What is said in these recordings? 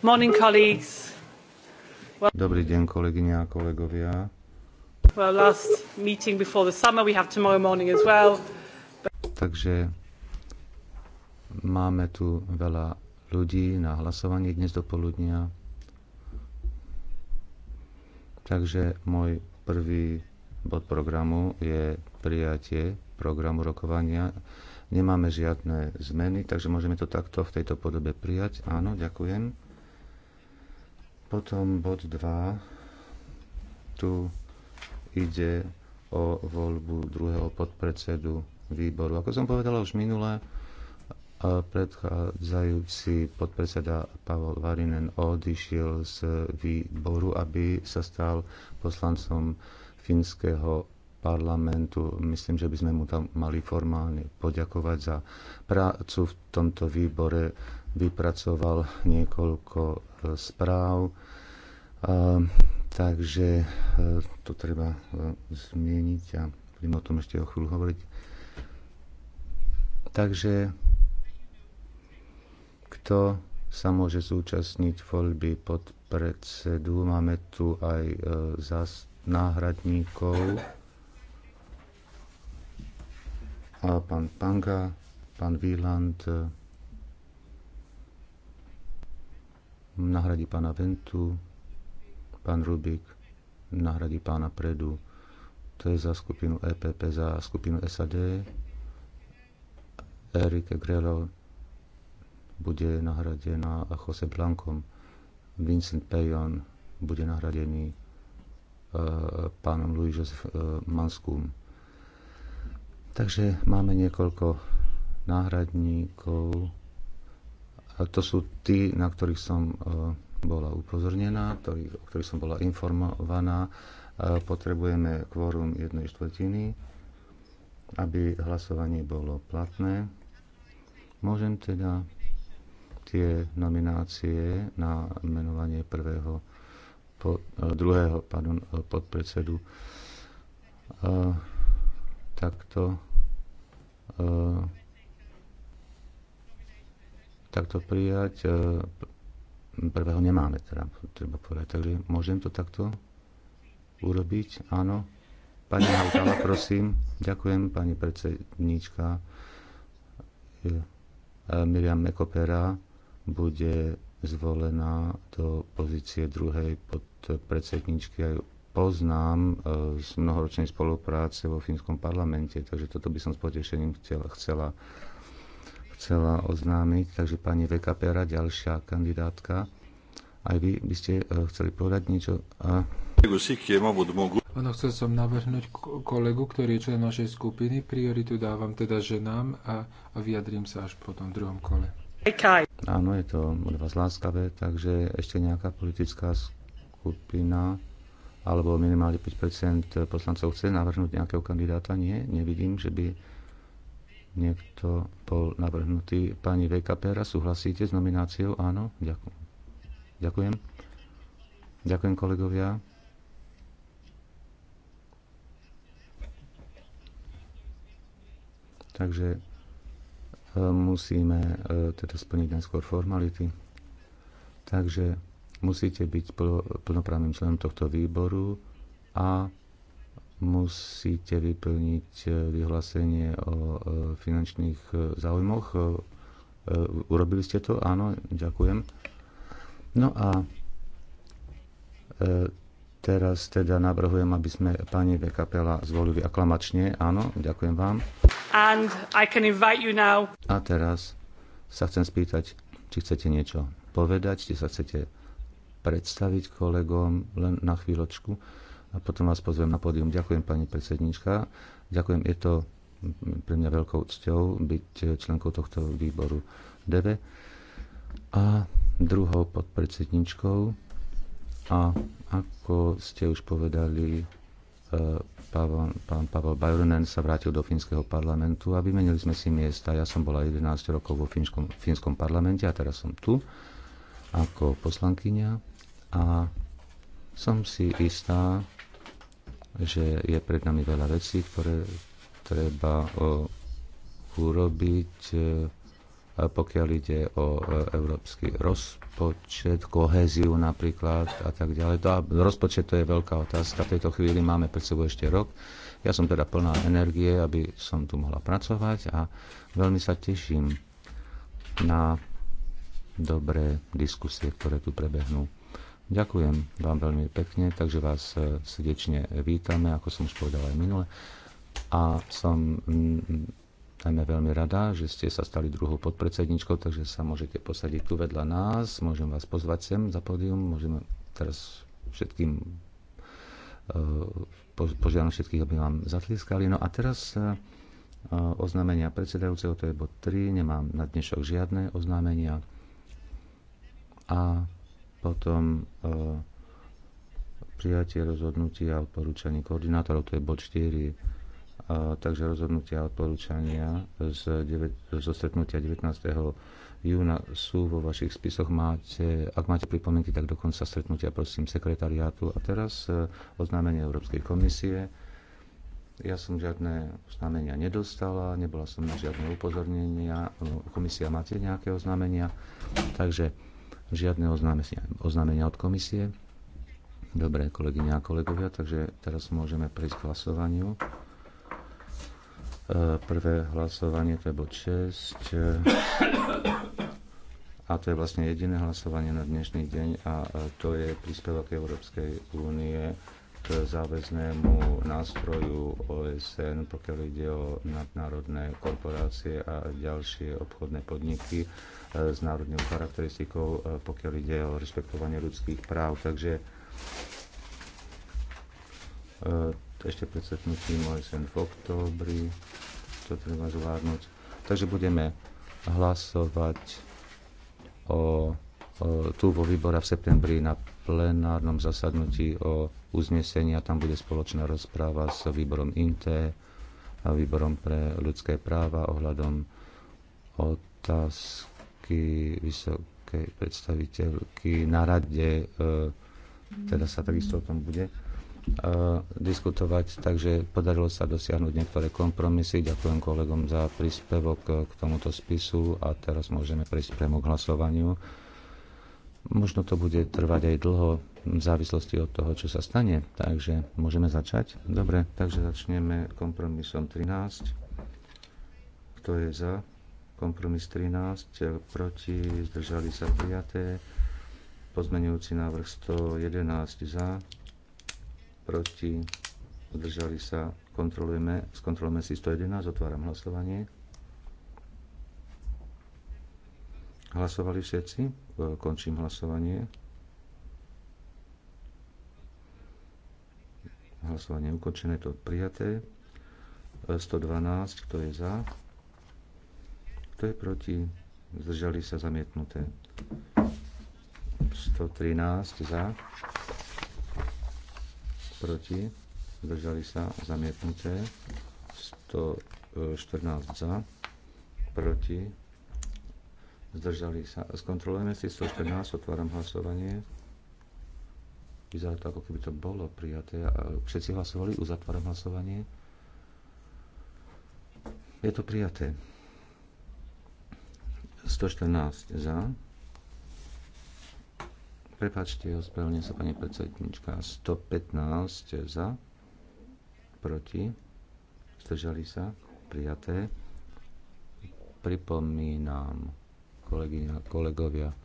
Morning, colleagues. Well, Dobrý deň, kolegyne a kolegovia. Well, last meeting before the summer, we have tomorrow morning as well. But... Takže máme tu veľa ľudí na hlasovanie dnes do poludnia. Takže môj prvý bod programu je prijatie programu rokovania. Nemáme žiadne zmeny, takže môžeme to takto v tejto podobe prijať. Áno, ďakujem. Potom bod 2. Tu ide o voľbu druhého podpredsedu výboru. Ako som povedala už minule, predchádzajúci podpredseda Pavel Varinen odišiel z výboru, aby sa stal poslancom Finského parlamentu. Myslím, že by sme mu tam mali formálne poďakovať za prácu v tomto výbore vypracoval niekoľko e, správ, e, takže e, to treba zmieniť a budeme o tom ešte o chvíľu hovoriť. Takže kto sa môže zúčastniť voľby pod predsedu. Máme tu aj e, zás náhradníkov. A pán Panga, pán Wieland, nahradí pána Ventu, pán Rubik nahradí pána Predu. To je za skupinu EPP, za skupinu SAD. Erik Grelo bude nahradená Jose Blankom. Vincent Pejon bude nahradený e, pánom Louis Joseph e, Manskum. Takže máme niekoľko náhradníkov to sú tí, na ktorých som e, bola upozornená, ktorý, o ktorých som bola informovaná. E, potrebujeme kvórum jednej štvrtiny, aby hlasovanie bolo platné. Môžem teda tie nominácie na menovanie prvého, po, e, druhého pardon, podpredsedu takto takto prijať. E, prvého nemáme, teda, treba povedať. Takže môžem to takto urobiť? Áno. Pani Hautala, prosím. Ďakujem, pani predsedníčka. E, e, Miriam Mekopera bude zvolená do pozície druhej pod predsedničky. Ja ju poznám z mnohoročnej spolupráce vo fínskom parlamente, takže toto by som s potešením chcela, chcela chcela oznámiť. Takže pani Vekapera, ďalšia kandidátka. Aj vy by ste e, chceli povedať niečo? A... Áno, chcel som navrhnúť kolegu, ktorý je člen našej skupiny. Prioritu dávam teda ženám a, a vyjadrím sa až potom v druhom kole. Okay. Áno, je to od vás láskavé, takže ešte nejaká politická skupina alebo minimálne 5 poslancov chce navrhnúť nejakého kandidáta? Nie, nevidím, že by Niekto bol navrhnutý. Pani Vekapera, súhlasíte s nomináciou? Áno? Ďakujem. Ďakujem. Ďakujem kolegovia. Takže e, musíme e, teda splniť najskôr formality. Takže musíte byť plnoprávnym členom tohto výboru a musíte vyplniť e, vyhlásenie o e, finančných e, záujmoch. Urobili ste to? Áno, ďakujem. No a teraz teda navrhujem, aby sme pani Vekapela zvolili aklamačne. Áno, ďakujem vám. And I can invite you now. A teraz sa chcem spýtať, či chcete niečo povedať, či sa chcete predstaviť kolegom len na chvíľočku a potom vás pozvem na pódium. Ďakujem, pani predsednička. Ďakujem, je to pre mňa veľkou cťou byť členkou tohto výboru DV a druhou podpredsedničkou. A ako ste už povedali, e, pán Pavel Bajronen sa vrátil do fínskeho parlamentu a vymenili sme si miesta. Ja som bola 11 rokov vo fínskom, fínskom parlamente a teraz som tu ako poslankyňa a som si istá, že je pred nami veľa vecí, ktoré treba urobiť, e, pokiaľ ide o e, európsky rozpočet, kohéziu napríklad a tak ďalej. To, rozpočet to je veľká otázka. V tejto chvíli máme pred sebou ešte rok. Ja som teda plná energie, aby som tu mohla pracovať a veľmi sa teším na dobré diskusie, ktoré tu prebehnú. Ďakujem vám veľmi pekne, takže vás e, srdečne vítame, ako som už povedal aj minule. A som najmä veľmi rada, že ste sa stali druhou podpredsedničkou, takže sa môžete posadiť tu vedľa nás, môžem vás pozvať sem za pódium, môžeme teraz všetkým e, požiadam všetkých, aby vám zatliskali. No a teraz e, oznámenia predsedajúceho, to je bod 3, nemám na dnešok žiadne oznámenia. A potom e, prijatie rozhodnutia a odporúčaní koordinátorov, to je bod 4, e, takže rozhodnutia a odporúčania z, 9, zo stretnutia 19. júna sú vo vašich spisoch. Máte, ak máte pripomienky, tak dokonca stretnutia prosím sekretariátu. A teraz e, oznámenie Európskej komisie. Ja som žiadne oznámenia nedostala, nebola som na žiadne upozornenia. E, komisia máte nejaké oznámenia? Takže Žiadne oznámenia od komisie. Dobre, kolegyňa a kolegovia, takže teraz môžeme prejsť k hlasovaniu. E, prvé hlasovanie to je bod 6. E, a to je vlastne jediné hlasovanie na dnešný deň a e, to je príspevok Európskej únie k záväznému nástroju OSN, pokiaľ ide o nadnárodné korporácie a ďalšie obchodné podniky s národnou charakteristikou, e, pokiaľ ide o rešpektovanie ľudských práv. Takže e, ešte pred stretnutím OSN v októbri to treba zvládnuť. Takže budeme hlasovať o, o, tu vo výbora v septembri na plenárnom zasadnutí o uznesení a tam bude spoločná rozpráva s výborom INTE a výborom pre ľudské práva ohľadom otázky vysoký, vysokej predstaviteľky na rade, e, teda sa takisto o tom bude e, diskutovať, takže podarilo sa dosiahnuť niektoré kompromisy. Ďakujem kolegom za príspevok e, k tomuto spisu a teraz môžeme prejsť priamo k hlasovaniu. Možno to bude trvať aj dlho v závislosti od toho, čo sa stane, takže môžeme začať. Dobre, takže začneme kompromisom 13. Kto je za? kompromis 13, e, proti, zdržali sa prijaté, pozmenujúci návrh 111 za, proti, zdržali sa, kontrolujeme, skontrolujeme si 111, otváram hlasovanie. Hlasovali všetci, e, končím hlasovanie. Hlasovanie ukončené, to prijaté. 112, e, kto je za? Kto je proti? Zdržali sa zamietnuté. 113 za. Proti. Zdržali sa zamietnuté. 114 za. Proti. Zdržali sa. Skontrolujeme si 114. Otváram hlasovanie. Vyzerá to, ako keby to bolo prijaté. Všetci hlasovali. Uzatváram hlasovanie. Je to prijaté. 114 za. Prepačte, ospravedlňujem sa pani predsednička. 115 za. Proti. Zdržali sa. Prijaté. Pripomínam, kolegyňa, kolegovia, e,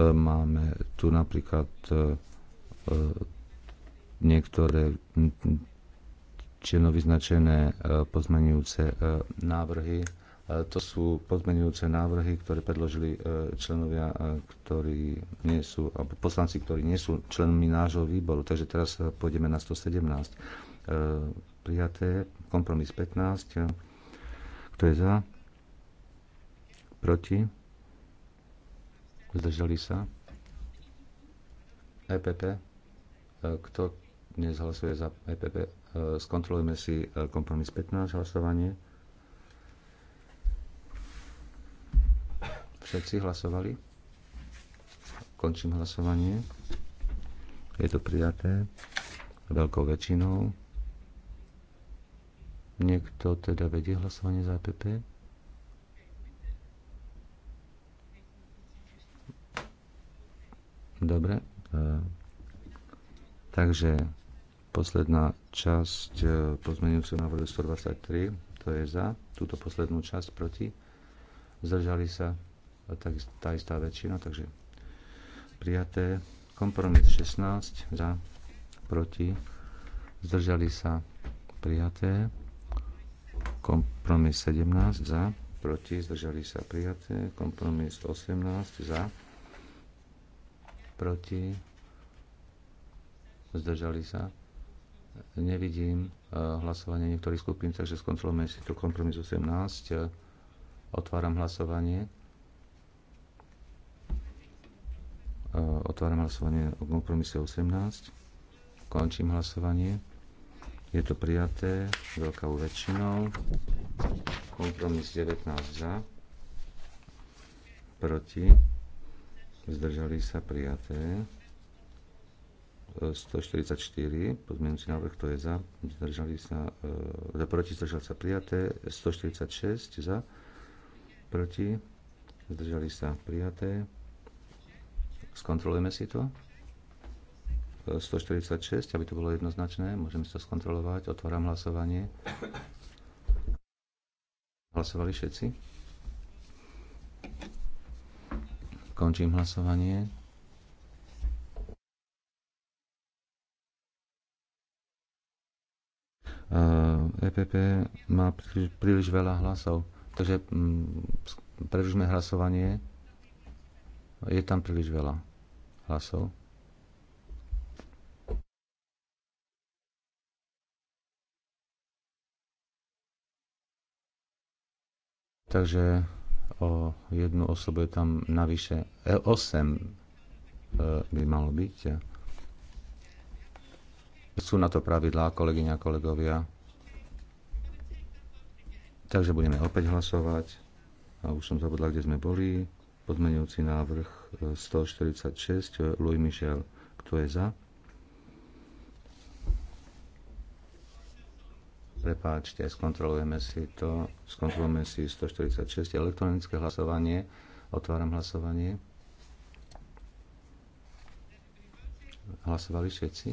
máme tu napríklad e, e, niektoré čierno vyznačené pozmenujúce návrhy to sú pozmenujúce návrhy, ktoré predložili e, členovia, e, ktorí nie sú, alebo poslanci, ktorí nie sú členmi nášho výboru. Takže teraz e, pôjdeme na 117. Prijaté, kompromis 15. Kto je za? Proti? Zdržali sa? EPP? Kto dnes hlasuje za EPP? Skontrolujeme si kompromis 15 hlasovanie. Všetci hlasovali? Končím hlasovanie. Je to prijaté veľkou väčšinou. Niekto teda vedie hlasovanie za EPP? Dobre. E, takže posledná časť e, pozmenujúceho návrhu 123, to je za, túto poslednú časť proti, zdržali sa, tak, tá istá väčšina, takže prijaté. Kompromis 16 za, proti, zdržali sa prijaté. Kompromis 17 za, proti, zdržali sa prijaté. Kompromis 18 za, proti, zdržali sa. Nevidím e, hlasovanie niektorých skupín, takže skontrolujeme si tu kompromis 18. E, otváram hlasovanie. Eh, otváram hlasovanie o kompromise 18. Končím hlasovanie. Je to prijaté veľkou väčšinou. Kompromis 19 za. Proti. Zdržali sa prijaté. 144, eh, pozmeňujúci návrh, to je za, zdržali sa, e, eh, proti, zdržali sa prijaté, 146 za, proti, zdržali sa prijaté, Skontrolujeme si to. 146, aby to bolo jednoznačné. Môžeme si to skontrolovať. Otváram hlasovanie. Hlasovali všetci? Končím hlasovanie. EPP ehm, e má príliš, veľa hlasov, takže mm, prerušme hlasovanie. Je tam príliš veľa hlasov. Takže o jednu osobu je tam navyše 8 e, e, by malo byť. Sú na to pravidlá, kolegyňa a kolegovia. Takže budeme opäť hlasovať. A už som zabudla, kde sme boli pozmeňujúci návrh 146 e, e, Louis Michel. Kto je za? Prepáčte, skontrolujeme si to. Skontrolujeme si 146 elektronické hlasovanie. Otváram hlasovanie. Hlasovali všetci?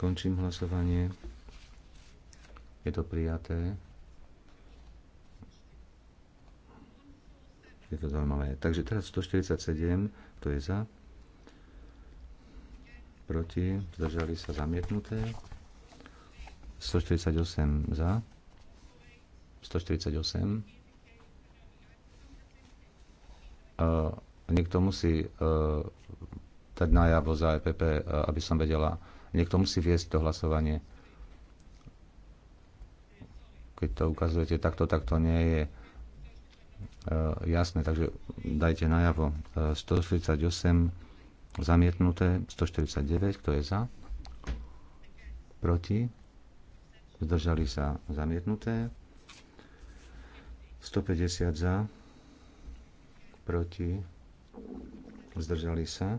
Končím hlasovanie. Je to prijaté. Je to zaujímavé. Takže teraz 147, kto je za? Proti? Zdržali sa zamietnuté. 148 za. 148. Uh, niekto musí uh, dať najavo za EPP, uh, e, aby som vedela. Niekto musí viesť to hlasovanie. Keď to ukazujete takto, tak to nie je Eh, jasné, takže dajte najavo 148 eh, zamietnuté, 149, kto je za, proti, zdržali sa zamietnuté, 150 za, proti, zdržali sa,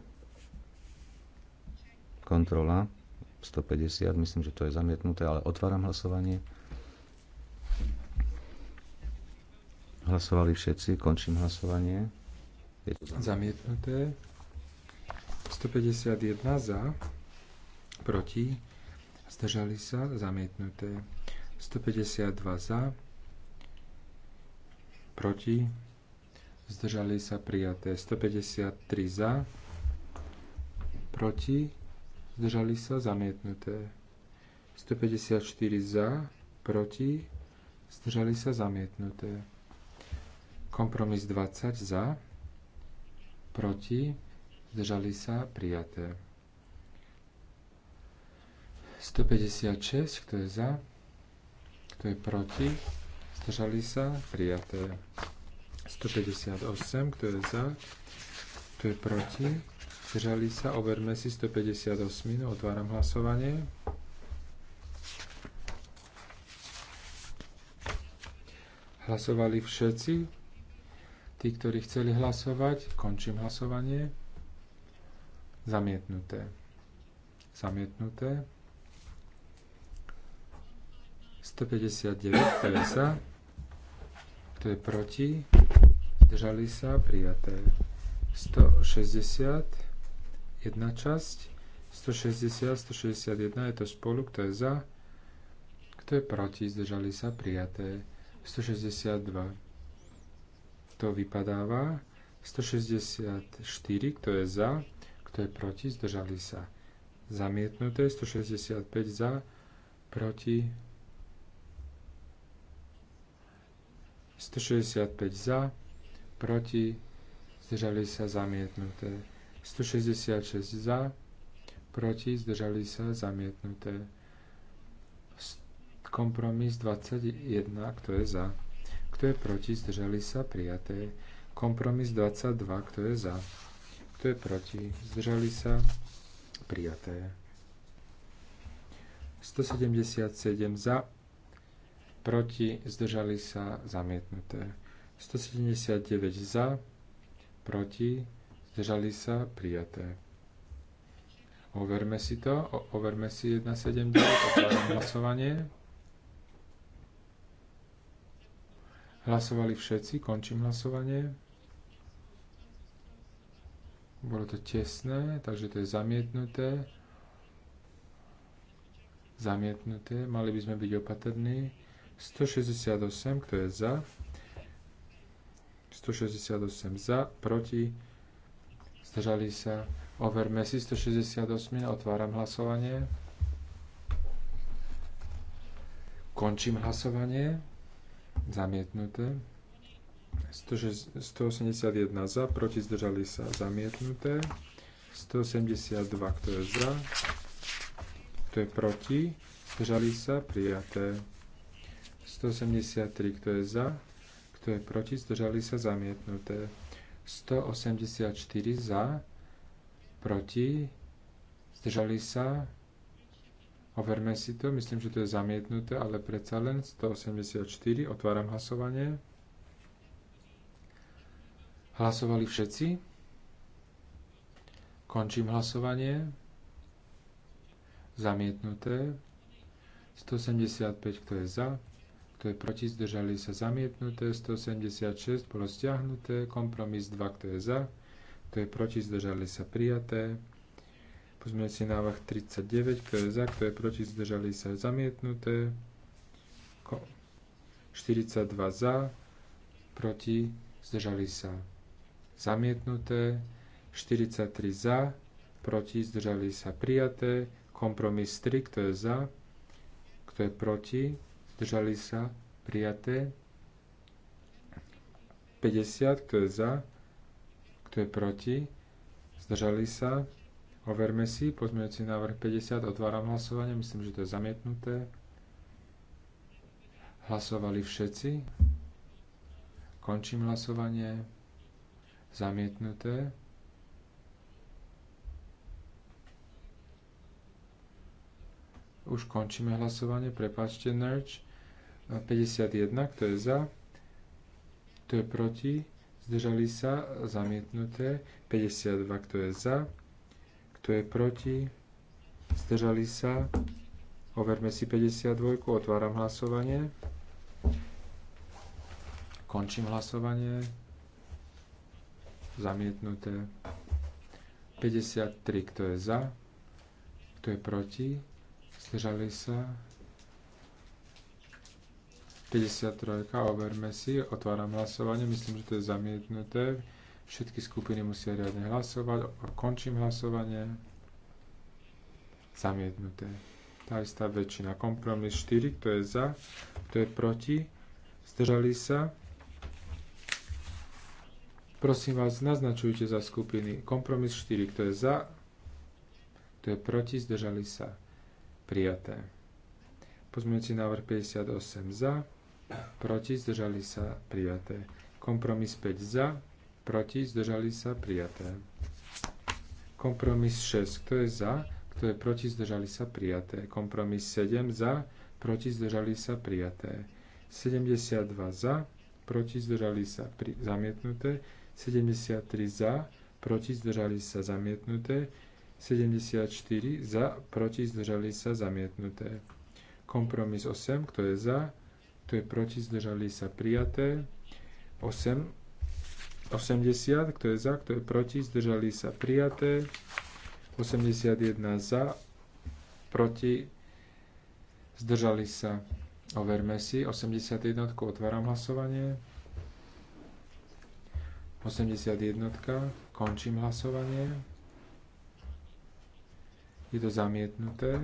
kontrola, 150, myslím, že to je zamietnuté, ale otváram hlasovanie. Hlasovali všetci, končím hlasovanie. Je to zamietnuté. 151 za, proti, zdržali sa, zamietnuté. 152 za, proti, zdržali sa prijaté. 153 za, proti, zdržali sa zamietnuté. 154 za, proti, zdržali sa zamietnuté. Kompromis 20 za, proti, zdržali sa, prijaté. 156, kto je za, kto je proti, zdržali sa, prijaté. 158, kto je za, kto je proti, zdržali sa, overme si 158, otváram hlasovanie. Hlasovali všetci, Tí, ktorí chceli hlasovať, končím hlasovanie. Zamietnuté. Zamietnuté. 159, kto je za, kto je proti, zdržali sa, prijaté. 160, jedna časť, 160, 161, je to spolu, kto je za, kto je proti, zdržali sa, prijaté. 162, to vypadáva. 164, kto je za, kto je proti, zdržali sa. Zamietnuté, 165 za, proti, 165 za, proti, zdržali sa zamietnuté. 166 za, proti, zdržali sa zamietnuté. Kompromis 21, kto je za? Kto je proti? Zdržali sa? Prijaté. Kompromis 22. Kto je za? Kto je proti? Zdržali sa? Prijaté. 177 za, proti, zdržali sa, zamietnuté. 179 za, proti, zdržali sa, prijaté. Overme si to, overme si 179, otváram hlasovanie. Hlasovali všetci, končím hlasovanie. Bolo to tesné, takže to je zamietnuté. Zamietnuté, mali by sme byť opatrní. 168, kto je za? 168 za, proti, zdržali sa. Overme si 168, otváram hlasovanie. Končím hlasovanie zamietnuté. 181 za, proti zdržali sa zamietnuté. 172, kto je za, kto je proti, zdržali sa prijaté. 183, kto je za, kto je proti, zdržali sa zamietnuté. 184 za, proti, zdržali sa Overme si to, myslím, že to je zamietnuté, ale predsa len 184, otváram hlasovanie. Hlasovali všetci? Končím hlasovanie. Zamietnuté. 175, kto je za, kto je proti, zdržali sa zamietnuté. 176 bolo stiahnuté. Kompromis 2, kto je za, kto je proti, zdržali sa prijaté. Pozmeňujúci návrh 39, kto je za, kto je proti, zdržali sa zamietnuté. 42 za, proti, zdržali sa zamietnuté. 43 za, proti, zdržali sa prijaté. Kompromis 3, kto je za, kto je proti, zdržali sa prijaté. 50, kto je za, kto je proti, zdržali sa prijaté Overme si pozmeňujúci návrh 50. Otváram hlasovanie. Myslím, že to je zamietnuté. Hlasovali všetci. Končím hlasovanie. Zamietnuté. Už končíme hlasovanie. Prepačte, Nerč. 51, kto je za? Kto je proti? Zdržali sa? Zamietnuté. 52, kto je za? Kto je proti? Zdržali sa? Overme si 52. Otváram hlasovanie. Končím hlasovanie. Zamietnuté. 53. Kto je za? Kto je proti? Zdržali sa? 53. Overme si. Otváram hlasovanie. Myslím, že to je zamietnuté. Všetky skupiny musia riadne hlasovať. Končím hlasovanie. Zamietnuté. Tá istá väčšina. Kompromis 4, kto je za, kto je proti. Zdržali sa. Prosím vás, naznačujte za skupiny. Kompromis 4, kto je za, kto je proti, zdržali sa. Prijaté. Pozmeňujúci návrh 58 za, proti, zdržali sa. Prijaté. Kompromis 5 za, proti, zdržali sa, prijaté. Kompromis 6, kto je za, kto je proti, zdržali sa, prijaté. Kompromis 7, za, proti, zdržali sa, prijaté. 72 za, proti, zdržali sa, pri, zamietnuté. 73 za, proti, zdržali sa, zamietnuté. 74 za, proti, zdržali sa, zamietnuté. Kompromis 8, kto je za, kto je proti, zdržali sa, prijaté. 8 80, kto je za, kto je proti, zdržali sa prijaté. 81 za, proti, zdržali sa. Overme si. 81, otváram hlasovanie. 81, končím hlasovanie. Je to zamietnuté.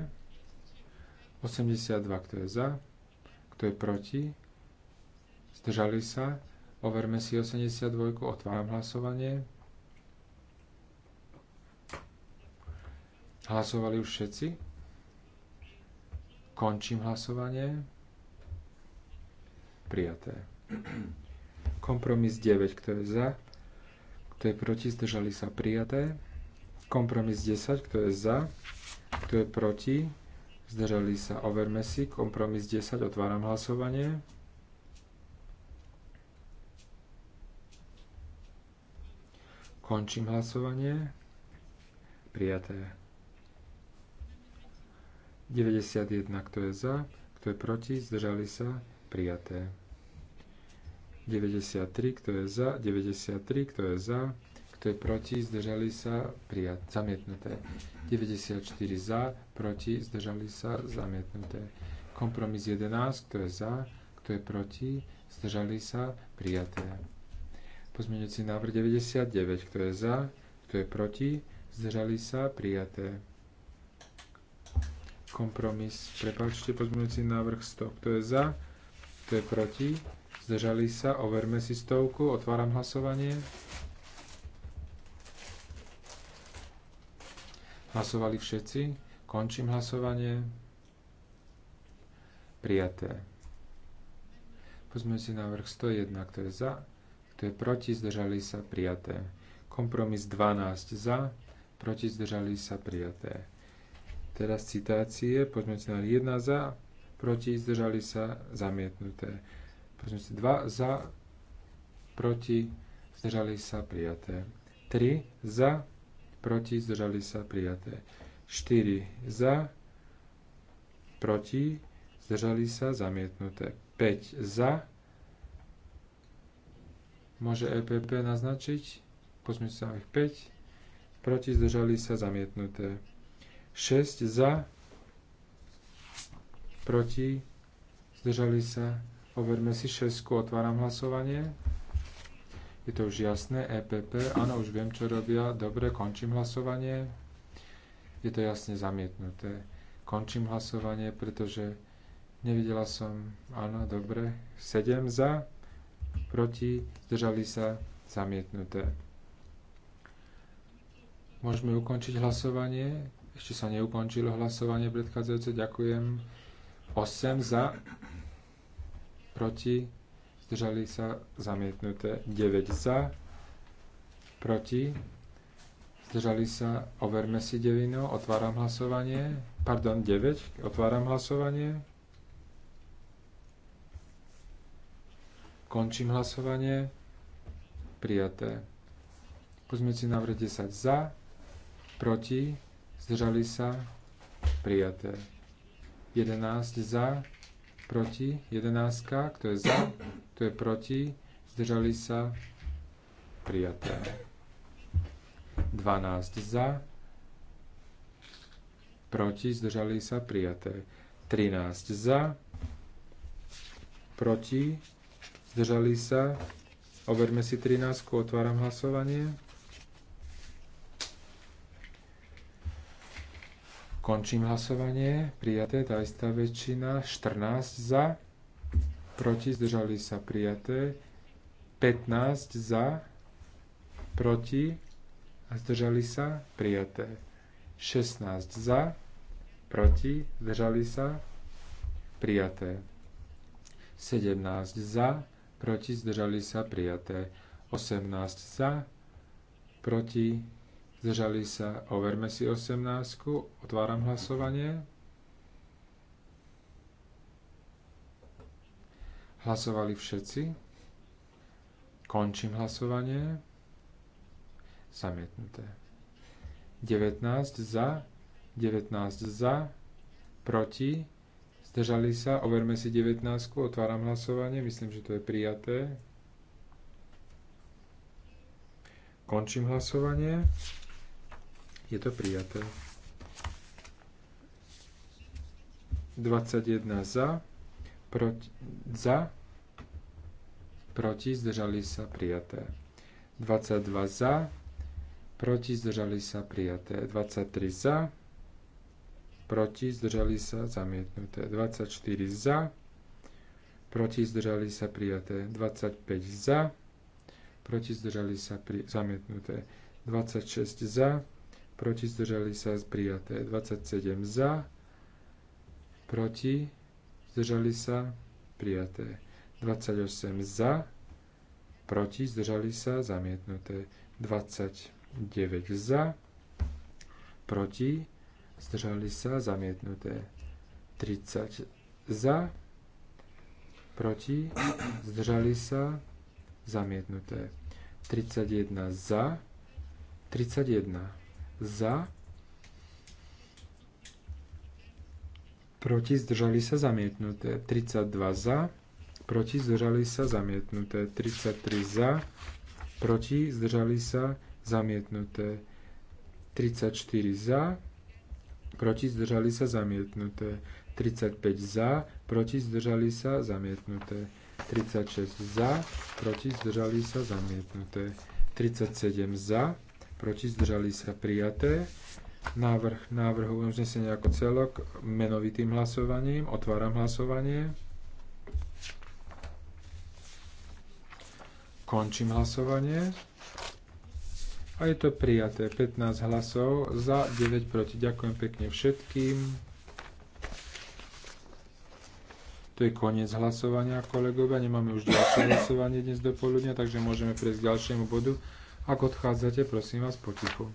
82, kto je za, kto je proti, zdržali sa Overme si 82. Otváram hlasovanie. Hlasovali už všetci? Končím hlasovanie. Prijaté. Kompromis 9. Kto je za? Kto je proti? Zdržali sa prijaté. Kompromis 10. Kto je za? Kto je proti? Zdržali sa. Overme si. Kompromis 10. Otváram hlasovanie. Končím hlasovanie. Prijaté. 91, kto je za, kto je proti, zdržali sa, prijaté. 93, kto je za, 93, kto je za, kto je proti, zdržali sa, prijat, zamietnuté. 94 za, proti, zdržali sa, zamietnuté. Kompromis 11, kto je za, kto je proti, zdržali sa, prijaté. Pozmeňujúci návrh 99, kto je za, kto je proti, zdržali sa, prijaté. Kompromis, prepáčte, pozmeňujúci návrh 100, kto je za, kto je proti, zdržali sa, overme si stovku, otváram hlasovanie. Hlasovali všetci, končím hlasovanie. Prijaté. Pozmeňujúci návrh 101, kto je za, kto je proti, zdržali sa prijaté. Kompromis 12 za, proti zdržali sa prijaté. Teraz citácie, poďme si na 1 za, proti zdržali sa zamietnuté. Poďme si 2 za, proti zdržali sa prijaté. 3 za, proti zdržali sa prijaté. 4 za, proti zdržali sa zamietnuté. 5 za, Môže EPP naznačiť? sa ich 5. Proti zdržali sa zamietnuté. 6 za. Proti zdržali sa. Overme si 6. Otváram hlasovanie. Je to už jasné. EPP. Áno, už viem, čo robia. Dobre, končím hlasovanie. Je to jasne zamietnuté. Končím hlasovanie, pretože nevidela som. Áno, dobre. 7 za proti, zdržali sa, zamietnuté. Môžeme ukončiť hlasovanie. Ešte sa neukončilo hlasovanie predchádzajúce. Ďakujem. 8 za, proti, zdržali sa, zamietnuté. 9 za, proti, zdržali sa, overme si devino, otváram hlasovanie. Pardon, 9, otváram hlasovanie. Končím hlasovanie. Prijaté. si návrh 10 za, proti, zdržali sa, prijaté. 11 za, proti, 11, kto je za, kto je proti, zdržali sa, prijaté. 12 za, proti, zdržali sa, prijaté. 13 za, proti, zdržali sa, overme si 13, otváram hlasovanie. Končím hlasovanie. Prijaté, tá istá väčšina. 14 za. Proti, zdržali sa prijaté. 15 za. Proti. A zdržali sa prijaté. 16 za. Proti, zdržali sa prijaté. 17 za proti, zdržali sa prijaté. 18 za, proti, zdržali sa. Overme si 18. Otváram hlasovanie. Hlasovali všetci. Končím hlasovanie. Zamietnuté. 19 za, 19 za, proti, Zdržali sa? Overme si 19. Otváram hlasovanie. Myslím, že to je prijaté. Končím hlasovanie. Je to prijaté. 21 za, proti, za, proti, zdržali sa, prijaté. 22 za, proti, zdržali sa, prijaté. 23 za, proti, zdržali sa, zamietnuté. 24 za, proti, zdržali sa, prijaté. 25 za, proti, zdržali sa, pri, zamietnuté. 26 za, proti, zdržali sa, prijaté. 27 za, proti, zdržali sa, prijaté. 28 za, proti, zdržali sa, zamietnuté. 29 za, proti, zdržali sa, zamietnuté. 30 za, proti, zdržali sa, zamietnuté. 31 za, 31 za, proti, zdržali sa, zamietnuté. 32 za, proti, zdržali sa, zamietnuté. 33 za, proti, zdržali sa, zamietnuté. 34 za, proti zdržali sa zamietnuté. 35 za, proti zdržali sa zamietnuté. 36 za, proti zdržali sa zamietnuté. 37 za, proti zdržali sa prijaté. Návrh návrhu uznesenia ako celok menovitým hlasovaním. Otváram hlasovanie. Končím hlasovanie. A je to prijaté. 15 hlasov za, 9 proti. Ďakujem pekne všetkým. To je koniec hlasovania, kolegovia. Nemáme už ďalšie hlasovanie dnes do poludnia, takže môžeme prejsť k ďalšiemu bodu. Ak odchádzate, prosím vás potichu.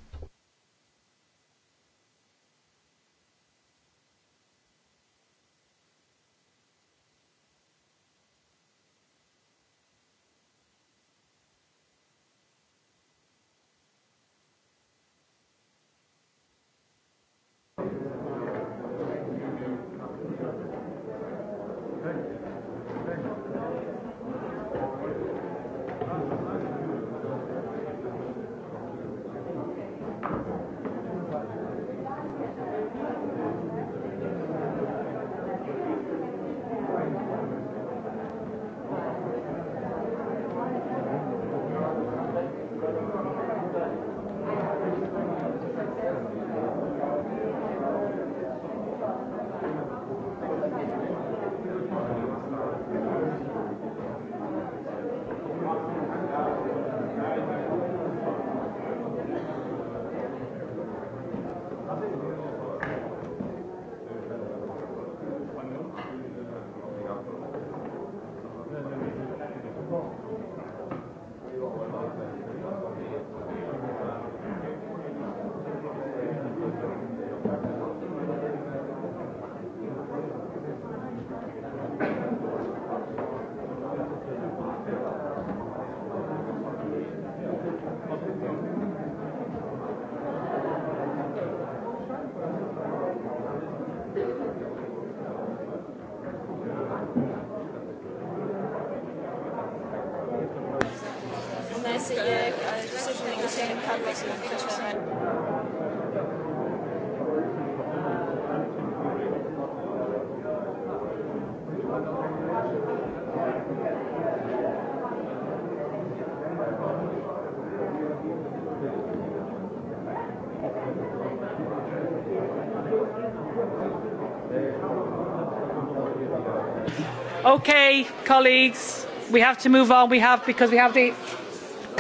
Okay, colleagues, we have to move on. We have because we have the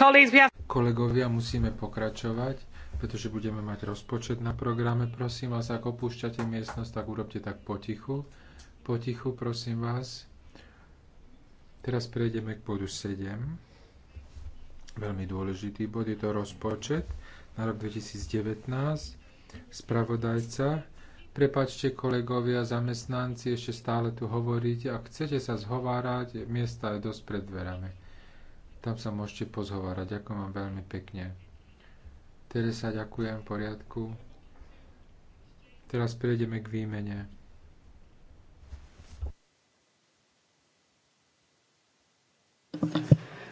colleagues. We have. Kolegovia, musíme pokračovať, pretože budeme mať rozpočet na programe. Prosím vás, ak opúšťate miestnosť, tak urobte tak potichu. Potichu, prosím vás. Teraz prejdeme k bodu 7. Veľmi dôležitý bod je to rozpočet na rok 2019. Spravodajca Prepačte, kolegovia, zamestnanci, ešte stále tu hovoríte. Ak chcete sa zhovárať, miesta je dosť pred dverami. Tam sa môžete pozhovárať. Ďakujem vám veľmi pekne. Teresa, ďakujem, v poriadku. Teraz prejdeme k výmene.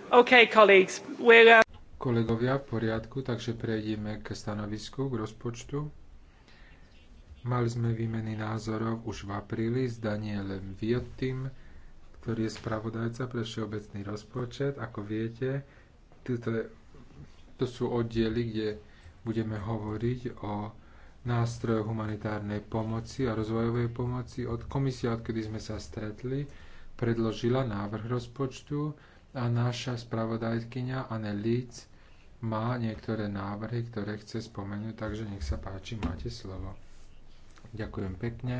Okay, uh, Kolegovia, v poriadku, takže prejdeme k stanovisku, k rozpočtu. Mali sme výmeny názorov už v apríli s Danielem Viottim, ktorý je spravodajca pre všeobecný rozpočet. Ako viete, tuto, to sú oddiely, kde budeme hovoriť o nástrojoch humanitárnej pomoci a rozvojovej pomoci. Od komisia, odkedy sme sa stretli, predložila návrh rozpočtu a naša spravodajkyňa Anne Leeds má niektoré návrhy, ktoré chce spomenúť, takže nech sa páči, máte slovo. Ďakujem pekne.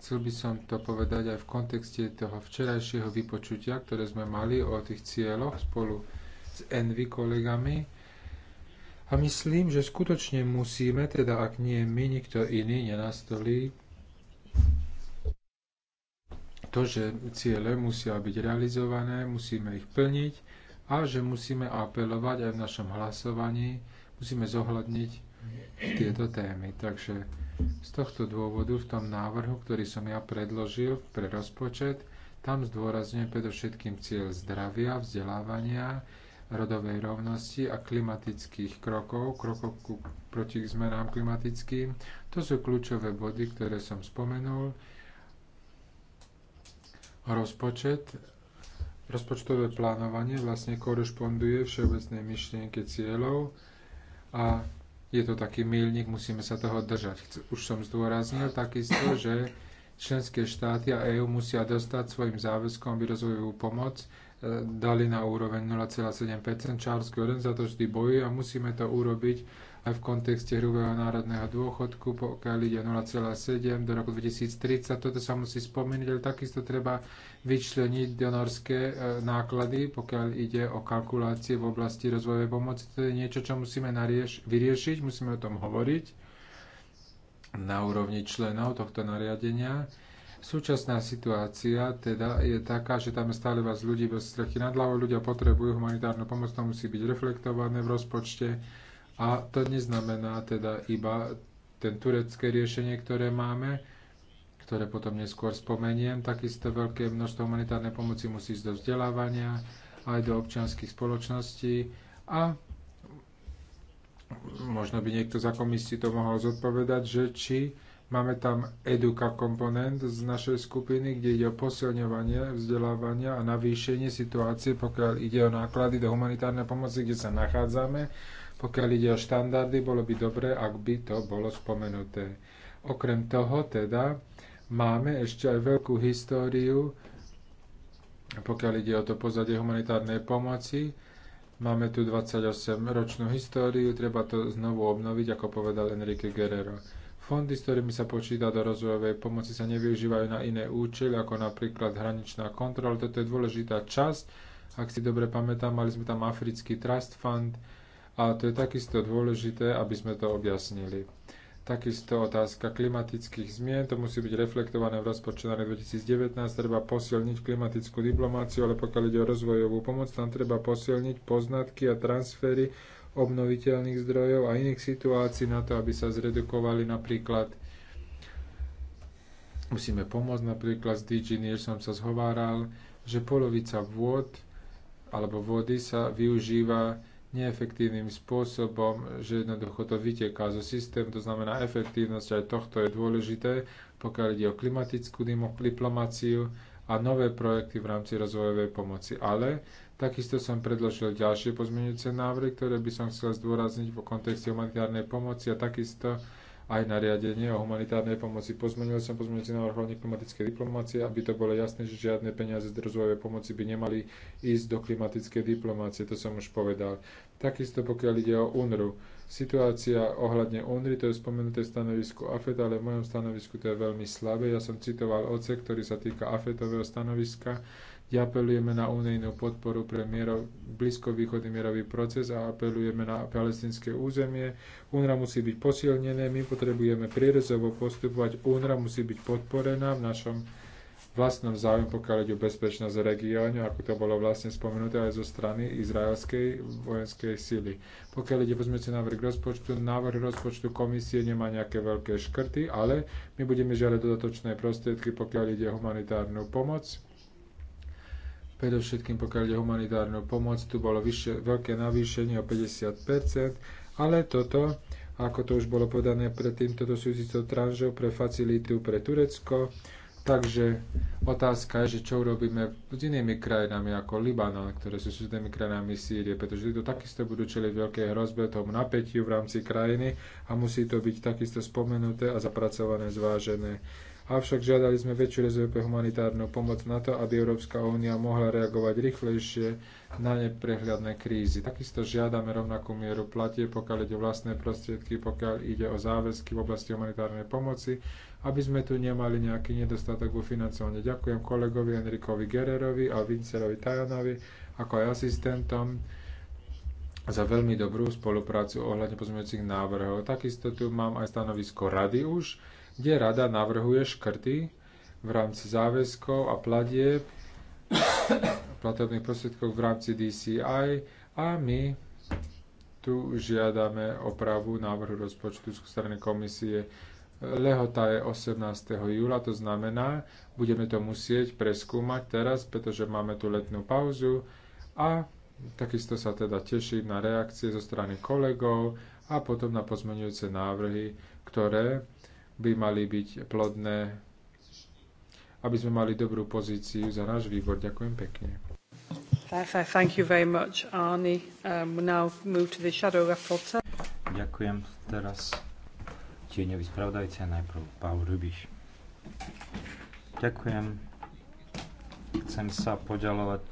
chcel by som to povedať aj v kontexte toho včerajšieho vypočutia, ktoré sme mali o tých cieľoch spolu s Envy kolegami. A myslím, že skutočne musíme, teda ak nie my, nikto iný nenastolí to, že ciele musia byť realizované, musíme ich plniť a že musíme apelovať aj v našom hlasovaní, musíme zohľadniť tieto témy. Takže z tohto dôvodu v tom návrhu, ktorý som ja predložil pre rozpočet, tam zdôrazňujem predovšetkým cieľ zdravia, vzdelávania, rodovej rovnosti a klimatických krokov, krokov ku, proti zmenám klimatickým. To sú kľúčové body, ktoré som spomenul. Rozpočet Rozpočtové plánovanie vlastne korešponduje všeobecnej myšlienke cieľov a je to taký milník, musíme sa toho držať. Už som zdôraznil takisto, že členské štáty a EÚ musia dostať svojim záväzkom rozvojovú pomoc dali na úroveň 0,7 Charles Gordon za to vždy bojuje a musíme to urobiť aj v kontexte hrubého národného dôchodku, pokiaľ ide 0,7 do roku 2030. Toto sa musí spomenúť, ale takisto treba vyčleniť donorské e, náklady, pokiaľ ide o kalkulácie v oblasti rozvojovej pomoci. To je niečo, čo musíme narieš- vyriešiť, musíme o tom hovoriť na úrovni členov tohto nariadenia Súčasná situácia teda je taká, že tam je stále vás ľudí bez strechy nad hlavou, ľudia potrebujú humanitárnu pomoc, to musí byť reflektované v rozpočte a to neznamená teda iba ten turecké riešenie, ktoré máme, ktoré potom neskôr spomeniem. Takisto veľké množstvo humanitárnej pomoci musí ísť do vzdelávania, aj do občianských spoločností a možno by niekto za komisiu to mohol zodpovedať, že či Máme tam eduka komponent z našej skupiny, kde ide o posilňovanie vzdelávania a navýšenie situácie, pokiaľ ide o náklady do humanitárnej pomoci, kde sa nachádzame. Pokiaľ ide o štandardy, bolo by dobré, ak by to bolo spomenuté. Okrem toho teda máme ešte aj veľkú históriu, pokiaľ ide o to pozadie humanitárnej pomoci. Máme tu 28-ročnú históriu, treba to znovu obnoviť, ako povedal Enrique Guerrero. Fondy, s ktorými sa počíta do rozvojovej pomoci, sa nevyužívajú na iné účely, ako napríklad hraničná kontrola. Toto je dôležitá časť. Ak si dobre pamätám, mali sme tam Africký Trust Fund a to je takisto dôležité, aby sme to objasnili. Takisto otázka klimatických zmien, to musí byť reflektované v rozpočte na 2019, treba posilniť klimatickú diplomáciu, ale pokiaľ ide o rozvojovú pomoc, tam treba posilniť poznatky a transfery obnoviteľných zdrojov a iných situácií na to, aby sa zredukovali napríklad musíme pomôcť napríklad s DG, než som sa zhováral, že polovica vôd alebo vody sa využíva neefektívnym spôsobom, že jednoducho to vyteká zo systému, to znamená efektívnosť aj tohto je dôležité, pokiaľ ide o klimatickú diplomáciu a nové projekty v rámci rozvojovej pomoci. Ale Takisto som predložil ďalšie pozmeňujúce návrhy, ktoré by som chcel zdôrazniť v kontexte humanitárnej pomoci a takisto aj nariadenie o humanitárnej pomoci. Pozmenil som pozmeňujúci návrh hlavne klimatickej diplomácie, aby to bolo jasné, že žiadne peniaze z rozvojovej pomoci by nemali ísť do klimatickej diplomácie, to som už povedal. Takisto pokiaľ ide o UNRU, situácia ohľadne UNRI, to je spomenuté stanovisko stanovisku AFET, ale v mojom stanovisku to je veľmi slabé. Ja som citoval oce, ktorý sa týka AFETového stanoviska apelujeme na unijnú podporu pre mierov, blízkovýchodný mierový proces a apelujeme na palestinské územie. UNRA musí byť posilnené, my potrebujeme prierezovo postupovať, UNRA musí byť podporená v našom vlastnom záujem, pokiaľ ide o bezpečnosť regióne, ako to bolo vlastne spomenuté aj zo strany izraelskej vojenskej sily. Pokiaľ ide pozmeňujúci návrh rozpočtu, návrh rozpočtu komisie nemá nejaké veľké škrty, ale my budeme žiadať dodatočné prostriedky, pokiaľ ide o humanitárnu pomoc predovšetkým pokiaľ ide humanitárnu pomoc, tu bolo vyššie, veľké navýšenie o 50%, ale toto, ako to už bolo podané predtým, toto súvisí tranžou pre facilitu pre Turecko, Takže otázka je, že čo urobíme s inými krajinami ako Libanon, ktoré sú susednými krajinami Sýrie, pretože to takisto budú čeliť veľké hrozbe tomu napätiu v rámci krajiny a musí to byť takisto spomenuté a zapracované, zvážené avšak žiadali sme väčšiu rezervu pre humanitárnu pomoc na to, aby Európska únia mohla reagovať rýchlejšie na neprehľadné krízy. Takisto žiadame rovnakú mieru platie, pokiaľ ide o vlastné prostriedky, pokiaľ ide o záväzky v oblasti humanitárnej pomoci, aby sme tu nemali nejaký nedostatok vo financovaní. Ďakujem kolegovi Enrikovi Gererovi a Vincerovi Tajanovi, ako aj asistentom za veľmi dobrú spoluprácu ohľadne pozmeňujúcich návrhov. Takisto tu mám aj stanovisko rady už, kde rada navrhuje škrty v rámci záväzkov a platieb, platobných prostriedkov v rámci DCI a my tu žiadame opravu návrhu rozpočtu z strany komisie. Lehota je 18. júla, to znamená, budeme to musieť preskúmať teraz, pretože máme tu letnú pauzu a takisto sa teda teším na reakcie zo strany kolegov a potom na pozmenujúce návrhy, ktoré by mali byť plodné, aby sme mali dobrú pozíciu za náš výbor. Ďakujem pekne. Thank you very much, Arnie. Um, now move to the shadow rapporteur. Ďakujem teraz tieňový spravodajca, najprv Paul Rubiš. Ďakujem. Chcem sa poďalovať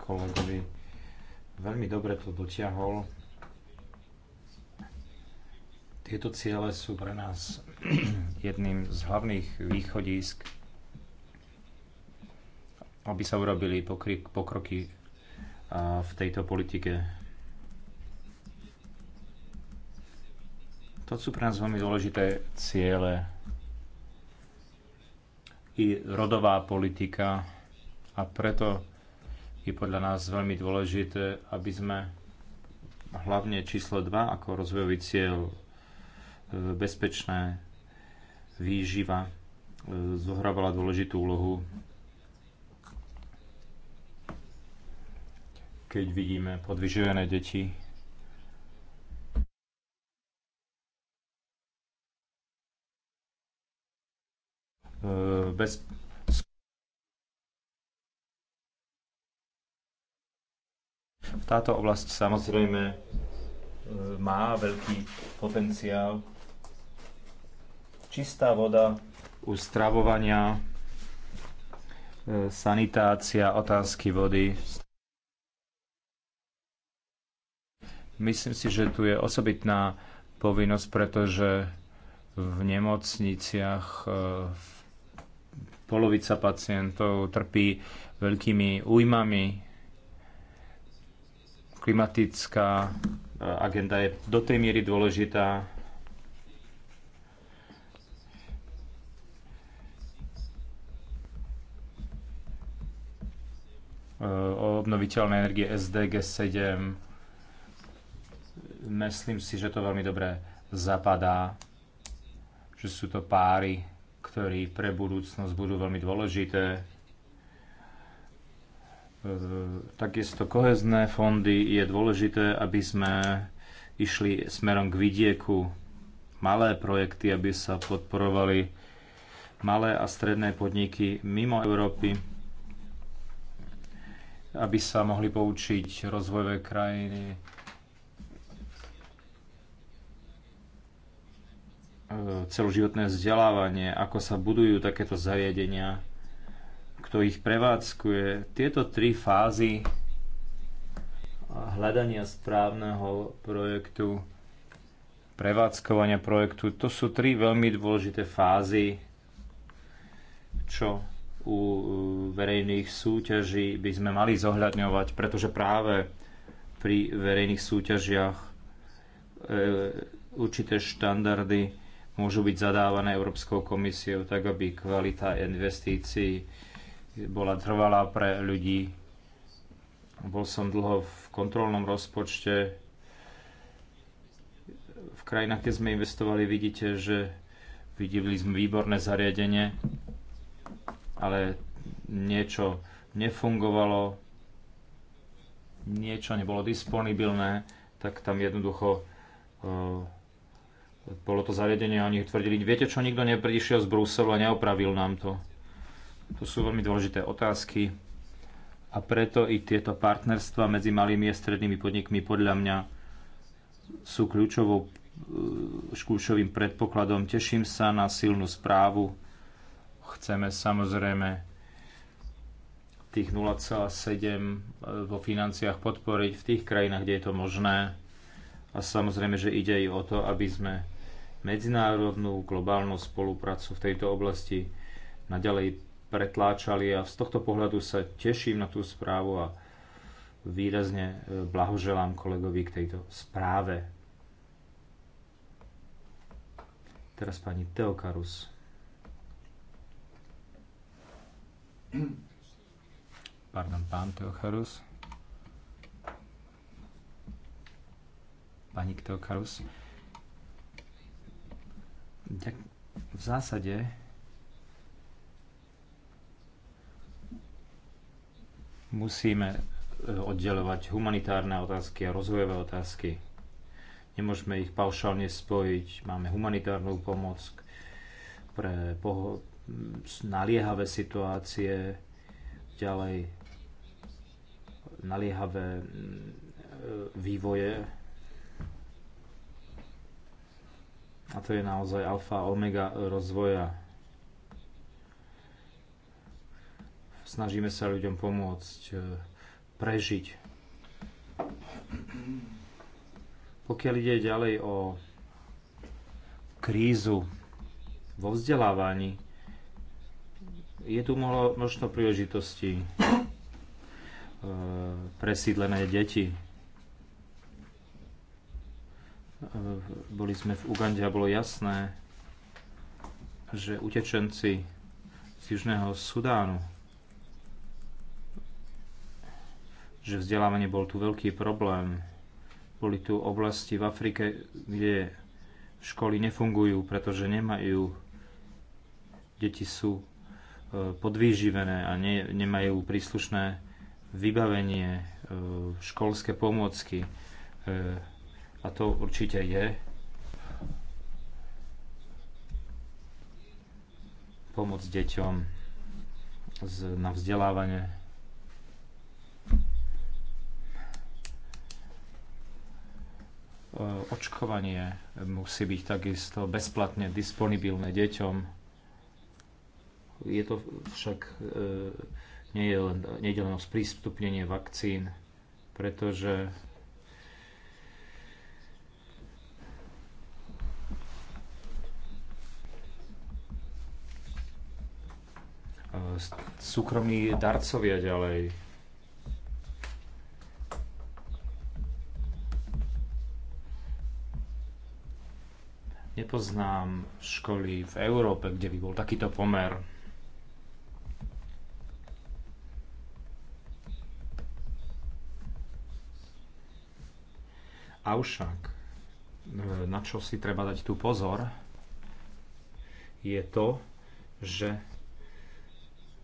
kolegovi. Veľmi dobre to dotiahol. Tieto ciele sú pre nás jedným z hlavných východísk, aby sa urobili pokroky v tejto politike. To sú pre nás veľmi dôležité ciele. I rodová politika a preto je podľa nás veľmi dôležité, aby sme hlavne číslo 2 ako rozvojový cieľ e, bezpečné výživa e, zohrávala dôležitú úlohu. Keď vidíme podvyživené deti, e, bez Táto oblasť samozrejme e, má veľký potenciál čistá voda, u stravovania, e, sanitácia, otázky vody. Myslím si, že tu je osobitná povinnosť, pretože v nemocniciach e, polovica pacientov trpí veľkými újmami. Klimatická e, agenda je do tej miery dôležitá, Eh, obnoviteľné energie SDG 7. Myslím si, že to veľmi dobre zapadá, že sú to páry, ktorí pre budúcnosť budú veľmi dôležité. Eh, takisto kohezné fondy je dôležité, aby sme išli smerom k vidieku. Malé projekty, aby sa podporovali malé a stredné podniky mimo Európy aby sa mohli poučiť rozvojové krajiny. celoživotné vzdelávanie, ako sa budujú takéto zariadenia, kto ich prevádzkuje. Tieto tri fázy hľadania správneho projektu, prevádzkovania projektu, to sú tri veľmi dôležité fázy, čo u verejných súťaží by sme mali zohľadňovať, pretože práve pri verejných súťažiach e, určité štandardy môžu byť zadávané Európskou komisiou tak, aby kvalita investícií bola trvalá pre ľudí. Bol som dlho v kontrolnom rozpočte. V krajinách, kde sme investovali, vidíte, že videli sme výborné zariadenie, ale niečo nefungovalo, niečo nebolo disponibilné, tak tam jednoducho e, bolo to zariadenie a oni tvrdili, viete čo, nikto neprišiel z Bruselu a neopravil nám to. To sú veľmi dôležité otázky a preto i tieto partnerstva medzi malými a strednými podnikmi podľa mňa sú kľúčovou, e, kľúčovým predpokladom. Teším sa na silnú správu Chceme samozrejme tých 0,7 e, vo financiách podporiť v tých krajinách, kde je to možné. A samozrejme, že ide aj o to, aby sme medzinárodnú globálnu spoluprácu v tejto oblasti naďalej pretláčali a z tohto pohľadu sa teším na tú správu a výrazne e, blahoželám kolegovi k tejto správe. Teraz pani Teokarus. Pardon, pán Teocharus. Pani Teocharus. V zásade musíme e, oddelovať humanitárne otázky a rozvojové otázky. Nemôžeme ich paušálne spojiť. Máme humanitárnu pomoc pre naliehavé situácie, ďalej naliehavé mm, e, vývoje. A to je naozaj alfa a omega rozvoja. Snažíme sa ľuďom pomôcť e, prežiť. Pokiaľ ide ďalej o krízu vo vzdelávaní, je tu možno príležitosti eh, presídlené deti. Eh, boli sme v Ugande a bolo jasné, že utečenci z Južného Sudánu, že vzdelávanie bol tu veľký problém. Boli tu oblasti v Afrike, kde školy nefungujú, pretože nemajú. Deti sú podvýživené a ne, nemajú príslušné vybavenie, e, školské pomôcky. E, a to určite je pomoc deťom na vzdelávanie. E, očkovanie musí byť takisto bezplatne disponibilné deťom je to však e, nie len, nejde len o sprístupnenie vakcín, pretože e, súkromní darcovia ďalej. Nepoznám školy v Európe, kde by bol takýto pomer. Avšak, e, na čo si treba dať tu pozor, je to, že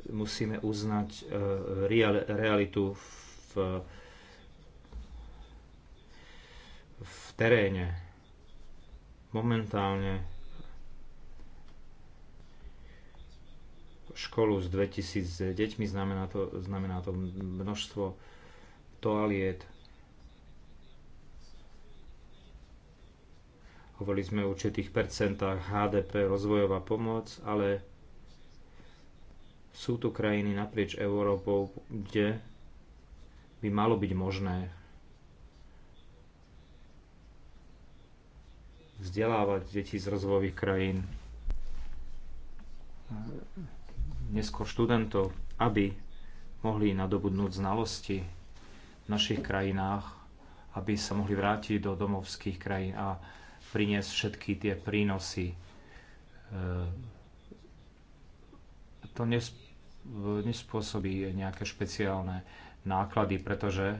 musíme uznať e, realitu v, v teréne. Momentálne školu s 2000 deťmi znamená to, znamená to množstvo toaliet, Hovorili sme o určitých percentách HDP, rozvojová pomoc, ale sú tu krajiny naprieč Európou, kde by malo byť možné vzdelávať deti z rozvojových krajín, neskôr študentov, aby mohli nadobudnúť znalosti v našich krajinách, aby sa mohli vrátiť do domovských krajín a priniesť všetky tie prínosy. E, to nespôsobí nejaké špeciálne náklady, pretože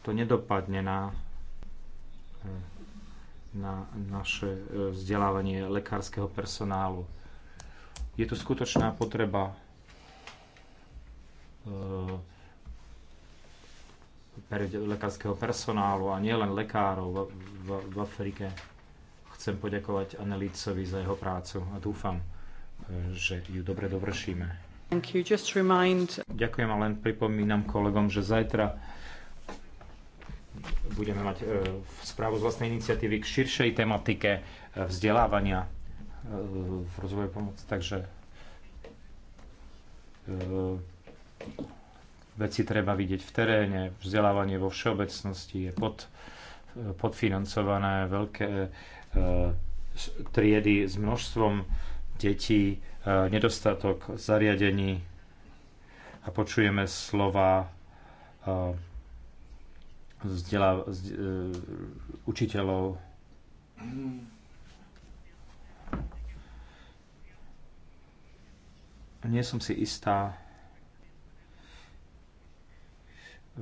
to nedopadne na, e, na naše e, vzdelávanie lekárskeho personálu. Je tu skutočná potreba lekárskeho personálu a nielen lekárov v, v, v Afrike. Chcem poďakovať Anelicovi za jeho prácu a dúfam, eh, že ju dobre dovršíme. Remind... Ďakujem a len pripomínam kolegom, že zajtra budeme mať e, správu z vlastnej iniciatívy k širšej tematike e, vzdelávania e, v rozvoju pomoci. Takže veci treba vidieť v teréne, vzdelávanie vo všeobecnosti je pod, podfinancované, veľké e, triedy s množstvom detí, e, nedostatok zariadení a počujeme slova e, vzdelá, e, učiteľov. Nie som si istá, E,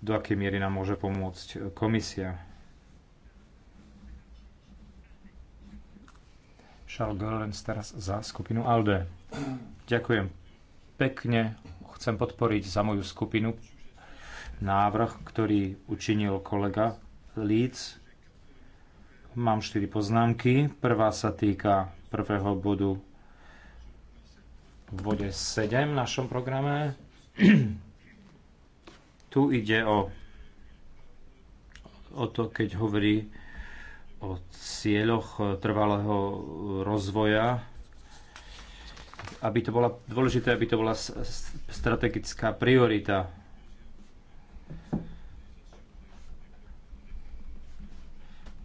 do akej miery nám môže pomôcť komisia. Charles Görlens teraz za skupinu ALDE. Ďakujem pekne. Chcem podporiť za moju skupinu návrh, ktorý učinil kolega Leeds. Mám štyri poznámky. Prvá sa týka prvého bodu v bode 7 v našom programe. Tu ide o, o to, keď hovorí o cieľoch eh, trvalého eh, rozvoja, aby to bola dôležité, aby to bola strategická priorita.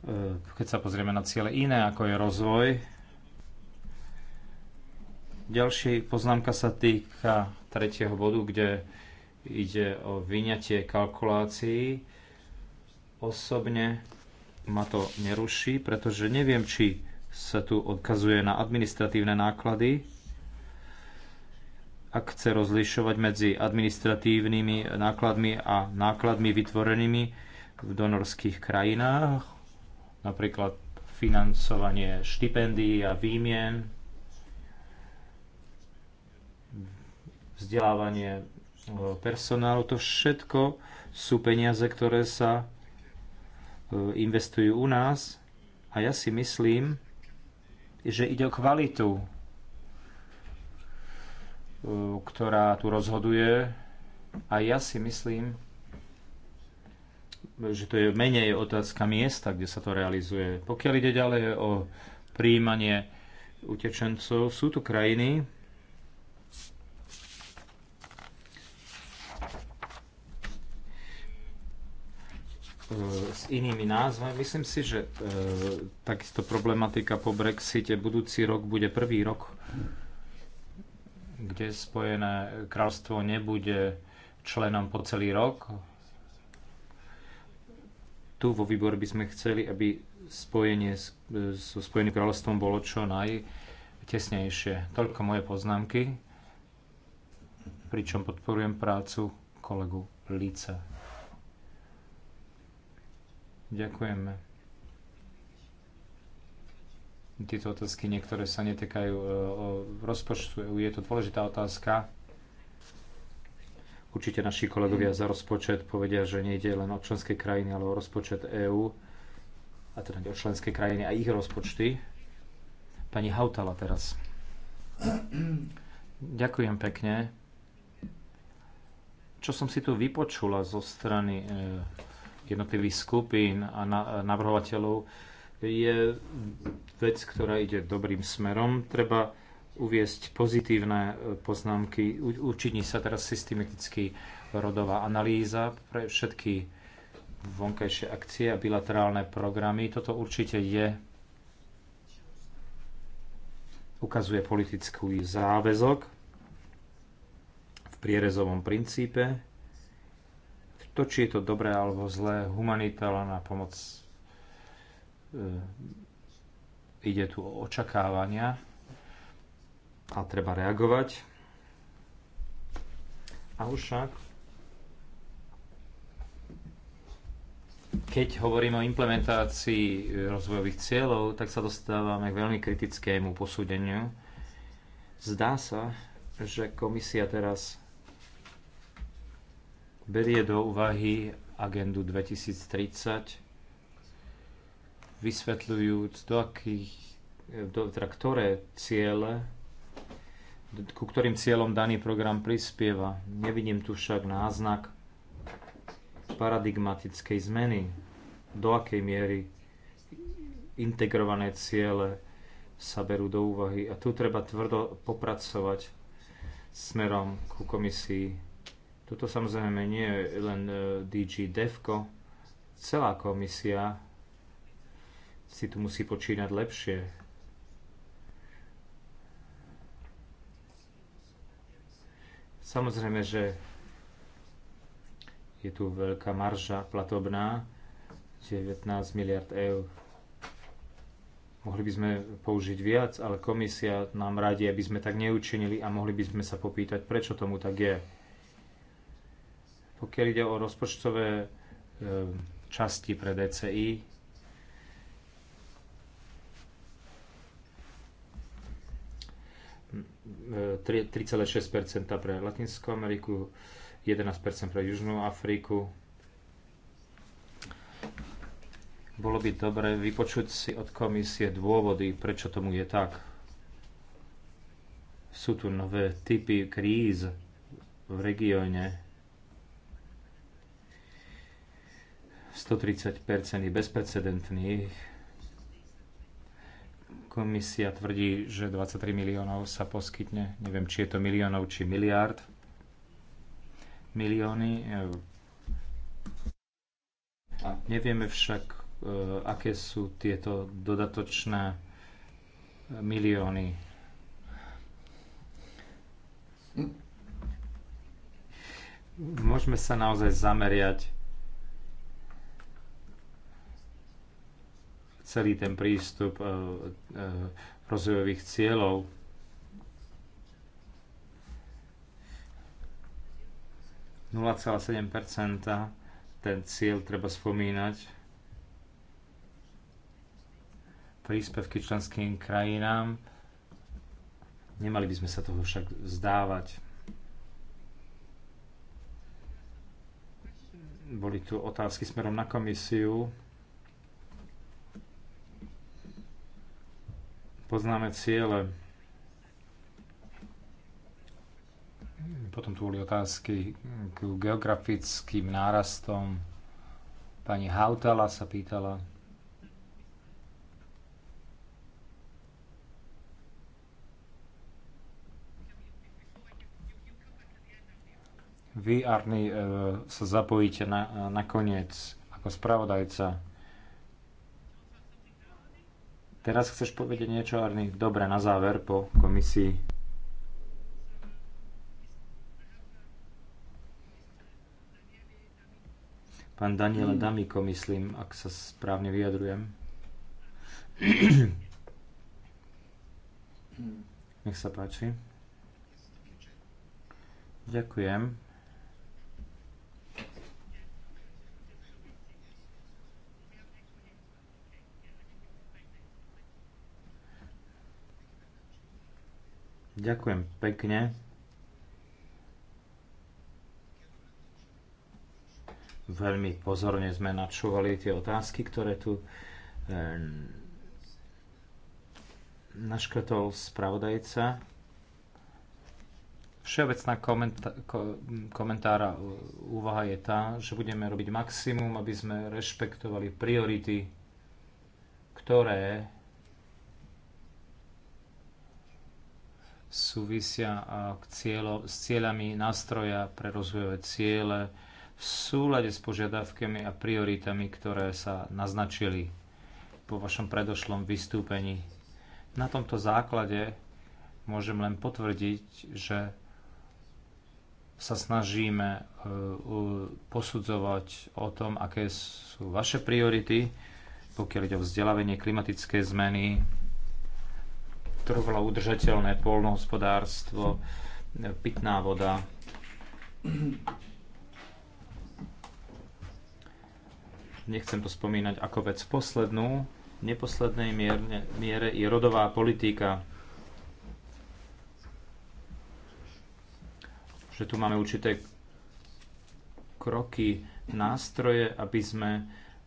Eh, keď sa pozrieme na ciele iné, ako je rozvoj, ďalšia poznámka sa týka tretieho bodu, kde Ide o vyňatie kalkulácií. Osobne ma to neruší, pretože neviem, či sa tu odkazuje na administratívne náklady. Ak chce rozlišovať medzi administratívnymi nákladmi a nákladmi vytvorenými v donorských krajinách, napríklad financovanie štipendií a výmien, vzdelávanie personálu. To všetko sú peniaze, ktoré sa e, investujú u nás a ja si myslím, že ide o kvalitu, e, ktorá tu rozhoduje a ja si myslím, že to je menej otázka miesta, kde sa to realizuje. Pokiaľ ide ďalej o príjmanie utečencov, sú tu krajiny, s inými názvami. Myslím si, že e, takisto problematika po Brexite budúci rok bude prvý rok, kde Spojené kráľstvo nebude členom po celý rok. Tu vo výbore by sme chceli, aby spojenie e, so Spojeným kráľovstvom bolo čo najtesnejšie. Toľko moje poznámky, pričom podporujem prácu kolegu Líca. Ďakujeme. Tieto otázky niektoré sa netekajú e, rozpočtu. E Je to dôležitá otázka. Určite naši kolegovia za rozpočet povedia, že nejde len o členské krajiny, ale o rozpočet EÚ, a teda o členské krajiny a ich rozpočty. Pani Hautala teraz. Ďakujem pekne. Čo som si tu vypočula zo strany e, jednotlivých skupín a navrhovateľov je vec, ktorá ide dobrým smerom. Treba uviesť pozitívne e, poznámky. Učiní sa teraz systematicky rodová analýza pre všetky vonkajšie akcie a bilaterálne programy. Toto určite je ukazuje politický záväzok v prierezovom princípe to, či je to dobré alebo zlé, humanitárna pomoc, e, ide tu o očakávania a treba reagovať. A už však, keď hovoríme o implementácii e, rozvojových cieľov, tak sa dostávame k veľmi kritickému posúdeniu. Zdá sa, že komisia teraz berie do úvahy agendu 2030, vysvetľujúc, do akých, do, teda ktoré ciele, ku ktorým cieľom daný program prispieva. Nevidím tu však náznak paradigmatickej zmeny, do akej miery integrované ciele sa berú do úvahy. A tu treba tvrdo popracovať smerom ku komisii toto samozrejme nie je len e, DG Devko, celá komisia si tu musí počínať lepšie. Samozrejme, že je tu veľká marža platobná, 19 miliard eur. Mohli by sme použiť viac, ale komisia nám radi, aby sme tak neučinili a mohli by sme sa popýtať, prečo tomu tak je. Pokiaľ ide o rozpočtové e, časti pre DCI, e, 3,6% pre Latinskú Ameriku, 11% pre Južnú Afriku, bolo by dobre vypočuť si od komisie dôvody, prečo tomu je tak. Sú tu nové typy kríz v regióne. 130 je bezprecedentných. Komisia tvrdí, že 23 miliónov sa poskytne. Neviem, či je to miliónov, či miliárd. Milióny. Ehm. A nevieme však, ehm, aké sú tieto dodatočné milióny. Môžeme sa naozaj zameriať celý ten prístup e, e, rozvojových cieľov. ten cieľ treba spomínať. Príspevky členským krajinám. Nemali by sme sa toho však vzdávať. Boli tu otázky smerom na komisiu. Poznáme ciele. Potom tu boli otázky k geografickým nárastom. Pani Hautala sa pýtala. Vy, Arny, e, sa zapojíte na, na koniec ako spravodajca Teraz chceš povedať niečo, Arny? Dobre, na záver po komisii. Pán Daniel hmm. Damiko, myslím, ak sa správne vyjadrujem. Hmm. Nech sa páči. Ďakujem. Ďakujem pekne. Veľmi pozorne sme načúvali tie otázky, ktoré tu ehm, naškrtol spravodajca. Všeobecná komentá- komentára e, úvaha je tá, že budeme robiť maximum, aby sme rešpektovali priority, ktoré súvisia k cieľo, s cieľami nástroja pre rozvojové ciele v súlade s požiadavkami a prioritami, ktoré sa naznačili po vašom predošlom vystúpení. Na tomto základe môžem len potvrdiť, že sa snažíme e, posudzovať o tom, aké sú vaše priority, pokiaľ ide o vzdelávanie klimatické zmeny, trvalo udržateľné polnohospodárstvo, pitná voda. Nechcem to spomínať ako vec poslednú. V neposlednej mierne, miere je rodová politika. Že tu máme určité kroky, nástroje, aby sme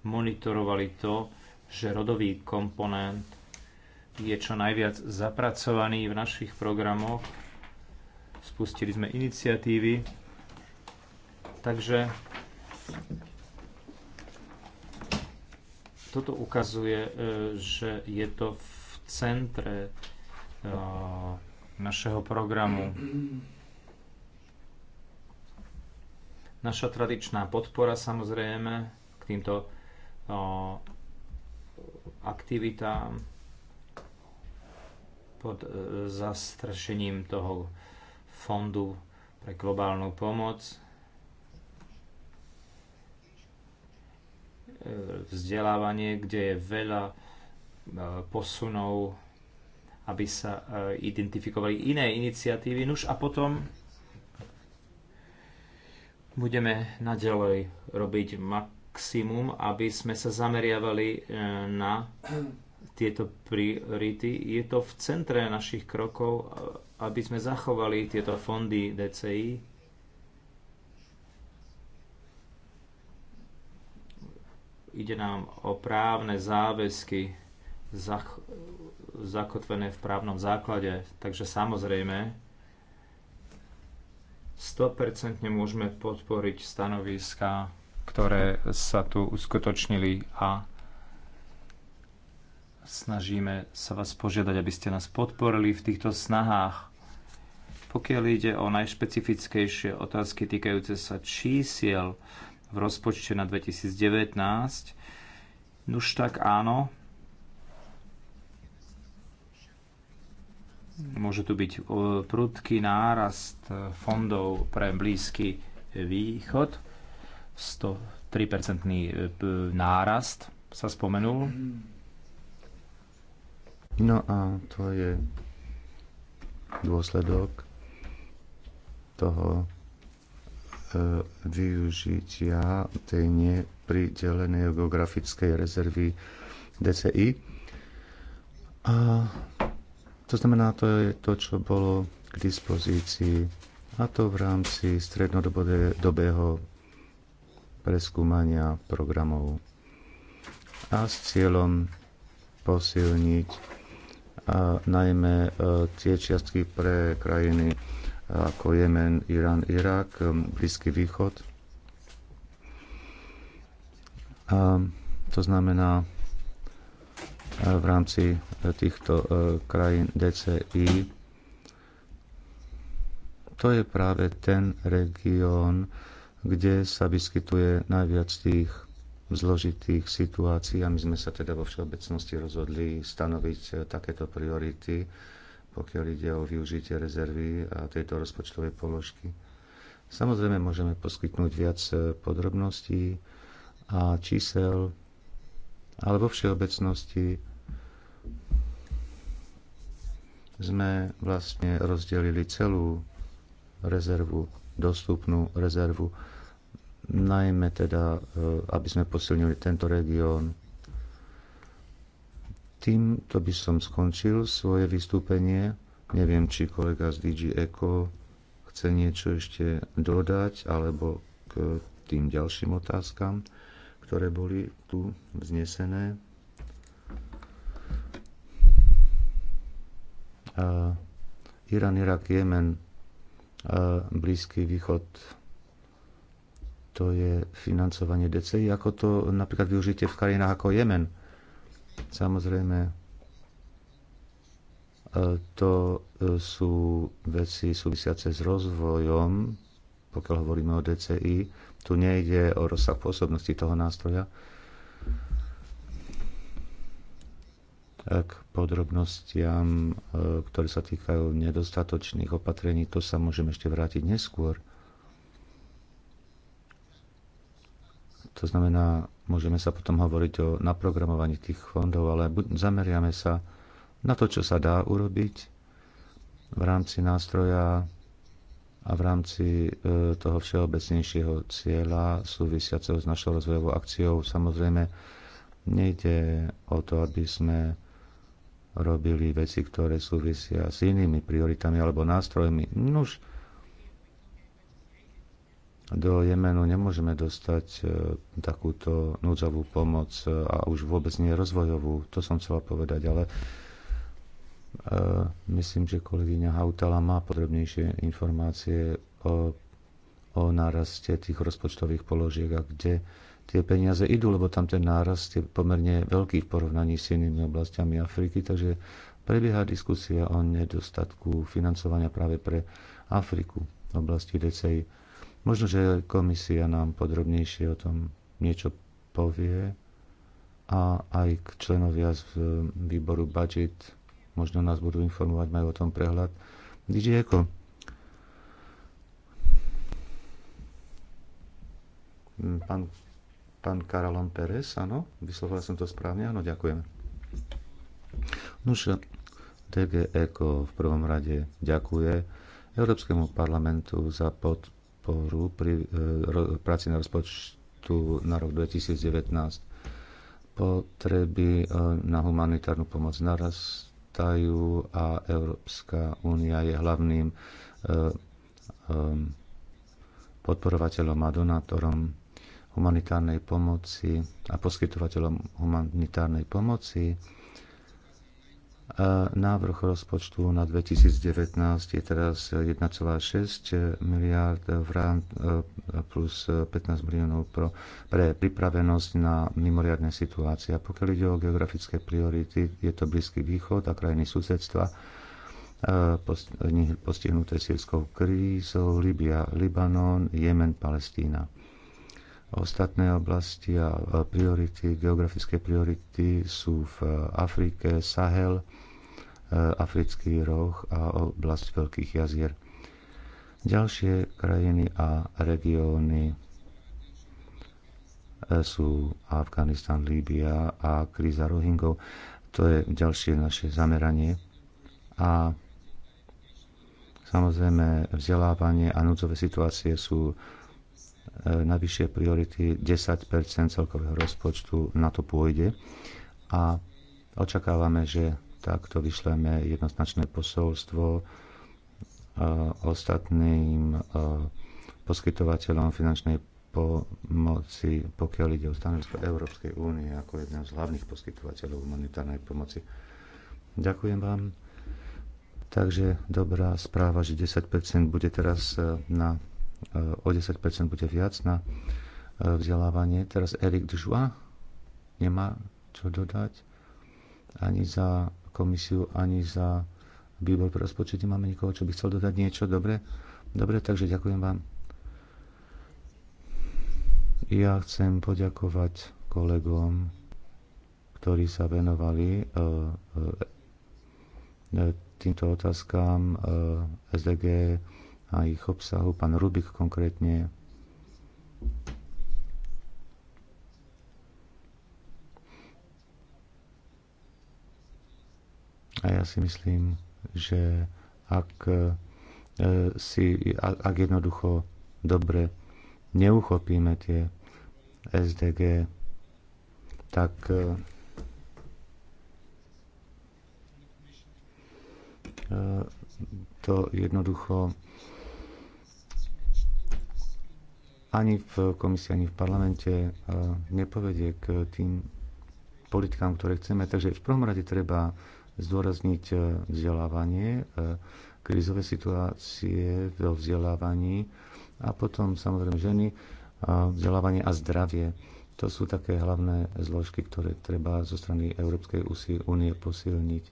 monitorovali to, že rodový komponent je čo najviac zapracovaný v našich programoch. Spustili sme iniciatívy. Takže toto ukazuje, e, že je to v centre e, našeho programu. Naša tradičná podpora samozrejme k týmto e, aktivitám pod e, zastršením toho fondu pre globálnu pomoc. E, vzdelávanie, kde je veľa e, posunov, aby sa identifikovali iné iniciatívy. Nuž a potom budeme naďalej robiť maximum, aby sme sa zameriavali na tieto priority. Je to v centre našich krokov, aby sme zachovali tieto fondy DCI. Ide nám o právne záväzky zakotvené v právnom základe. Takže samozrejme, 100% môžeme podporiť stanoviska, ktoré sa tu uskutočnili a snažíme sa vás požiadať, aby ste nás podporili v týchto snahách. Pokiaľ ide o najšpecifickejšie otázky týkajúce sa čísiel v rozpočte na 2019, nuž tak áno, môže tu byť prudký nárast fondov pre Blízky východ, 103% e, nárast sa spomenul. No a to je dôsledok toho e, využitia tej nepridelenej geografickej rezervy DCI. A to znamená, to je to, čo bolo k dispozícii a to v rámci strednodobého preskúmania programov a s cieľom posilniť a najmä e, tie čiastky pre krajiny e, ako Jemen, Irán, Irak, e, Blízky východ. A to znamená v rámci týchto krajín DCI. To je práve ten región, kde sa vyskytuje najviac tých v zložitých situácií a my sme sa teda vo všeobecnosti rozhodli stanoviť eh, takéto priority, pokiaľ ide o využitie rezervy a tejto rozpočtovej položky. Samozrejme, môžeme poskytnúť viac eh, podrobností a čísel, ale vo všeobecnosti sme vlastne rozdelili celú rezervu, dostupnú rezervu najmä teda, e, aby sme posilnili tento región. Týmto by som skončil svoje vystúpenie. Neviem, či kolega z DG Eco chce niečo ešte dodať, alebo k tým ďalším otázkam, ktoré boli tu vznesené. E, Irán, Irak, Jemen, e, Blízky východ, to je financovanie DCI, ako to napríklad využite v krajinách ako Jemen. Samozrejme, e, to e, sú veci súvisiace s rozvojom, pokiaľ hovoríme o DCI. Tu nejde o rozsah pôsobnosti toho nástroja. K podrobnostiam, e, ktoré sa týkajú nedostatočných opatrení, to sa môžeme ešte vrátiť neskôr. To znamená, môžeme sa potom hovoriť o naprogramovaní tých fondov, ale zameriame sa na to, čo sa dá urobiť v rámci nástroja a v rámci e, toho všeobecnejšieho cieľa súvisiaceho s našou rozvojovou akciou. Samozrejme, nejde o to, aby sme robili veci, ktoré súvisia s inými prioritami alebo nástrojmi. Nuž, no do Jemenu nemôžeme dostať e, takúto núdzovú pomoc e, a už vôbec nie rozvojovú. To som chcela povedať, ale e, myslím, že kolegyňa Hautala má podrobnejšie informácie o, o náraste tých rozpočtových položiek a kde tie peniaze idú, lebo tam ten nárast je pomerne veľký v porovnaní s inými oblastiami Afriky, takže prebieha diskusia o nedostatku financovania práve pre Afriku v oblasti DCI. Možno, že komisia nám podrobnejšie o tom niečo povie a aj k členovia z e, výboru budget možno nás budú informovať, majú o tom prehľad. DJ Eko. Mm, pán, pán Karalon Pérez, áno, vyslovoval som to správne, áno, ďakujem. No DG Eko v prvom rade ďakuje Európskemu parlamentu za podporu podporu pri e, práci na rozpočtu na rok 2019. Potreby e, na humanitárnu pomoc narastajú a Európska únia je hlavným e, podporovateľom a donátorom humanitárnej pomoci a poskytovateľom humanitárnej pomoci Návrh rozpočtu na 2019 je teraz 1,6 miliard vrán e, plus 15 miliónov pre pripravenosť na mimoriadne situácie. A pokiaľ ide o geografické priority, je to Blízky východ a krajiny susedstva e, postihnuté sírskou krízou, Libia, Libanon, Jemen, Palestína. Ostatné oblasti a priority, geografické priority sú v Afrike, Sahel, e, Africký roh a oblasť Veľkých jazier. Ďalšie krajiny a regióny e, sú Afganistan, Líbia a kríza Rohingov. To je ďalšie naše zameranie. A samozrejme vzdelávanie a núdzové situácie sú E, na vyššie priority 10 celkového rozpočtu na to pôjde a očakávame, že takto vyšleme jednoznačné posolstvo e, ostatným e, poskytovateľom finančnej pomoci, pokiaľ ide o stanovisko Európskej únie ako jedného z hlavných poskytovateľov humanitárnej pomoci. Ďakujem vám. Takže dobrá správa, že 10% bude teraz na o 10% bude viac na e, vzdelávanie. Teraz Erik Džua nemá čo dodať ani za komisiu, ani za výbor pre rozpočet. Máme nikoho, čo by chcel dodať niečo. Dobre, Dobre takže ďakujem vám. Ja chcem poďakovať kolegom, ktorí sa venovali e, e, týmto otázkam SDG, a ich obsahu, pán Rubik konkrétne. A ja si myslím, že ak, e, si, ak jednoducho dobre neuchopíme tie SDG, tak e, e, to jednoducho ani v komisii, ani v parlamente e, nepovedie k tým politikám, ktoré chceme. Takže v prvom rade treba zdôrazniť e, vzdelávanie, e, krizové situácie vo vzdelávaní a potom samozrejme ženy, vzdelávanie a zdravie. To sú také hlavné zložky, ktoré treba zo strany Európskej únie posilniť.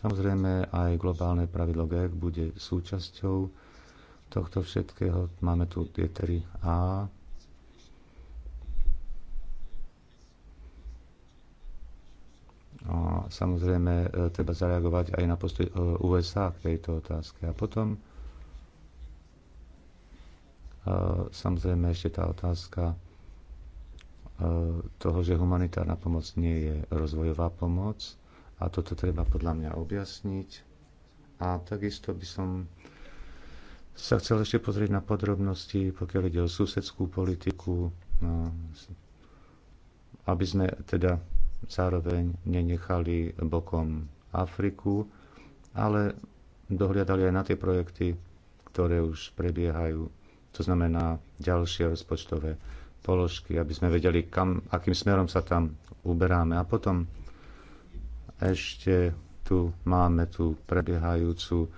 Samozrejme aj globálne pravidlo GEC bude súčasťou tohto všetkého. Máme tu tie a A samozrejme, e, treba zareagovať aj na postoj e, USA k tejto otázke. A potom, e, samozrejme, ešte tá otázka toho, že humanitárna pomoc nie je rozvojová pomoc. A toto treba podľa mňa objasniť. A takisto by som sa chcel ešte pozrieť na podrobnosti, pokiaľ ide o susedskú politiku, no, aby sme teda zároveň nenechali bokom Afriku, ale dohliadali aj na tie projekty, ktoré už prebiehajú, to znamená ďalšie rozpočtové položky, aby sme vedeli, kam, akým smerom sa tam uberáme. A potom ešte tu máme tú prebiehajúcu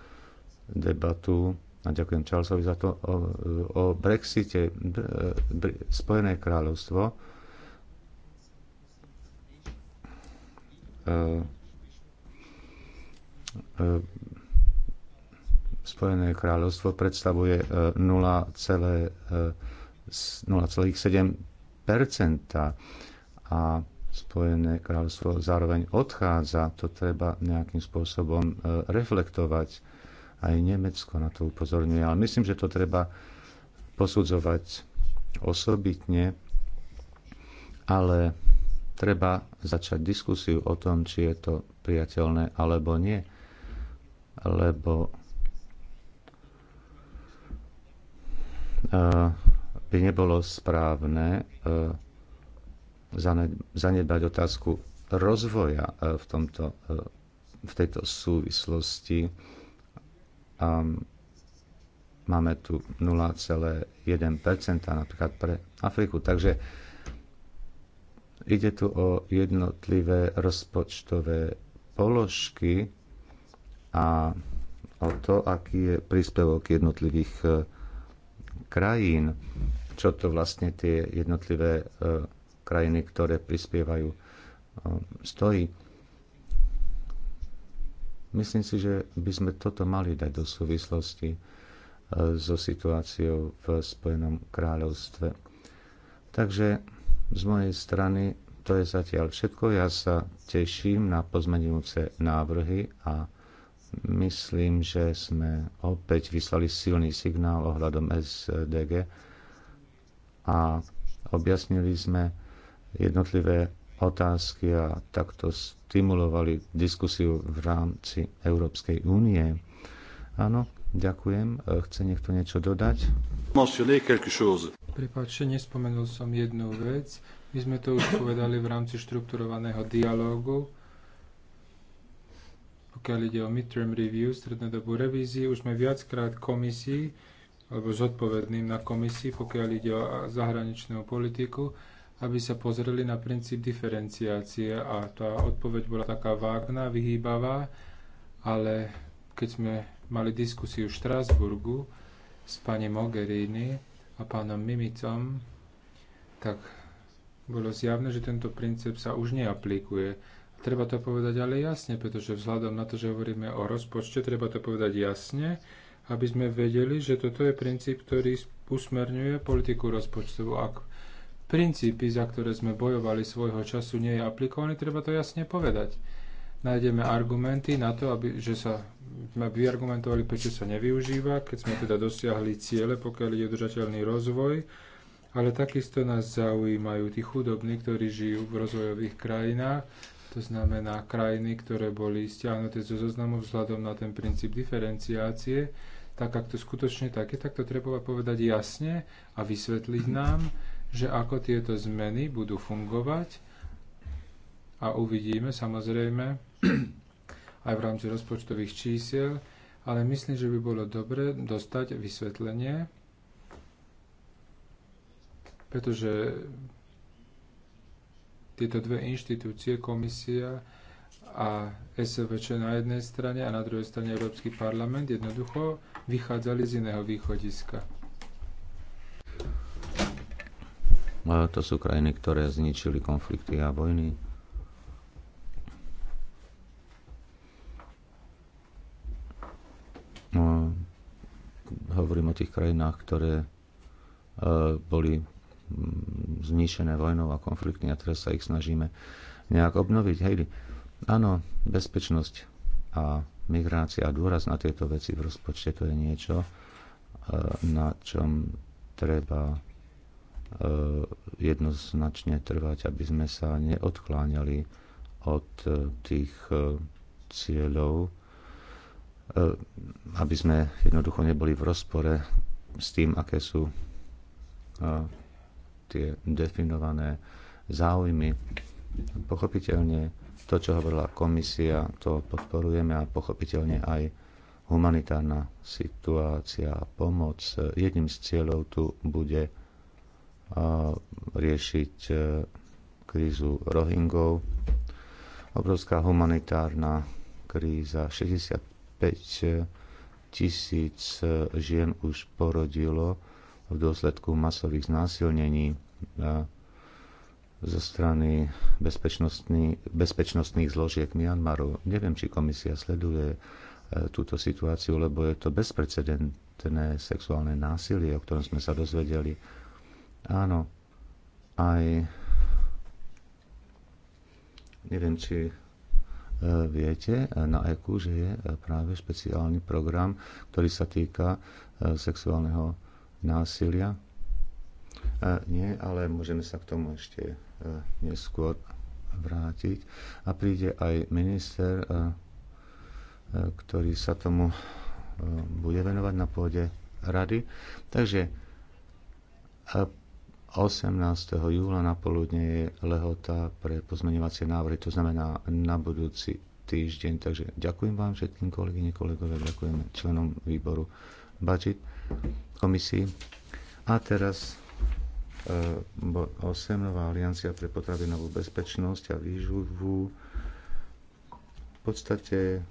debatu a ďakujem Charlesovi za to. O, o Brexite Spojené kráľovstvo e, e, Spojené kráľovstvo predstavuje 0,7 e, a Spojené kráľovstvo zároveň odchádza. To treba nejakým spôsobom reflektovať aj Nemecko na to upozorňuje. Ale myslím, že to treba posudzovať osobitne, ale treba začať diskusiu o tom, či je to priateľné alebo nie. Lebo e, by nebolo správne e, zanedbať otázku rozvoja e, v, tomto, v tejto súvislosti Um, máme tu 0,1% napríklad pre Afriku. Takže ide tu o jednotlivé rozpočtové položky a o to, aký je príspevok jednotlivých e, krajín, čo to vlastne tie jednotlivé e, krajiny, ktoré prispievajú, e, stojí. Myslím si, že by sme toto mali dať do súvislosti e, so situáciou v Spojenom kráľovstve. Takže z mojej strany to je zatiaľ všetko. Ja sa teším na pozmenujúce návrhy a myslím, že sme opäť vyslali silný signál ohľadom SDG a objasnili sme jednotlivé otázky a takto stimulovali diskusiu v rámci Európskej únie. Áno, ďakujem. Chce niekto niečo dodať? Prepačte, nespomenul som jednu vec. My sme to už povedali v rámci štrukturovaného dialógu. Pokiaľ ide o midterm review, strednodobú revíziu, už sme viackrát komisii, alebo zodpovedným na komisii, pokiaľ ide o zahraničnú politiku, aby sa pozreli na princíp diferenciácie a tá odpoveď bola taká vágná, vyhýbavá, ale keď sme mali diskusiu v Štrásburgu s pani Mogherini a pánom Mimicom, tak bolo zjavné, že tento princíp sa už neaplikuje. Treba to povedať ale jasne, pretože vzhľadom na to, že hovoríme o rozpočte, treba to povedať jasne, aby sme vedeli, že toto je princíp, ktorý usmerňuje politiku rozpočtovú. Ak princípy, za ktoré sme bojovali svojho času, nie je aplikovaný, treba to jasne povedať. Nájdeme argumenty na to, aby, že sa sme vyargumentovali, prečo sa nevyužíva, keď sme teda dosiahli ciele, pokiaľ ide udržateľný rozvoj, ale takisto nás zaujímajú tí chudobní, ktorí žijú v rozvojových krajinách, to znamená krajiny, ktoré boli stiahnuté zo zoznamu vzhľadom na ten princíp diferenciácie, tak ak to skutočne tak je, tak to treba povedať jasne a vysvetliť nám, že ako tieto zmeny budú fungovať a uvidíme samozrejme aj v rámci rozpočtových čísel, ale myslím, že by bolo dobre dostať vysvetlenie, pretože tieto dve inštitúcie, komisia a SVČ na jednej strane a na druhej strane Európsky parlament jednoducho vychádzali z iného východiska. To sú krajiny, ktoré zničili konflikty a vojny. No, hovorím o tých krajinách, ktoré e, boli zničené vojnou a konfliktmi a teraz sa ich snažíme nejak obnoviť. Hej, áno, bezpečnosť a migrácia a dôraz na tieto veci v rozpočte to je niečo, e, na čom treba E, jednoznačne trvať, aby sme sa neodkláňali od e, tých e, cieľov, aby sme jednoducho neboli v rozpore s tým, aké sú tie definované záujmy. Pochopiteľne to, čo hovorila komisia, to podporujeme a pochopiteľne aj humanitárna situácia a pomoc. Jedným z cieľov tu bude riešiť e, krízu Rohingov. Obrovská humanitárna kríza. 65 e, tisíc e, žien už porodilo v dôsledku masových znásilnení zo strany bezpečnostných zložiek Mianmaru. Neviem, či komisia sleduje túto situáciu, lebo je to bezprecedentné sexuálne násilie, o ktorom sme sa dozvedeli Áno, aj neviem, či e, viete e, na eku že je e, práve špeciálny program, ktorý sa týka sexuálneho násilia. Nie, ale môžeme sa k tomu ešte neskôr vrátiť. A príde aj minister, ktorý sa tomu bude venovať na pôde rady. Takže 18. júla na poludne je lehota pre pozmeňovacie návrhy, to znamená na budúci týždeň. Takže ďakujem vám všetkým kolegyne, kolegovia, ďakujem členom výboru budget komisii. A teraz 8. Eh, nová aliancia pre potravinovú bezpečnosť a výživu. V podstate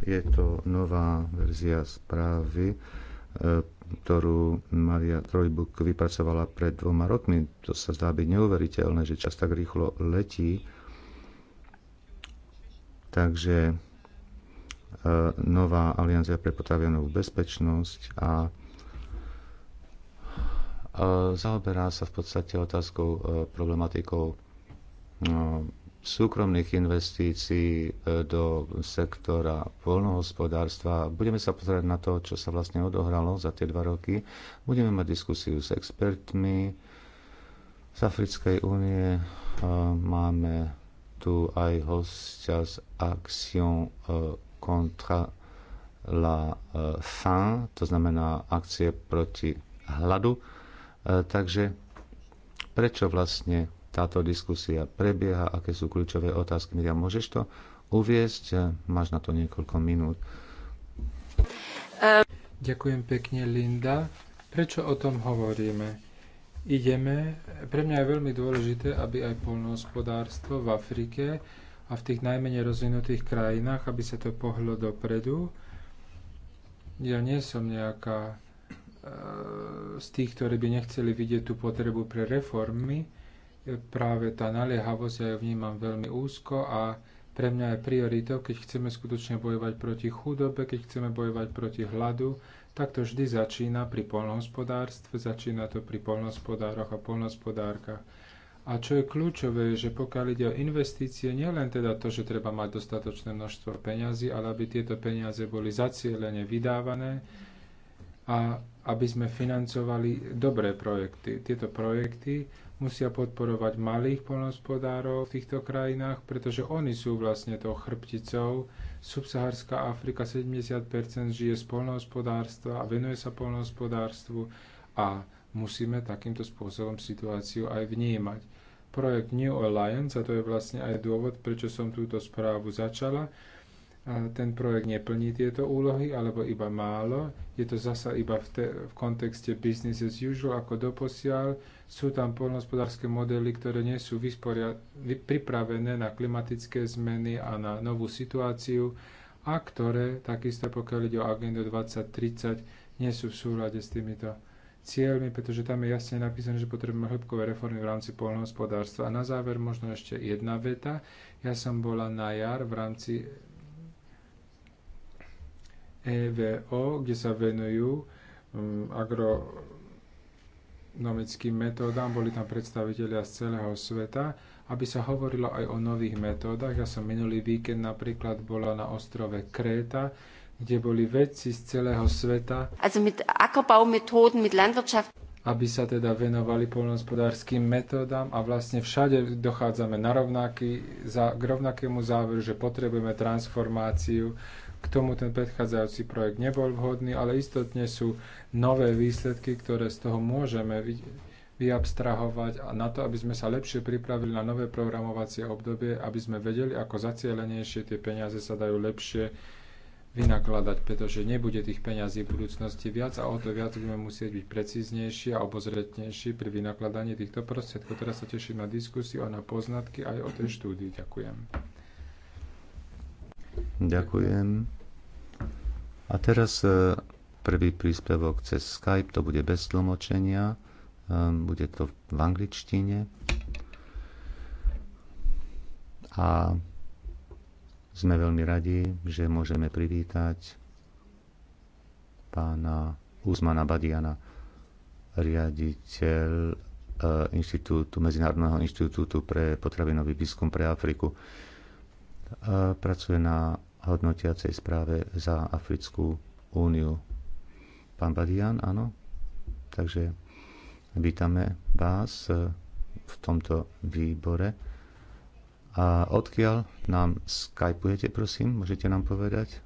je to nová verzia správy eh, ktorú Maria Trojbuk vypracovala pred dvoma rokmi. To sa zdá byť neuveriteľné, že čas tak rýchlo letí. Takže e, nová aliancia pre potravinovú bezpečnosť a e, zaoberá sa v podstate otázkou, e, problematikou no, súkromných investícií e, do sektora voľnohospodárstva? Budeme sa pozerať na to, čo sa vlastne odohralo za tie dva roky. Budeme mať diskusiu s expertmi z Africkej únie. E, máme tu aj hostia z Action e, contra la faim, to znamená akcie proti hladu. Takže prečo vlastne táto diskusia prebieha, aké sú kľúčové otázky. Miriam, môžeš to uviesť? Máš na to niekoľko minút. Ďakujem pekne, Linda. Prečo o tom hovoríme? Ideme, pre mňa je veľmi dôležité, aby aj polnohospodárstvo v Afrike a v tých najmenej rozvinutých krajinách, aby sa to pohlo dopredu. Ja nie som nejaká eh, z tých, ktorí by nechceli vidieť tú potrebu pre reformy, práve tá naliehavosť, ja ju vnímam veľmi úzko a pre mňa je prioritou, keď chceme skutočne bojovať proti chudobe, keď chceme bojovať proti hladu, tak to vždy začína pri poľnohospodárstve, začína to pri poľnohospodároch a poľnohospodárkach. A čo je kľúčové, že pokiaľ ide o investície, len teda to, že treba mať dostatočné množstvo peňazí, ale aby tieto peniaze boli zacielene vydávané a aby sme financovali dobré projekty. Tieto projekty musia podporovať malých polnospodárov v týchto krajinách, pretože oni sú vlastne tou chrbticou. Subsaharská Afrika 70% žije z polnohospodárstva a venuje sa polnohospodárstvu a musíme takýmto spôsobom situáciu aj vnímať. Projekt New Alliance, a to je vlastne aj dôvod, prečo som túto správu začala, a ten projekt neplní tieto úlohy, alebo iba málo. Je to zasa iba v, te, v kontexte business as usual, ako doposiaľ, sú tam poľnohospodárske modely, ktoré nie sú pripravené na klimatické zmeny a na novú situáciu a ktoré, takisto pokiaľ ide o agendu 2030, nie sú v súlade s týmito cieľmi, pretože tam je jasne napísané, že potrebujeme hĺbkové reformy v rámci poľnohospodárstva. A na záver možno ešte jedna veta. Ja som bola na jar v rámci EVO, kde sa venujú mm, agro ekonomickým metódám, boli tam predstavitelia z celého sveta, aby sa hovorilo aj o nových metódach. Ja som minulý víkend napríklad bola na ostrove Kréta, kde boli vedci z celého sveta, also mit Ackerbaumethoden, mit Landwirtschaft. aby sa teda venovali poľnohospodárským metódam a vlastne všade dochádzame na rovnaký, za, k rovnakému záveru, že potrebujeme transformáciu k tomu ten predchádzajúci projekt nebol vhodný, ale istotne sú nové výsledky, ktoré z toho môžeme vyabstrahovať a na to, aby sme sa lepšie pripravili na nové programovacie obdobie, aby sme vedeli, ako zacielenejšie tie peniaze sa dajú lepšie vynakladať, pretože nebude tých peňazí v budúcnosti viac a o to viac budeme musieť byť precíznejší a obozretnejší pri vynakladaní týchto prostriedkov. Teraz sa teším na diskusiu a na poznatky aj o tej štúdii. Ďakujem. Ďakujem. A teraz e, prvý príspevok cez Skype, to bude bez tlmočenia, e, bude to v angličtine. A sme veľmi radi, že môžeme privítať pána Uzmana Badiana, riaditeľ e, inštitútu, Medzinárodného inštitútu pre potravinový výskum pre Afriku. Pracuje na hodnotiacej správe za Africkú úniu. Pán Badian, áno? Takže vítame vás eh, v tomto výbore. A odkiaľ nám skypujete, prosím? Môžete nám povedať?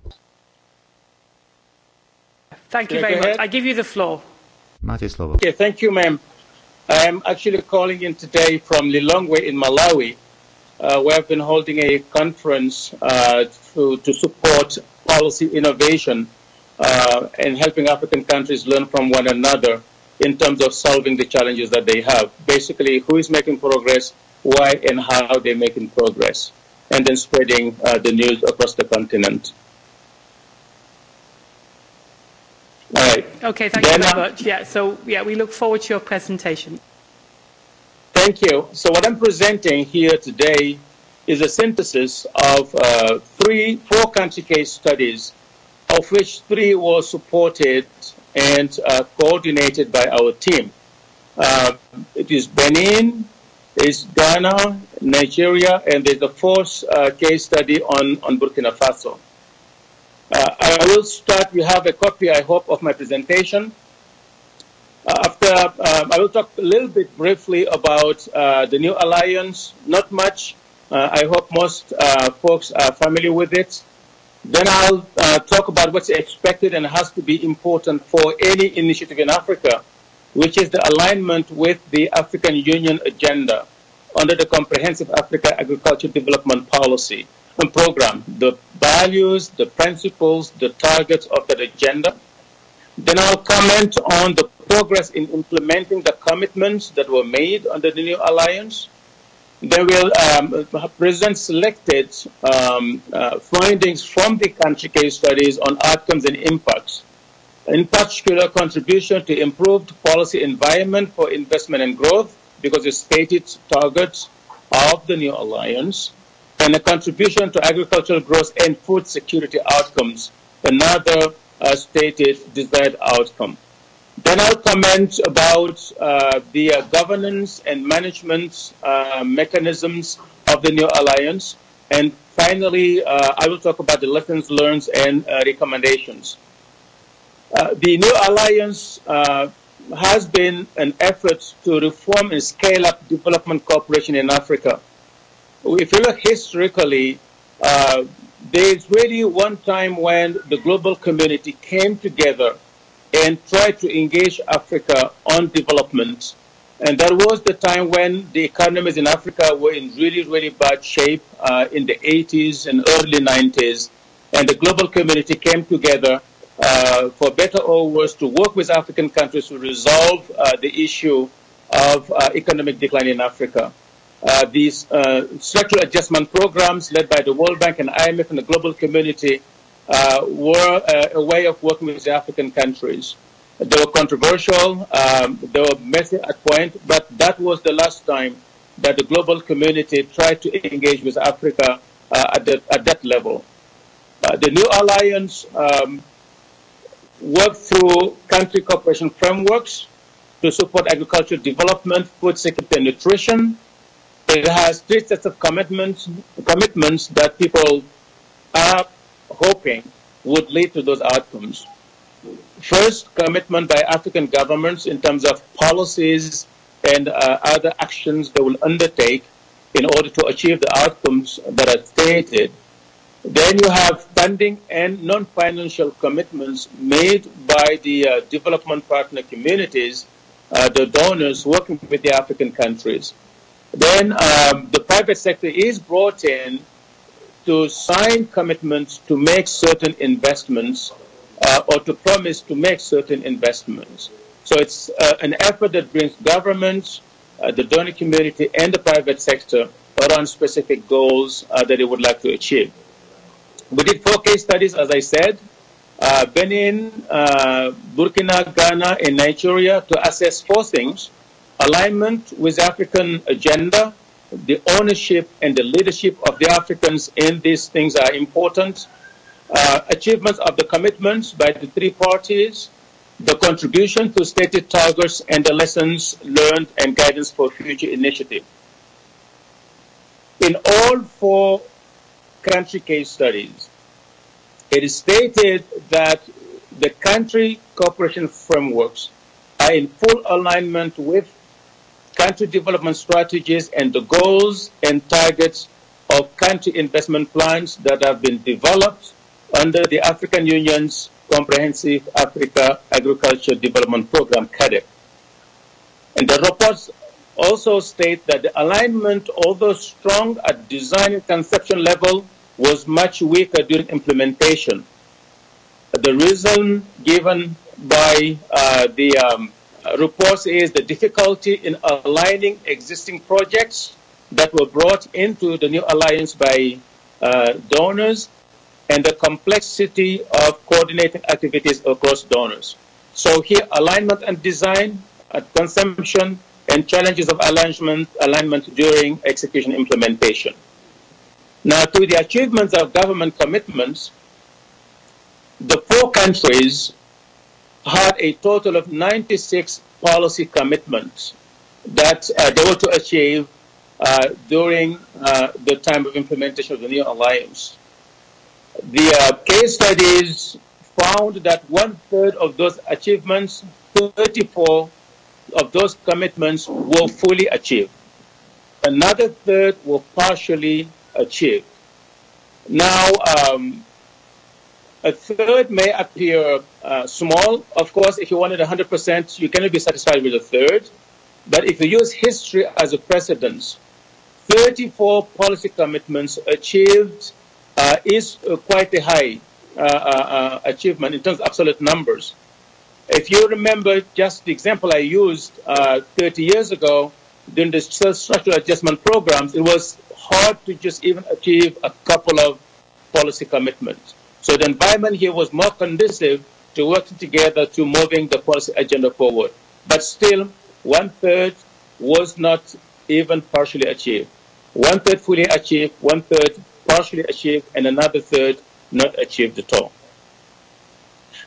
Thank you very much. I give you the floor. Máte slovo. Okay, thank you, ma'am. I am actually calling in today from Lilongwe in Malawi uh, we have been holding a conference uh, to, to support policy innovation uh, and helping African countries learn from one another in terms of solving the challenges that they have. Basically, who is making progress, why and how they're making progress, and then spreading uh, the news across the continent. All right. Okay, thank then you very uh, much. Yeah, so yeah, we look forward to your presentation. Thank you. So what I'm presenting here today is a synthesis of uh, three, four country case studies, of which three were supported and uh, coordinated by our team. Uh, it is Benin, is Ghana, Nigeria, and there's a fourth uh, case study on, on Burkina Faso. Uh, I will start. You have a copy, I hope, of my presentation. Uh, after uh, I will talk a little bit briefly about uh the new alliance. Not much. Uh I hope most uh folks are familiar with it. Then I'll uh, talk about what's expected and has to be important for any initiative in Africa, which is the alignment with the African Union agenda under the Comprehensive Africa Agriculture Development Policy and Program, the values, the principles, the targets of that agenda, Then I'll comment on the progress in implementing the commitments that were made under the new alliance. They will um, present selected um, uh, findings from the country case studies on outcomes and impacts, in particular contribution to improved policy environment for investment and growth, because it's stated targets of the new alliance, and a contribution to agricultural growth and food security outcomes, another uh, stated desired outcome. Then I'll comment about uh, the uh, governance and management uh, mechanisms of the new alliance. And finally, uh, I will talk about the lessons learned and uh, recommendations. Uh, the new alliance uh, has been an effort to reform and scale up development cooperation in Africa. If you look historically, uh, there is really one time when the global community came together and tried to engage Africa on development. And that was the time when the economies in Africa were in really, really bad shape uh, in the 80s and early 90s. And the global community came together uh, for better or worse to work with African countries to resolve uh, the issue of uh, economic decline in Africa uh, these uh, structural adjustment programs led by the World Bank and IMF and the global community uh, were a, uh, a way of working with the African countries. They were controversial, um, they were messy at point, but that was the last time that the global community tried to engage with Africa uh, at, the, at that level. Uh, the new alliance um, worked through country cooperation frameworks to support agricultural development, food security and nutrition, It has three sets of commitments, commitments that people are hoping would lead to those outcomes. First, commitment by African governments in terms of policies and uh, other actions they will undertake in order to achieve the outcomes that are stated. Then you have funding and non-financial commitments made by the uh, development partner communities, uh, the donors working with the African countries then um, the private sector is brought in to sign commitments to make certain investments uh, or to promise to make certain investments. So it's uh, an effort that brings governments, uh, the donor community, and the private sector around specific goals uh, that they would like to achieve. We did four case studies, as I said, uh, Benin, uh, Burkina, Ghana, and Nigeria to assess four things – alignment with African agenda, the ownership and the leadership of the Africans in these things are important. Uh, achievements of the commitments by the three parties, the contribution to stated targets and the lessons learned and guidance for future initiative. In all four country case studies, it is stated that the country cooperation frameworks are in full alignment with country development strategies and the goals and targets of country investment plans that have been developed under the African Union's Comprehensive Africa Agriculture Development Program, CADEP. And the reports also state that the alignment, although strong at design and conception level, was much weaker during implementation. The reason given by uh, the um, report is the difficulty in aligning existing projects that were brought into the new alliance by uh, donors and the complexity of coordinating activities across donors. So here, alignment and design, uh, consumption, and challenges of alignment, alignment during execution implementation. Now, to the achievements of government commitments, the four countries had a total of 96 policy commitments that uh, they were to achieve uh, during uh, the time of implementation of the new alliance. The uh, case studies found that one third of those achievements, 34 of those commitments were fully achieved. Another third were partially achieved. Now, um, a third may appear uh, small. Of course, if you wanted 100%, you cannot be satisfied with a third. But if you use history as a precedence, 34 policy commitments achieved uh, is uh, quite a high uh, uh, uh, achievement in terms of absolute numbers. If you remember just the example I used uh, 30 years ago during the structural adjustment programs, it was hard to just even achieve a couple of policy commitments. So the environment here was more conducive to work together to moving the policy agenda forward. But still, one third was not even partially achieved. One third fully achieved, one third partially achieved, and another third not achieved at all.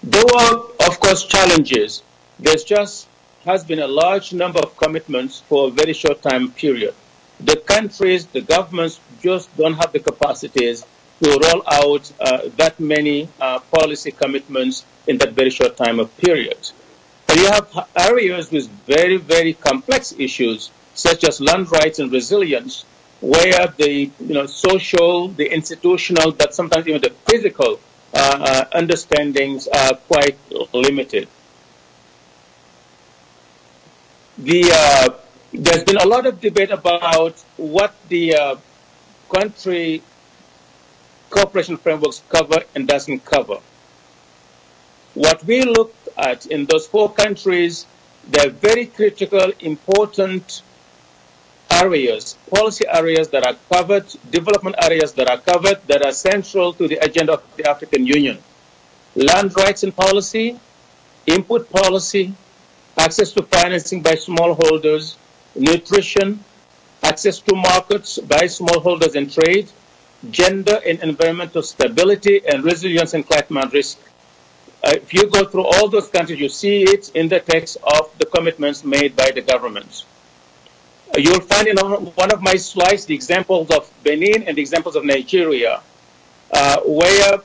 There were, of course, challenges. There's just has been a large number of commitments for a very short time period. The countries, the governments just don't have the capacities to roll out uh, that many uh, policy commitments in that very short time of period. And you have areas with very, very complex issues, such as land rights and resilience, where the you know, social, the institutional, but sometimes even the physical uh, uh, understandings are quite limited. The, uh, there's been a lot of debate about what the uh, country cooperation frameworks cover and doesn't cover. What we look at in those four countries, they're very critical, important areas, policy areas that are covered, development areas that are covered, that are central to the agenda of the African Union. Land rights and policy, input policy, access to financing by smallholders, nutrition, access to markets by smallholders and trade, gender and environmental stability and resilience and climate risk. Uh, if you go through all those countries, you see it in the text of the commitments made by the governments. Uh, you will find in one of my slides the examples of Benin and the examples of Nigeria, uh, where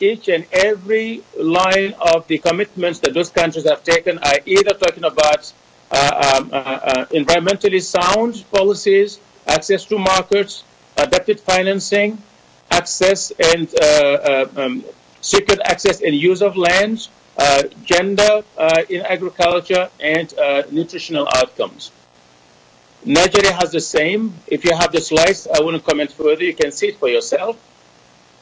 each and every line of the commitments that those countries have taken are either talking about uh, um, uh, uh, environmentally sound policies, access to markets, adapted financing, access and uh, uh, um, secured access and use of land, uh, gender uh, in agriculture, and uh, nutritional outcomes. Nigeria has the same. If you have the slides, I wouldn't comment further. You can see it for yourself.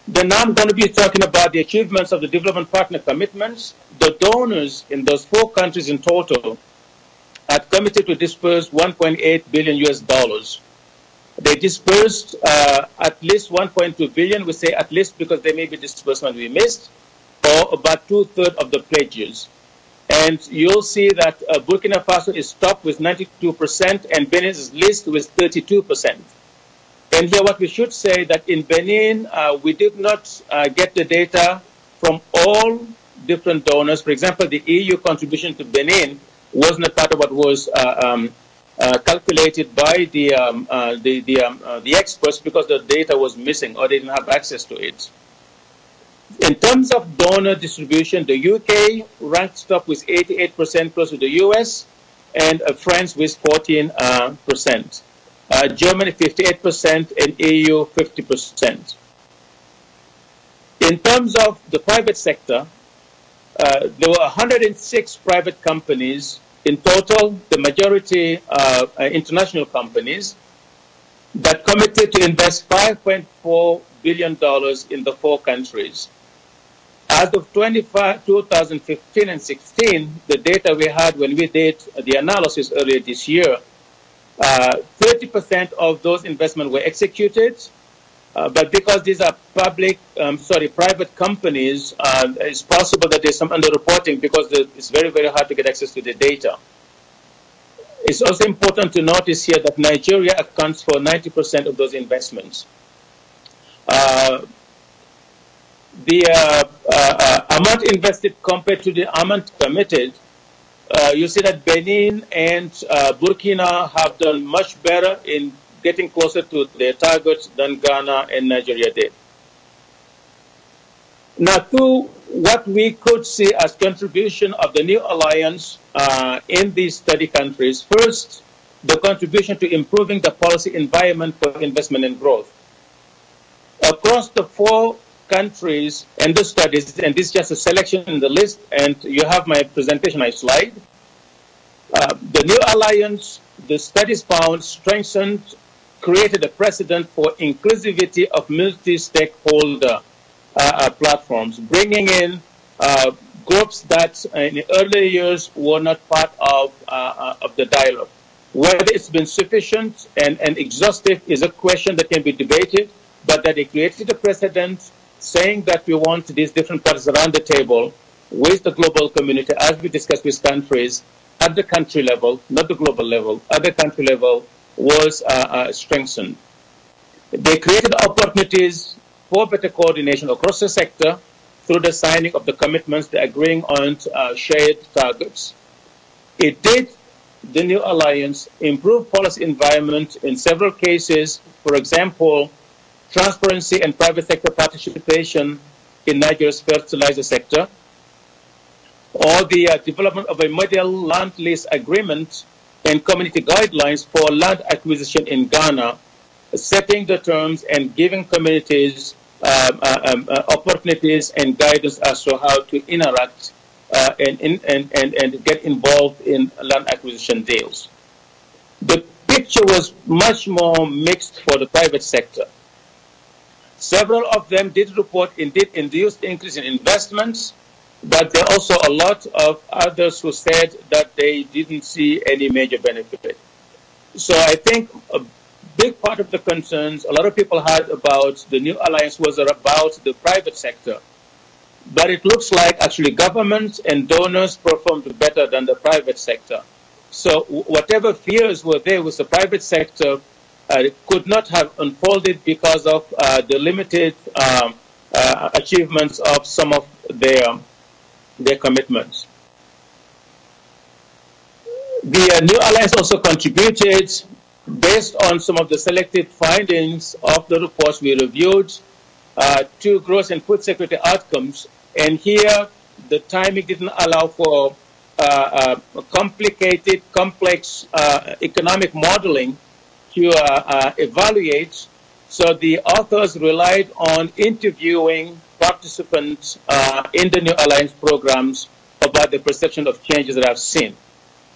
Then now I'm going to be talking about the achievements of the development partner commitments. The donors in those four countries in total have committed to disperse 1.8 billion US dollars They dispersed uh, at least 1.2 billion. We say at least because there may be disbursement we missed, or about two-thirds of the pledges. And you'll see that uh, Burkina Faso is top with 92% and Benin is least with 32%. And here what we should say that in Benin, uh, we did not uh, get the data from all different donors. For example, the EU contribution to Benin wasn't a part of what was uh, um, uh, calculated by the um, uh, the the, um, uh, the experts because the data was missing or they didn't have access to it. In terms of donor distribution, the UK ranked top with 88% close to the US, and uh, France with 14%. Uh, percent. Uh, Germany 58% and EU 50%. In terms of the private sector, uh, there were 106 private companies In total, the majority uh, are international companies that committed to invest $5.4 billion in the four countries. As of 2015 and 16, the data we had when we did the analysis earlier this year, uh, 30% of those investments were executed, Uh, but because these are public, um, sorry, private companies, uh, it's possible that there's some underreporting because the, it's very, very hard to get access to the data. It's also important to notice here that Nigeria accounts for 90% of those investments. Uh, the uh, uh, uh, amount invested compared to the amount committed, uh, you see that Benin and uh, Burkina have done much better in getting closer to their targets than Ghana and Nigeria did. Now, to what we could see as contribution of the new alliance uh, in these study countries. First, the contribution to improving the policy environment for investment and growth. Across the four countries and the studies, and this is just a selection in the list, and you have my presentation, my slide. Uh, the new alliance, the studies found, strengthened created a precedent for inclusivity of multi-stakeholder uh, uh, platforms, bringing in uh, groups that in the earlier years were not part of, uh, uh, of the dialogue. Whether it's been sufficient and, and exhaustive is a question that can be debated, but that it created a precedent saying that we want these different parties around the table with the global community as we discussed with countries at the country level, not the global level, at the country level, was uh uh strengthened. They created opportunities for better coordination across the sector through the signing of the commitments they agreeing on uh, shared targets. It did the new alliance improve policy environment in several cases, for example, transparency and private sector participation in Nigeria's fertilizer sector, or the uh, development of a model land lease agreement and community guidelines for land acquisition in Ghana, setting the terms and giving communities um, uh um, uh, opportunities and guidance as to how to interact uh, and, in and, and, and get involved in land acquisition deals. The picture was much more mixed for the private sector. Several of them did report indeed induced increase in investments, But there are also a lot of others who said that they didn't see any major benefit. So I think a big part of the concerns a lot of people had about the new alliance was about the private sector. But it looks like actually governments and donors performed better than the private sector. So whatever fears were there with the private sector uh, could not have unfolded because of uh, the limited um, uh, achievements of some of their their commitments. The uh, new alliance also contributed, based on some of the selected findings of the reports we reviewed, uh, to gross and food security outcomes. And here, the timing didn't allow for uh, uh, complicated, complex uh, economic modeling to uh, uh, evaluate. So the authors relied on interviewing participants uh, in the new alliance programs about the perception of changes that I've seen.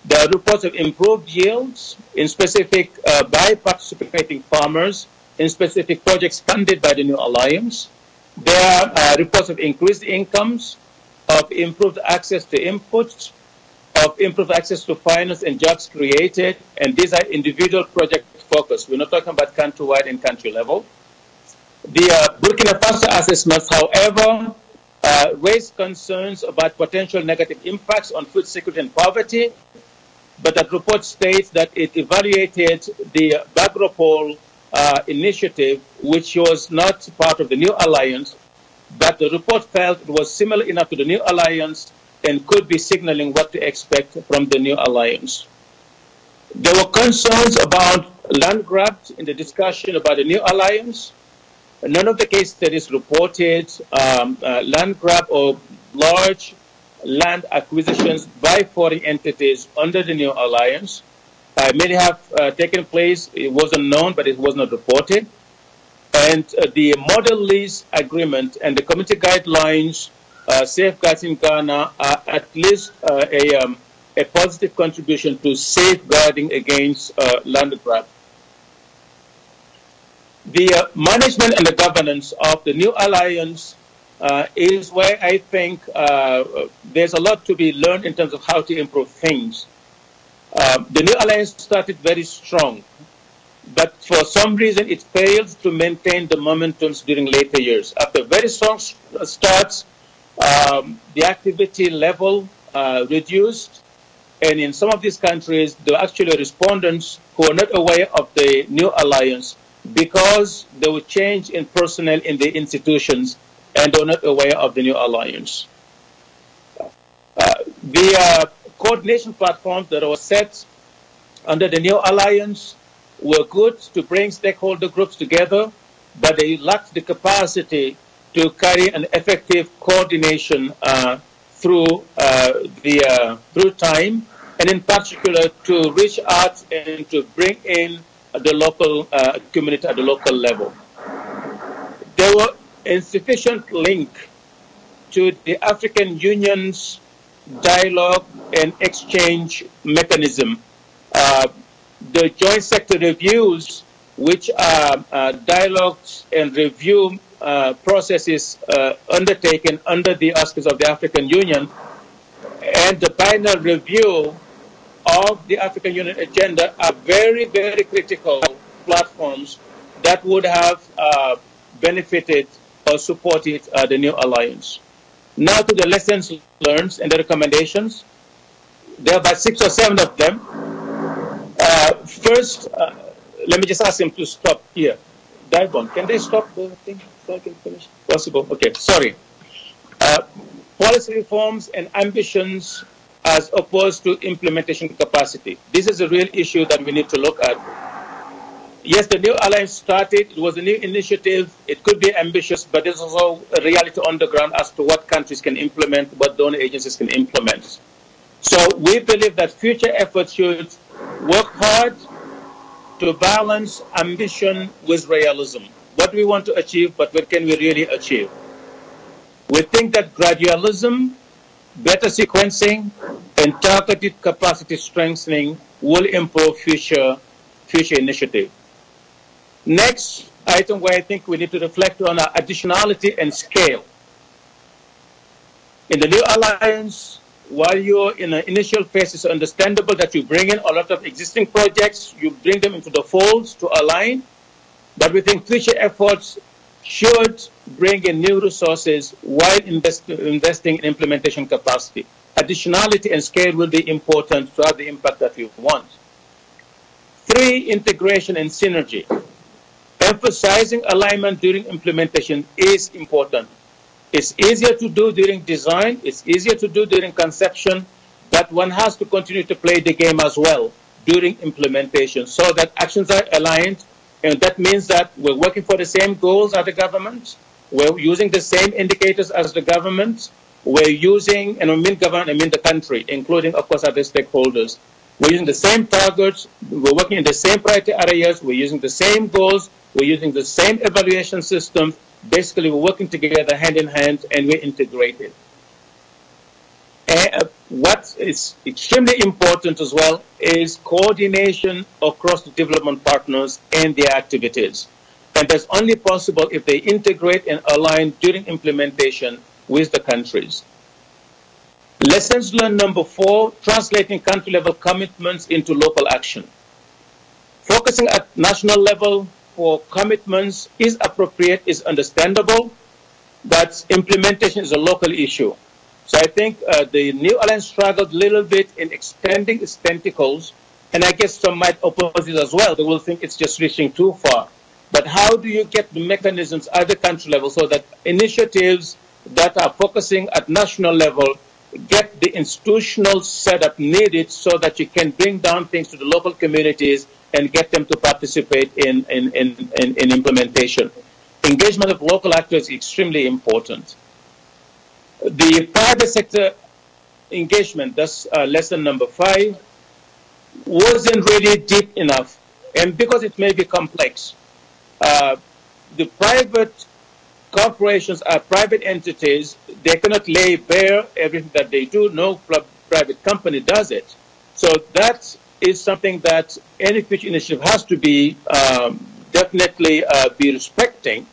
There are reports of improved yields in specific uh, by participating farmers in specific projects funded by the new alliance. There are uh, reports of increased incomes, of improved access to inputs, of improved access to finance and jobs created, and these are individual project focused. We're not talking about countrywide and country level the uh, Burkina Faso assessments, however, uh, raised concerns about potential negative impacts on food security and poverty, but that report states that it evaluated the Bagropol uh, initiative, which was not part of the new alliance, but the report felt it was similar enough to the new alliance and could be signaling what to expect from the new alliance. There were concerns about land grabs in the discussion about the new alliance, none of the case studies reported um, uh, land grab or large land acquisitions by foreign entities under the new alliance. Uh, may have uh, taken place. It wasn't known, but it was not reported. And uh, the model lease agreement and the community guidelines uh, safeguarding Ghana are at least uh, a, um, a positive contribution to safeguarding against uh, land grab the management and the governance of the new alliance uh, is where I think uh, there's a lot to be learned in terms of how to improve things. Uh, the new alliance started very strong, but for some reason it failed to maintain the momentums during later years. After very strong uh, starts, um, the activity level uh, reduced, and in some of these countries, the actual respondents who are not aware of the new alliance because there was change in personnel in the institutions and are not aware of the new alliance. Uh, the uh, coordination platforms that were set under the new alliance were good to bring stakeholder groups together, but they lacked the capacity to carry an effective coordination uh, through uh, the uh, through time, and in particular to reach out and to bring in at the local uh, community, at the local level. There were insufficient link to the African Union's dialogue and exchange mechanism. Uh, the joint sector reviews, which are uh, dialogues and review uh, processes uh, undertaken under the auspices of the African Union, and the final review of the African Union agenda are very, very critical platforms that would have uh, benefited or supported uh, the new alliance. Now to the lessons learned and the recommendations. There are about six or seven of them. Uh, first, uh, let me just ask him to stop here. Dibon, can they stop the thing so I can finish? Possible. Okay, sorry. Uh, policy reforms and ambitions as opposed to implementation capacity. This is a real issue that we need to look at. Yes, the new alliance started. It was a new initiative. It could be ambitious, but there's also a reality on the ground as to what countries can implement, what donor agencies can implement. So we believe that future efforts should work hard to balance ambition with realism. What we want to achieve, but what can we really achieve? We think that gradualism Better sequencing and targeted capacity strengthening will improve future, future initiative. Next item where I think we need to reflect on our additionality and scale. In the new alliance, while you're in the initial phase, it's understandable that you bring in a lot of existing projects, you bring them into the folds to align, but we think future efforts should bring in new resources while invest, investing in implementation capacity. Additionality and scale will be important to have the impact that you want. Three, integration and synergy. Emphasizing alignment during implementation is important. It's easier to do during design, it's easier to do during conception, but one has to continue to play the game as well during implementation so that actions are aligned And that means that we're working for the same goals as the government. We're using the same indicators as the government. We're using, and I mean government, I mean the country, including, of course, other stakeholders. We're using the same targets. We're working in the same priority areas. We're using the same goals. We're using the same evaluation system. Basically, we're working together hand in hand and we're integrated. Uh, what is extremely important as well is coordination across the development partners and their activities. And that's only possible if they integrate and align during implementation with the countries. Lessons learned number four, translating country level commitments into local action. Focusing at national level for commitments is appropriate, is understandable, but implementation is a local issue so I think uh, the New Alliance struggled a little bit in extending its tentacles, and I guess some might oppose it as well. They will think it's just reaching too far. But how do you get the mechanisms at the country level so that initiatives that are focusing at national level get the institutional setup needed so that you can bring down things to the local communities and get them to participate in, in, in, in, in implementation? Engagement of local actors is extremely important. The private sector engagement, that's uh, lesson number five, wasn't really deep enough. And because it may be complex, uh, the private corporations are private entities. They cannot lay bare everything that they do. No private company does it. So that is something that any future initiative has to be um, definitely uh, be respecting.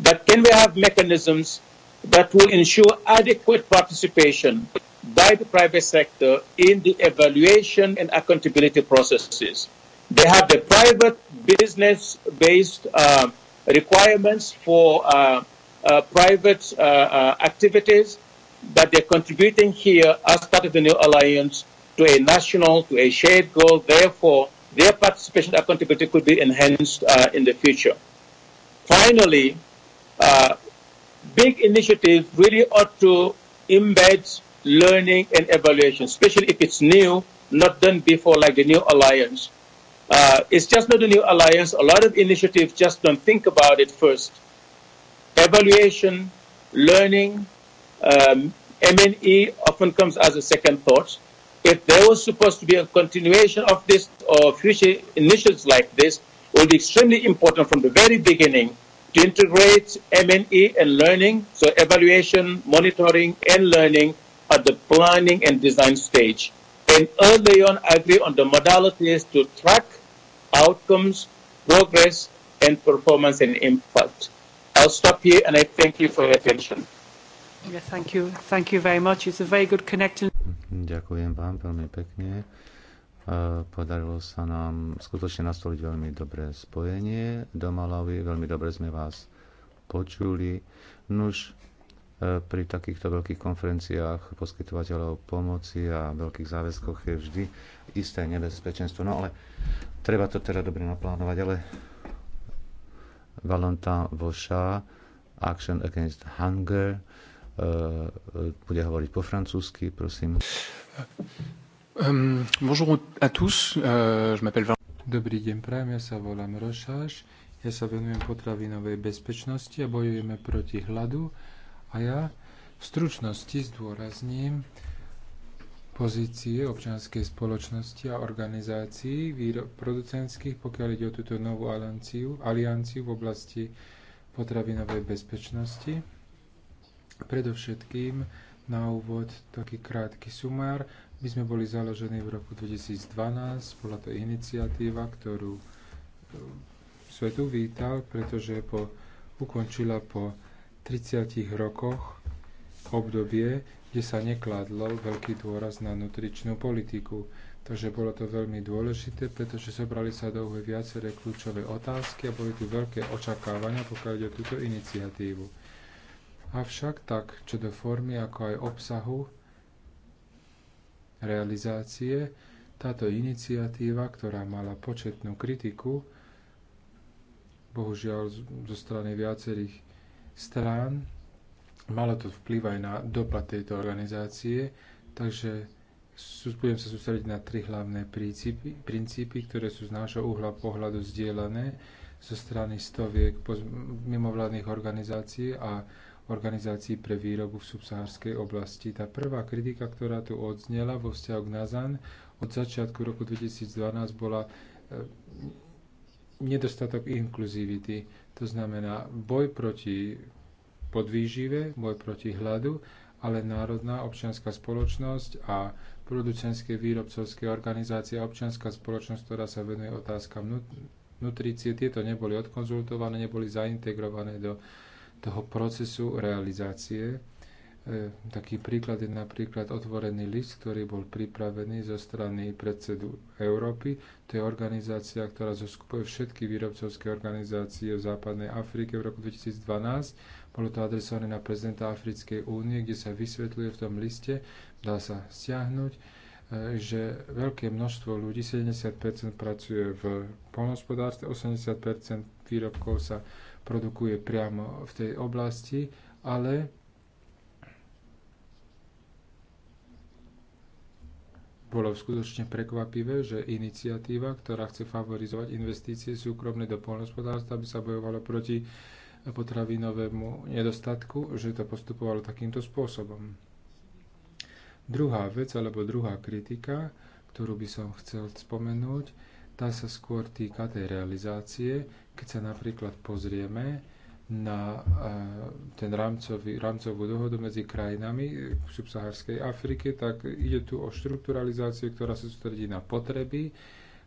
But can we have mechanisms that will ensure adequate participation by the private sector in the evaluation and accountability processes. They have the private business-based uh, requirements for uh, uh, private uh, uh, activities that they're contributing here as part of the new alliance to a national, to a shared goal. Therefore, their participation accountability could be enhanced uh, in the future. Finally, uh, big initiative really ought to embed learning and evaluation, especially if it's new, not done before, like the new alliance. Uh, it's just not a new alliance. A lot of initiatives just don't think about it first. Evaluation, learning, um, MNE often comes as a second thought. If there was supposed to be a continuation of this or future initiatives like this, it would be extremely important from the very beginning to integrate M&E and learning, so evaluation, monitoring, and learning at the planning and design stage. And early on, agree on the modalities to track outcomes, progress, and performance and impact. I'll stop here and I thank you for your attention. Yeah, thank you. Thank you very much. It's a very good connection. Ďakujem vám veľmi pekne. E, podarilo sa nám skutočne nastoliť veľmi dobré spojenie do Malavy, veľmi dobre sme vás počuli. Nuž, e, pri takýchto veľkých konferenciách poskytovateľov pomoci a veľkých záväzkoch je vždy isté nebezpečenstvo. No ale treba to teda dobre naplánovať, ale Valentin Vosha, Action Against Hunger, e, bude hovoriť po francúzsky, prosím. Ehm, ehm, Dobrý deň, prajem, ja sa volám Rošáš, ja sa venujem potravinovej bezpečnosti a bojujeme proti hladu a ja v stručnosti zdôrazním pozície občianskej spoločnosti a organizácií producentských, pokiaľ ide o túto novú alianciu, alianciu v oblasti potravinovej bezpečnosti. Predovšetkým na úvod taký krátky sumár my sme boli založení v roku 2012, bola to iniciatíva, ktorú e, svet uvítal, pretože po, ukončila po 30 rokoch obdobie, kde sa nekladlo veľký dôraz na nutričnú politiku. Takže bolo to veľmi dôležité, pretože zobrali sa do úhy viaceré kľúčové otázky a boli tu veľké očakávania, pokiaľ ide o túto iniciatívu. Avšak tak, čo do formy, ako aj obsahu, realizácie, táto iniciatíva, ktorá mala početnú kritiku, bohužiaľ zo strany viacerých strán, malo to vplyv aj na dopad tejto organizácie, takže budem sa sústrediť na tri hlavné princípy, princípy, ktoré sú z nášho uhla pohľadu zdieľané zo strany stoviek mimovládnych organizácií a organizácií pre výrobu v subsahárskej oblasti. Tá prvá kritika, ktorá tu odznela vo vzťahu k Nazan od začiatku roku 2012 bola e, nedostatok inkluzivity. To znamená boj proti podvýžive, boj proti hladu, ale národná občianská spoločnosť a producentské výrobcovské organizácie a občianská spoločnosť, ktorá sa venuje otázkam nutrície, tieto neboli odkonzultované, neboli zaintegrované do uh, toho procesu realizácie. E, taký príklad je napríklad otvorený list, ktorý bol pripravený zo strany predsedu Európy. To je organizácia, ktorá zoskupuje všetky výrobcovské organizácie v západnej Afrike v roku 2012. Bolo to adresované na prezidenta Africkej únie, kde sa vysvetľuje v tom liste, dá sa stiahnuť, e, že veľké množstvo ľudí, 70% pracuje v polnospodárstve, 80% výrobkov sa produkuje priamo v tej oblasti, ale bolo skutočne prekvapivé, že iniciatíva, ktorá chce favorizovať investície súkromné do polnospodárstva, aby sa bojovalo proti potravinovému nedostatku, že to postupovalo takýmto spôsobom. Druhá vec, alebo druhá kritika, ktorú by som chcel spomenúť, tá sa skôr týka tej realizácie, keď sa napríklad pozrieme na e, ten rámcový, rámcovú dohodu medzi krajinami v e, subsaharskej Afrike, tak ide tu o štrukturalizáciu, ktorá sa sústredí na potreby,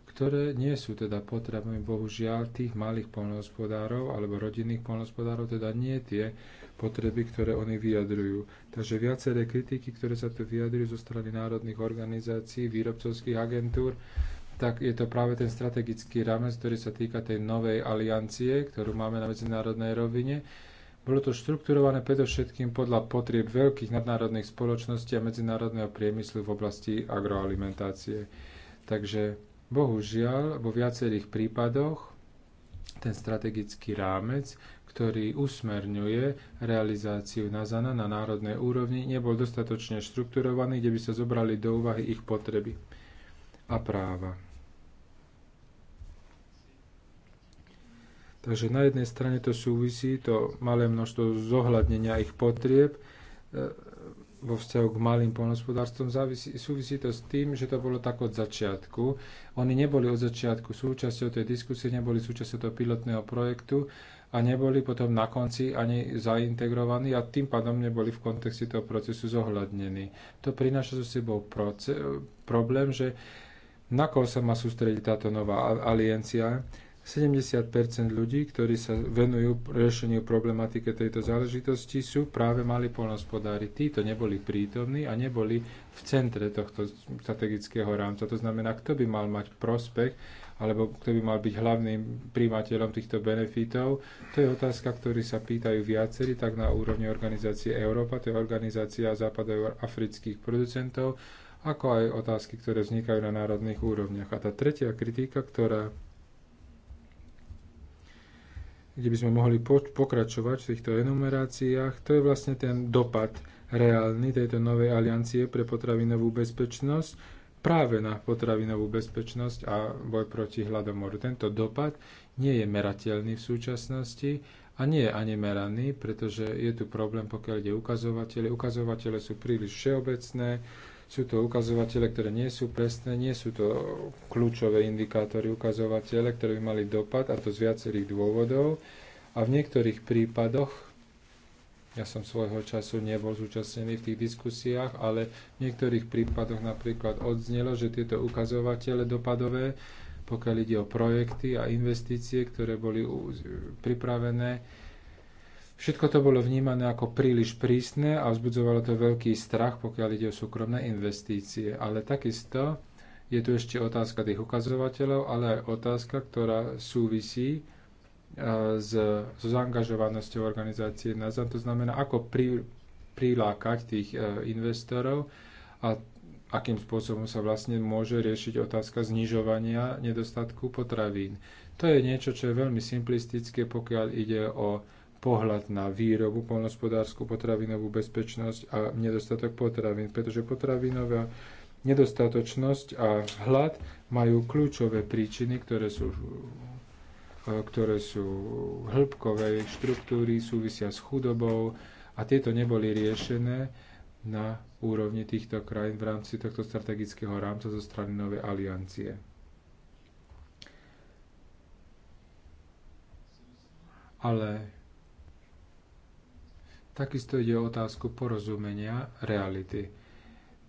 ktoré nie sú teda potrebami bohužiaľ tých malých polnohospodárov alebo rodinných polnohospodárov, teda nie tie potreby, ktoré oni vyjadrujú. Takže viaceré kritiky, ktoré sa tu vyjadrujú zo strany národných organizácií, výrobcovských agentúr, tak je to práve ten strategický rámec, ktorý sa týka tej novej aliancie, ktorú máme na medzinárodnej rovine. Bolo to štrukturované predovšetkým podľa potrieb veľkých nadnárodných spoločností a medzinárodného priemyslu v oblasti agroalimentácie. Takže bohužiaľ vo viacerých prípadoch ten strategický rámec, ktorý usmerňuje realizáciu Nazana na národnej úrovni, nebol dostatočne štrukturovaný, kde by sa zobrali do úvahy ich potreby a práva. Takže na jednej strane to súvisí, to malé množstvo zohľadnenia ich potrieb e, vo vzťahu k malým poľnohospodárstvom závisí, súvisí to s tým, že to bolo tak od začiatku. Oni neboli od začiatku súčasťou tej diskusie, neboli súčasťou toho pilotného projektu a neboli potom na konci ani zaintegrovaní a tým pádom neboli v kontexte toho procesu zohľadnení. To prináša so sebou proces, problém, že na koho sa má sústrediť táto nová aliancia, 70 ľudí, ktorí sa venujú riešeniu problematike tejto záležitosti, sú práve mali polnospodári. Títo neboli prítomní a neboli v centre tohto strategického rámca. To znamená, kto by mal mať prospech alebo kto by mal byť hlavným príjimateľom týchto benefitov. To je otázka, ktorú sa pýtajú viacerí, tak na úrovni organizácie Európa, to je organizácia západoafrických producentov, ako aj otázky, ktoré vznikajú na národných úrovniach. A tá tretia kritika, ktorá kde by sme mohli pokračovať v týchto enumeráciách, to je vlastne ten dopad reálny tejto novej aliancie pre potravinovú bezpečnosť práve na potravinovú bezpečnosť a boj proti hladomoru. Tento dopad nie je merateľný v súčasnosti a nie je ani meraný, pretože je tu problém, pokiaľ ide ukazovatele. Ukazovatele sú príliš všeobecné, sú to ukazovatele, ktoré nie sú presné, nie sú to kľúčové indikátory ukazovatele, ktoré by mali dopad, a to z viacerých dôvodov. A v niektorých prípadoch, ja som svojho času nebol zúčastnený v tých diskusiách, ale v niektorých prípadoch napríklad odznelo, že tieto ukazovatele dopadové, pokiaľ ide o projekty a investície, ktoré boli pripravené, Všetko to bolo vnímané ako príliš prísne a vzbudzovalo to veľký strach, pokiaľ ide o súkromné investície. Ale takisto je tu ešte otázka tých ukazovateľov, ale aj otázka, ktorá súvisí e, s, so zaangažovanosťou organizácie NAZAM. To znamená, ako pri, prilákať tých e, investorov a akým spôsobom sa vlastne môže riešiť otázka znižovania nedostatku potravín. To je niečo, čo je veľmi simplistické, pokiaľ ide o pohľad na výrobu, polnospodárskú potravinovú bezpečnosť a nedostatok potravín, pretože potravinová nedostatočnosť a hlad majú kľúčové príčiny, ktoré sú, e, ktoré sú hĺbkové štruktúry, súvisia s chudobou a tieto neboli riešené na úrovni týchto krajín v rámci tohto strategického rámca zo strany Novej aliancie. Ale Takisto ide o otázku porozumenia reality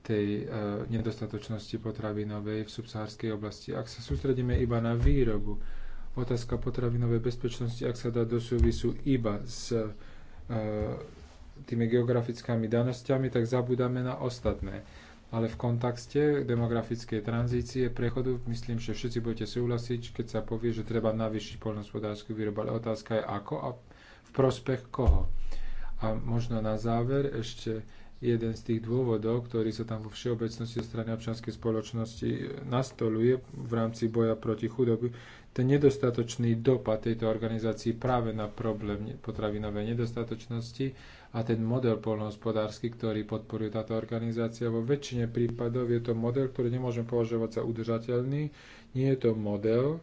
tej e, nedostatočnosti potravinovej v subsahárskej oblasti. Ak sa sústredíme iba na výrobu, otázka potravinovej bezpečnosti, ak sa dá do súvisu iba s e, tými geografickými danosťami, tak zabudáme na ostatné. Ale v kontexte demografickej tranzície, prechodu, myslím, že všetci budete súhlasiť, keď sa povie, že treba navýšiť poľnohospodárskú výrobu. Ale otázka je ako a v prospech koho. A možno na záver ešte jeden z tých dôvodov, ktorý sa tam vo všeobecnosti zo strany občianskej spoločnosti nastoluje v rámci boja proti chudobe, ten nedostatočný dopad tejto organizácii práve na problém potravinovej nedostatočnosti a ten model poľnohospodársky, ktorý podporuje táto organizácia. Vo väčšine prípadov je to model, ktorý nemôžem považovať za udržateľný. Nie je to model,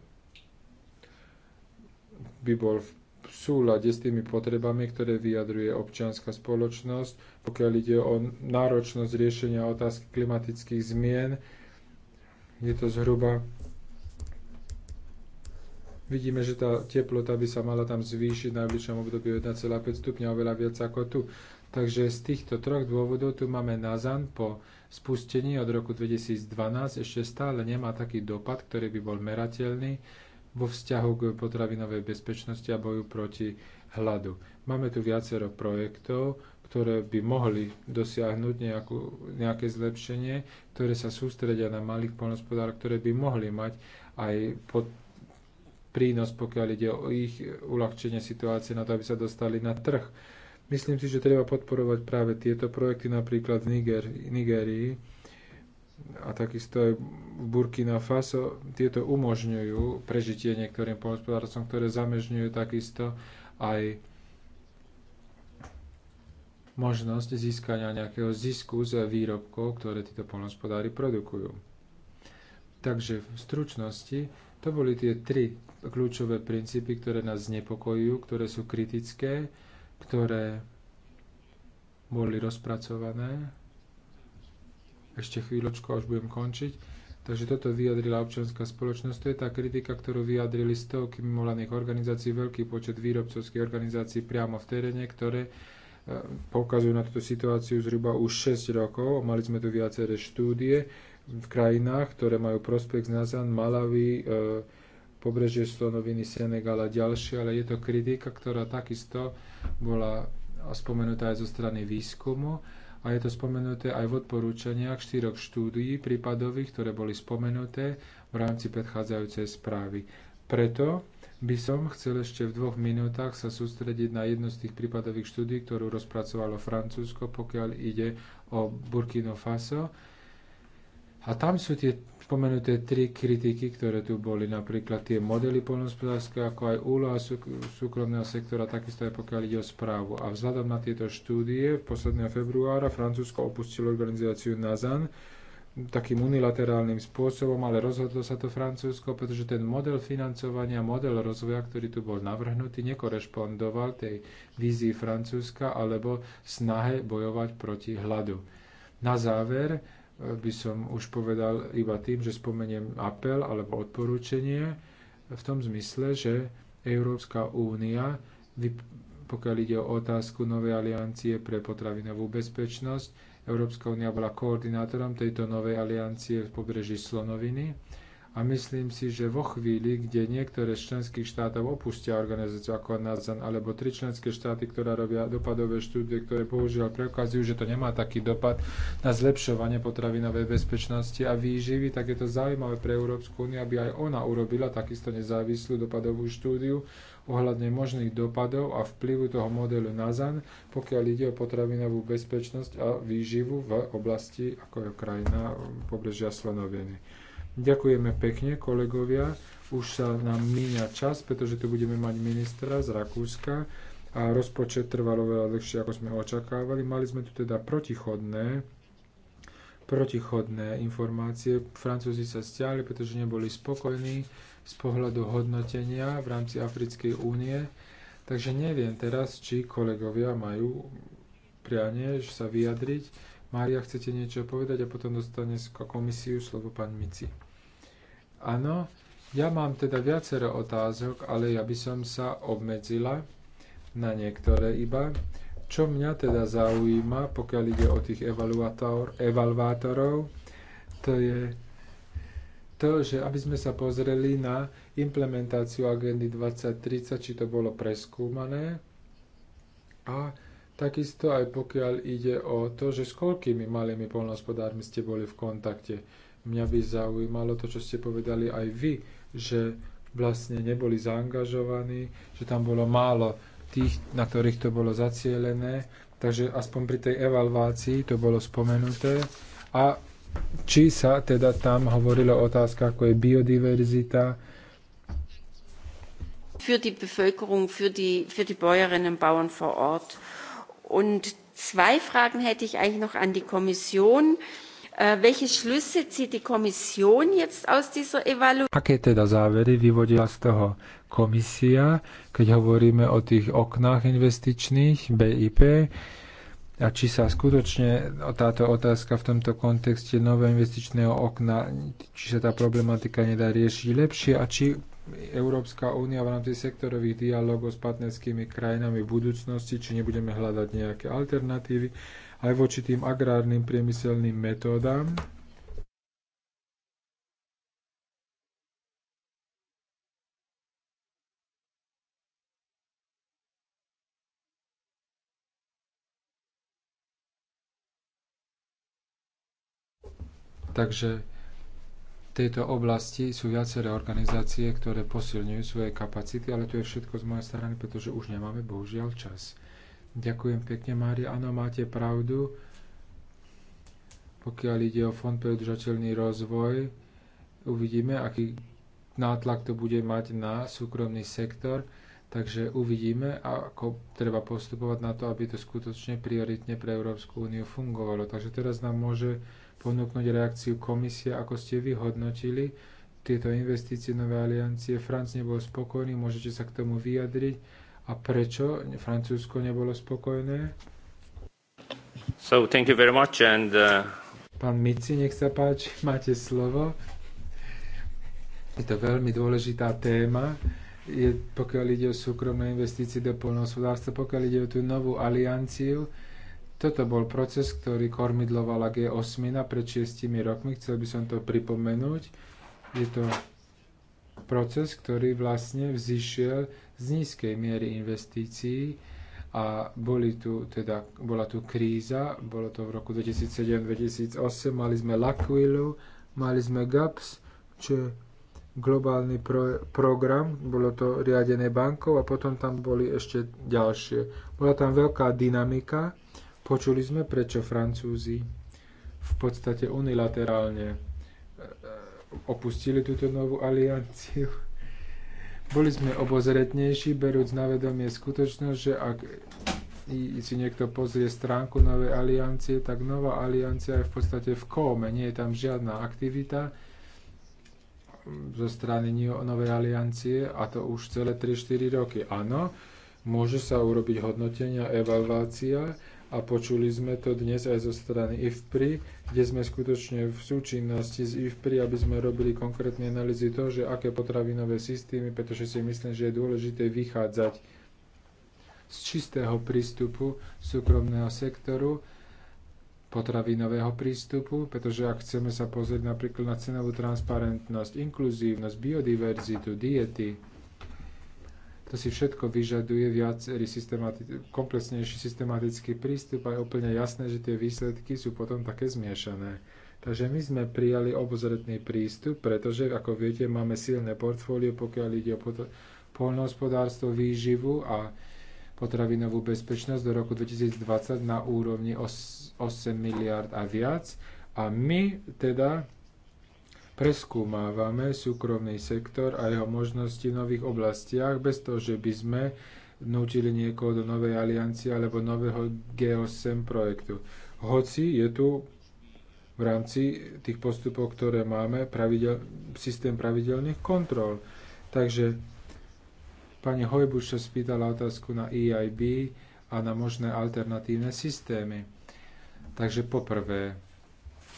by bol v v súlade s tými potrebami, ktoré vyjadruje občianská spoločnosť, pokiaľ ide o náročnosť riešenia otázky klimatických zmien. Je to zhruba Vidíme, že tá teplota by sa mala tam zvýšiť v najbližšom období 1,5 stupňa, oveľa viac ako tu. Takže z týchto troch dôvodov tu máme Nazan po spustení od roku 2012 ešte stále nemá taký dopad, ktorý by bol merateľný vo vzťahu k potravinovej bezpečnosti a boju proti hladu. Máme tu viacero projektov, ktoré by mohli dosiahnuť nejakú, nejaké zlepšenie, ktoré sa sústredia na malých polnospodárov, ktoré by mohli mať aj pod prínos, pokiaľ ide o ich uľahčenie situácie na to, aby sa dostali na trh. Myslím si, že treba podporovať práve tieto projekty, napríklad v Niger, Nigerii, a takisto aj Burkina Faso, tieto umožňujú prežitie niektorým pohospodárcom, ktoré zamežňujú takisto aj možnosť získania nejakého zisku z výrobkov, ktoré títo polnospodári produkujú. Takže v stručnosti to boli tie tri kľúčové princípy, ktoré nás znepokojujú, ktoré sú kritické, ktoré boli rozpracované ešte chvíľočku, až budem končiť. Takže toto vyjadrila občianská spoločnosť. To je tá kritika, ktorú vyjadrili stovky mimovládnych organizácií, veľký počet výrobcovských organizácií priamo v teréne, ktoré e, poukazujú na túto situáciu zhruba už 6 rokov. Mali sme tu viaceré štúdie v krajinách, ktoré majú prospekt z Nazan, Malawi, e, pobrežie Slonoviny, Senegal a ďalšie, ale je to kritika, ktorá takisto bola spomenutá aj zo strany výskumu a je to spomenuté aj v odporúčaniach štyroch štúdií prípadových, ktoré boli spomenuté v rámci predchádzajúcej správy. Preto by som chcel ešte v dvoch minútach sa sústrediť na jednu z tých prípadových štúdí, ktorú rozpracovalo Francúzsko, pokiaľ ide o Burkino Faso. A tam sú tie spomenuté tri kritiky, ktoré tu boli, napríklad tie modely poľnohospodárske, ako aj úloha súkromného sektora, takisto aj pokiaľ ide o správu. A vzhľadom na tieto štúdie, posledného februára Francúzsko opustilo organizáciu NAZAN takým unilaterálnym spôsobom, ale rozhodlo sa to Francúzsko, pretože ten model financovania, model rozvoja, ktorý tu bol navrhnutý, nekorešpondoval tej vízii Francúzska alebo snahe bojovať proti hladu. Na záver, by som už povedal iba tým, že spomeniem apel alebo odporúčanie v tom zmysle, že Európska únia, pokiaľ ide o otázku novej aliancie pre potravinovú bezpečnosť, Európska únia bola koordinátorom tejto novej aliancie v pobreží Slonoviny a myslím si, že vo chvíli, kde niektoré z členských štátov opustia organizáciu ako NAZAN, alebo tri členské štáty, ktoré robia dopadové štúdie, ktoré používajú, preukazujú, že to nemá taký dopad na zlepšovanie potravinovej bezpečnosti a výživy, tak je to zaujímavé pre Európsku úniu, aby aj ona urobila takisto nezávislú dopadovú štúdiu ohľadne možných dopadov a vplyvu toho modelu NAZAN, pokiaľ ide o potravinovú bezpečnosť a výživu v oblasti, ako je krajina pobrežia Slonoviny. Ďakujeme pekne, kolegovia. Už sa nám míňa čas, pretože tu budeme mať ministra z Rakúska a rozpočet trval oveľa dlhšie, ako sme očakávali. Mali sme tu teda protichodné, protichodné informácie. Francúzi sa stiali, pretože neboli spokojní z pohľadu hodnotenia v rámci Africkej únie. Takže neviem teraz, či kolegovia majú prianie sa vyjadriť. Mária, chcete niečo povedať a potom dostane komisiu slovo pán Mici. Áno, ja mám teda viacero otázok, ale ja by som sa obmedzila na niektoré iba. Čo mňa teda zaujíma, pokiaľ ide o tých evaluátor, evaluátorov, to je to, že aby sme sa pozreli na implementáciu agendy 2030, či to bolo preskúmané a takisto aj pokiaľ ide o to, že s koľkými malými polnohospodármi ste boli v kontakte. Mňa by zaujímalo to, čo ste povedali aj vy, že vlastne neboli zaangažovaní, že tam bolo málo tých, na ktorých to bolo zacielené, takže aspoň pri tej evalvácii to bolo spomenuté. A či sa teda tam hovorilo o otázka, ako je biodiverzita, für die Bevölkerung, für die, für die Bäuerinnen und Bauern vor Ort. Und zwei Fragen hätte ich eigentlich noch an die Kommission. Aké teda závery vyvodila z toho komisia, keď hovoríme o tých oknách investičných, BIP, a či sa skutočne táto otázka v tomto kontexte nového investičného okna, či sa tá problematika nedá riešiť lepšie a či Európska únia v rámci sektorových dialogov s partnerskými krajinami v budúcnosti, či nebudeme hľadať nejaké alternatívy, aj voči tým agrárnym priemyselným metódám. Takže v tejto oblasti sú viaceré organizácie, ktoré posilňujú svoje kapacity, ale to je všetko z mojej strany, pretože už nemáme bohužiaľ čas. Ďakujem pekne, Mária. Áno, máte pravdu. Pokiaľ ide o Fond pre udržateľný rozvoj, uvidíme, aký nátlak to bude mať na súkromný sektor. Takže uvidíme, ako treba postupovať na to, aby to skutočne prioritne pre Európsku úniu fungovalo. Takže teraz nám môže ponúknuť reakciu komisie, ako ste vyhodnotili tieto investície Nové aliancie. Franc nebol spokojný, môžete sa k tomu vyjadriť a prečo Francúzsko nebolo spokojné? So, thank you very much and, uh... Pán Mici, nech sa páči, máte slovo. Je to veľmi dôležitá téma, je, pokiaľ ide o súkromné investície do polnohospodárstva, pokiaľ ide o tú novú alianciu. Toto bol proces, ktorý kormidlovala G8 pred 6 rokmi, chcel by som to pripomenúť. Je to proces, ktorý vlastne vzýšiel z nízkej miery investícií a boli tu, teda, bola tu kríza, bolo to v roku 2007-2008, mali sme L'Aquilu, mali sme GAPS, čo je globálny pro, program, bolo to riadené bankou a potom tam boli ešte ďalšie. Bola tam veľká dynamika, počuli sme prečo Francúzi v podstate unilaterálne e, opustili túto novú alianciu. Boli sme obozretnejší, berúc na vedomie skutočnosť, že ak si niekto pozrie stránku Novej aliancie, tak Nová aliancia je v podstate v kóme, nie je tam žiadna aktivita zo strany Novej aliancie a to už celé 3-4 roky. Áno, môže sa urobiť hodnotenia, evaluácia, a počuli sme to dnes aj zo strany IFPRI, kde sme skutočne v súčinnosti s IFPRI, aby sme robili konkrétne analýzy toho, že aké potravinové systémy, pretože si myslím, že je dôležité vychádzať z čistého prístupu súkromného sektoru, potravinového prístupu, pretože ak chceme sa pozrieť napríklad na cenovú transparentnosť, inkluzívnosť, biodiverzitu, diety, to si všetko vyžaduje viac systematický, komplexnejší systematický prístup a je úplne jasné, že tie výsledky sú potom také zmiešané. Takže my sme prijali obozretný prístup, pretože, ako viete, máme silné portfólio, pokiaľ ide o poľnohospodárstvo, výživu a potravinovú bezpečnosť do roku 2020 na úrovni 8 miliard a viac. A my teda preskúmávame súkromný sektor a jeho možnosti v nových oblastiach, bez toho, že by sme vnúčili niekoho do novej aliancie alebo nového G8 projektu. Hoci je tu v rámci tých postupov, ktoré máme, pravidel, systém pravidelných kontrol. Takže pani Hojbuš sa spýtala otázku na EIB a na možné alternatívne systémy. Takže poprvé,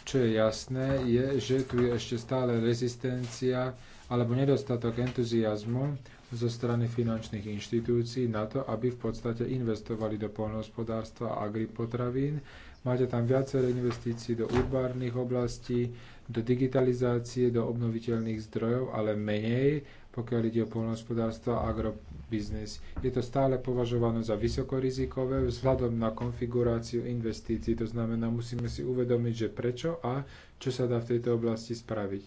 čo je jasné, je, že tu je ešte stále rezistencia alebo nedostatok entuziasmu zo strany finančných inštitúcií na to, aby v podstate investovali do poľnohospodárstva a agripotravín. Máte tam viaceré investícií do urbárnych oblastí, do digitalizácie, do obnoviteľných zdrojov, ale menej pokiaľ ide o poľnohospodárstvo a agrobiznis. Je to stále považované za vysokorizikové vzhľadom na konfiguráciu investícií, to znamená, musíme si uvedomiť, že prečo a čo sa dá v tejto oblasti spraviť.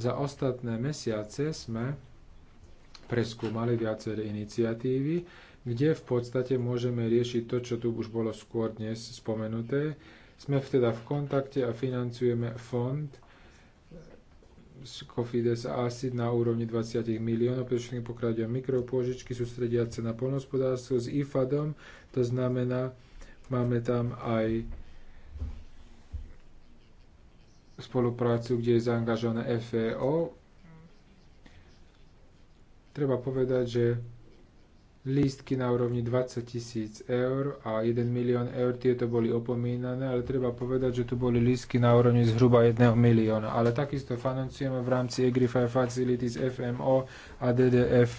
Za ostatné mesiace sme preskúmali viaceré iniciatívy, kde v podstate môžeme riešiť to, čo tu už bolo skôr dnes spomenuté. Sme teda v kontakte a financujeme fond, Cofides a ASID na úrovni 20 miliónov, predovšetkým pokračujú mikropôžičky, sústrediať sa na polnospodárstvo s IFADom, to znamená, máme tam aj spoluprácu, kde je zaangažované FEO. Treba povedať, že lístky na úrovni 20 tisíc eur a 1 milión eur, tieto boli opomínané, ale treba povedať, že tu boli lístky na úrovni zhruba 1 milióna. Ale takisto financujeme v rámci Agrify Facilities FMO a DDF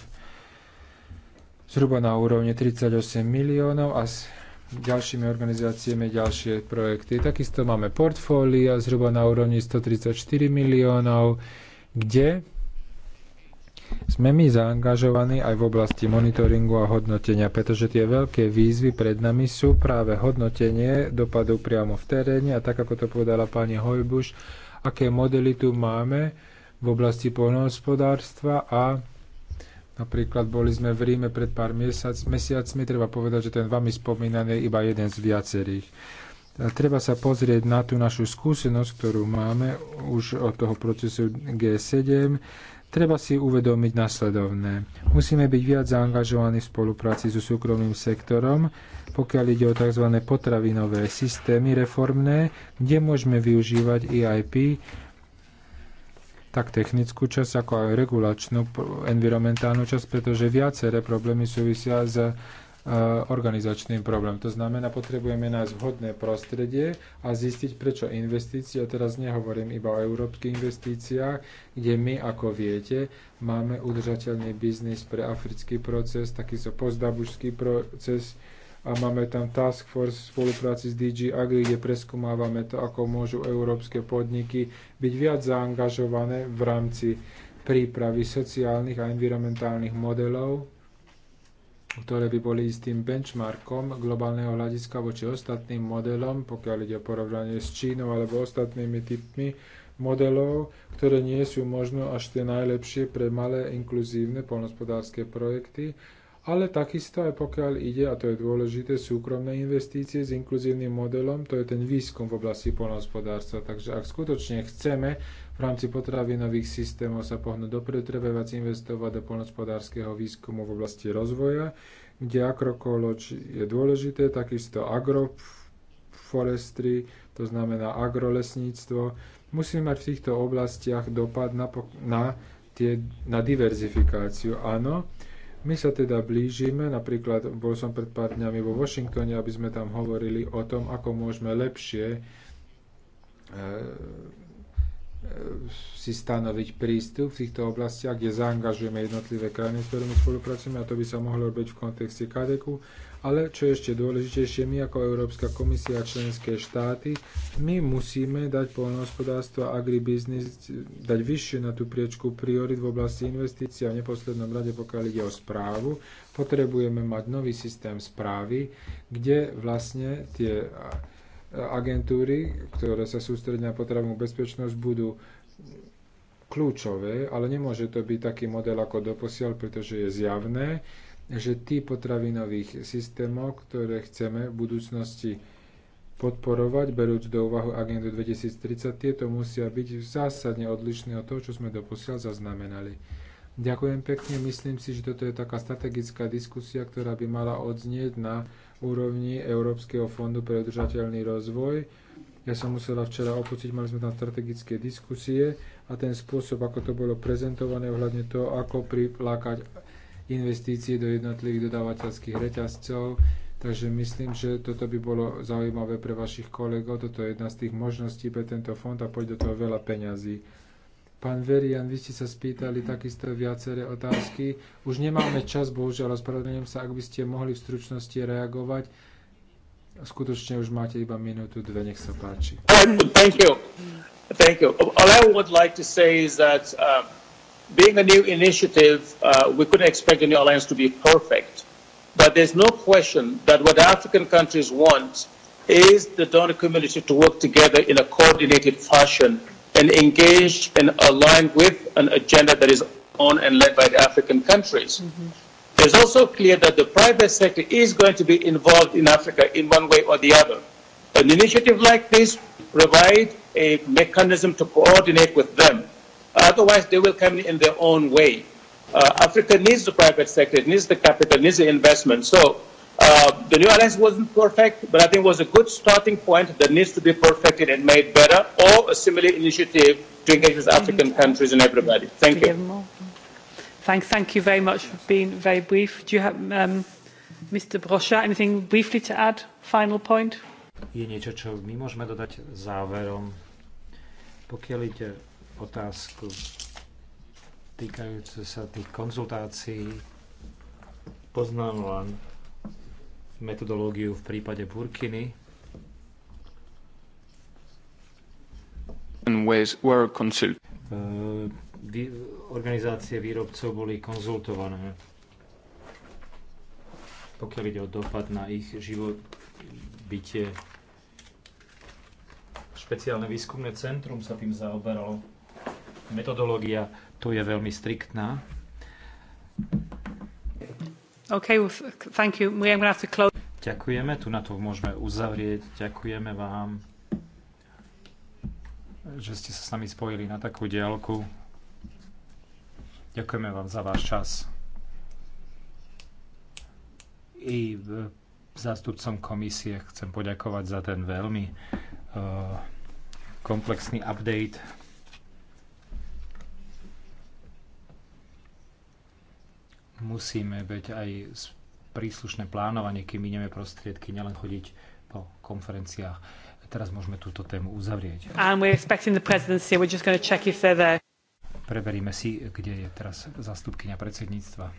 zhruba na úrovni 38 miliónov a s ďalšími organizáciami ďalšie projekty. Takisto máme portfólia zhruba na úrovni 134 miliónov, kde sme my zaangažovaní aj v oblasti monitoringu a hodnotenia, pretože tie veľké výzvy pred nami sú práve hodnotenie dopadov priamo v teréne a tak, ako to povedala pani Hojbuš, aké modely tu máme v oblasti poľnohospodárstva a Napríklad boli sme v Ríme pred pár mesiac, mesiacmi, treba povedať, že ten vami spomínaný je iba jeden z viacerých. A treba sa pozrieť na tú našu skúsenosť, ktorú máme už od toho procesu G7, Treba si uvedomiť nasledovné. Musíme byť viac zaangažovaní v spolupráci so súkromným sektorom, pokiaľ ide o tzv. potravinové systémy reformné, kde môžeme využívať EIP, tak technickú časť, ako aj regulačnú, environmentálnu časť, pretože viaceré problémy súvisia s Eh, organizačným problém. To znamená, potrebujeme nájsť vhodné prostredie a zistiť, prečo investície, a teraz nehovorím iba o európskych investíciách, kde my, ako viete, máme udržateľný biznis pre africký proces, takýto postdabužský proces, a máme tam task force v spolupráci s DG Agri, kde preskúmávame to, ako môžu európske podniky byť viac zaangažované v rámci prípravy sociálnych a environmentálnych modelov ktoré by boli istým benchmarkom globálneho hľadiska voči ostatným modelom, pokiaľ ide o porovnanie s Čínou alebo ostatnými typmi modelov, ktoré nie sú možno až tie najlepšie pre malé inkluzívne poľnohospodárske projekty, ale takisto aj pokiaľ ide, a to je dôležité, súkromné investície s inkluzívnym modelom, to je ten výskum v oblasti poľnohospodárstva. Takže ak skutočne chceme v rámci potravinových systémov sa pohnúť dopredu, treba viac investovať do poľnohospodárskeho výskumu v oblasti rozvoja, kde akrokoloč je dôležité, takisto agroforestry, to znamená agrolesníctvo. Musíme mať v týchto oblastiach dopad na, na, tie, na diverzifikáciu. Áno, my sa teda blížime, napríklad bol som pred pár dňami vo Washingtone, aby sme tam hovorili o tom, ako môžeme lepšie e, E, si stanoviť prístup v týchto oblastiach, kde zaangažujeme jednotlivé krajiny, s ktorými spolupracujeme a to by sa mohlo robiť v kontexte KDK. Ale čo je ešte dôležitejšie, my ako Európska komisia a členské štáty, my musíme dať poľnohospodárstvo a agribiznis, dať vyššie na tú priečku priorit v oblasti investícií a v neposlednom rade, pokiaľ ide o správu, potrebujeme mať nový systém správy, kde vlastne tie agentúry, ktoré sa sústredia na potravnú bezpečnosť, budú kľúčové, ale nemôže to byť taký model ako doposiaľ, pretože je zjavné, že tí potravinových systémov, ktoré chceme v budúcnosti podporovať, berúc do úvahu agendu 2030, tieto musia byť zásadne odlišné od toho, čo sme doposiaľ zaznamenali. Ďakujem pekne, myslím si, že toto je taká strategická diskusia, ktorá by mala odznieť na úrovni Európskeho fondu pre udržateľný rozvoj. Ja som musela včera opustiť, mali sme tam strategické diskusie a ten spôsob, ako to bolo prezentované ohľadne toho, ako priplákať investície do jednotlivých dodávateľských reťazcov. Takže myslím, že toto by bolo zaujímavé pre vašich kolegov. Toto je jedna z tých možností pre tento fond a pôjde do toho veľa peňazí. Pán Verian, vy ste sa spýtali takisto viaceré otázky. Už nemáme čas, bohužiaľ, ospravedlňujem sa, ak by ste mohli v stručnosti reagovať. Skutočne už máte iba minútu, dve, nech sa páči. Um, thank you. Thank you. All I would like to say is that uh, being a new initiative, uh, we couldn't expect the new alliance to be perfect. But there's no question that what African countries want is the donor community to work together in a coordinated fashion and engaged and aligned with an agenda that is on and led by the African countries. Mm-hmm. It's also clear that the private sector is going to be involved in Africa in one way or the other. An initiative like this provide a mechanism to coordinate with them. Otherwise, they will come in their own way. Uh, Africa needs the private sector, it needs the capital, it needs the investment. So Uh, the new alliance wasn't perfect, but I think it was a good starting point that needs to be perfected and made better, or a similar initiative to engage with African mm-hmm. countries and everybody. Thank you. Thank, thank you very much for being very brief. Do you have, um, Mr. Brocha, anything briefly to add? Final point? Je niečo, čo my môžeme dodať záverom. Pokiaľ ide otázku týkajúce sa tých konzultácií, poznám len metodológiu v prípade Burkiny. E, organizácie výrobcov boli konzultované. Pokiaľ ide o dopad na ich život, bytie. Špeciálne výskumné centrum sa tým zaoberalo. Metodológia tu je veľmi striktná Okay, well, thank you. We have to close. Ďakujeme, tu na to môžeme uzavrieť. Ďakujeme vám, že ste sa s nami spojili na takú diálku. Ďakujeme vám za váš čas. I v zástupcom komisie chcem poďakovať za ten veľmi uh, komplexný update musíme veď aj príslušné plánovanie, kým minieme prostriedky, nielen chodiť po konferenciách. Teraz môžeme túto tému uzavrieť. Preveríme si, kde je teraz zastupkynia predsedníctva.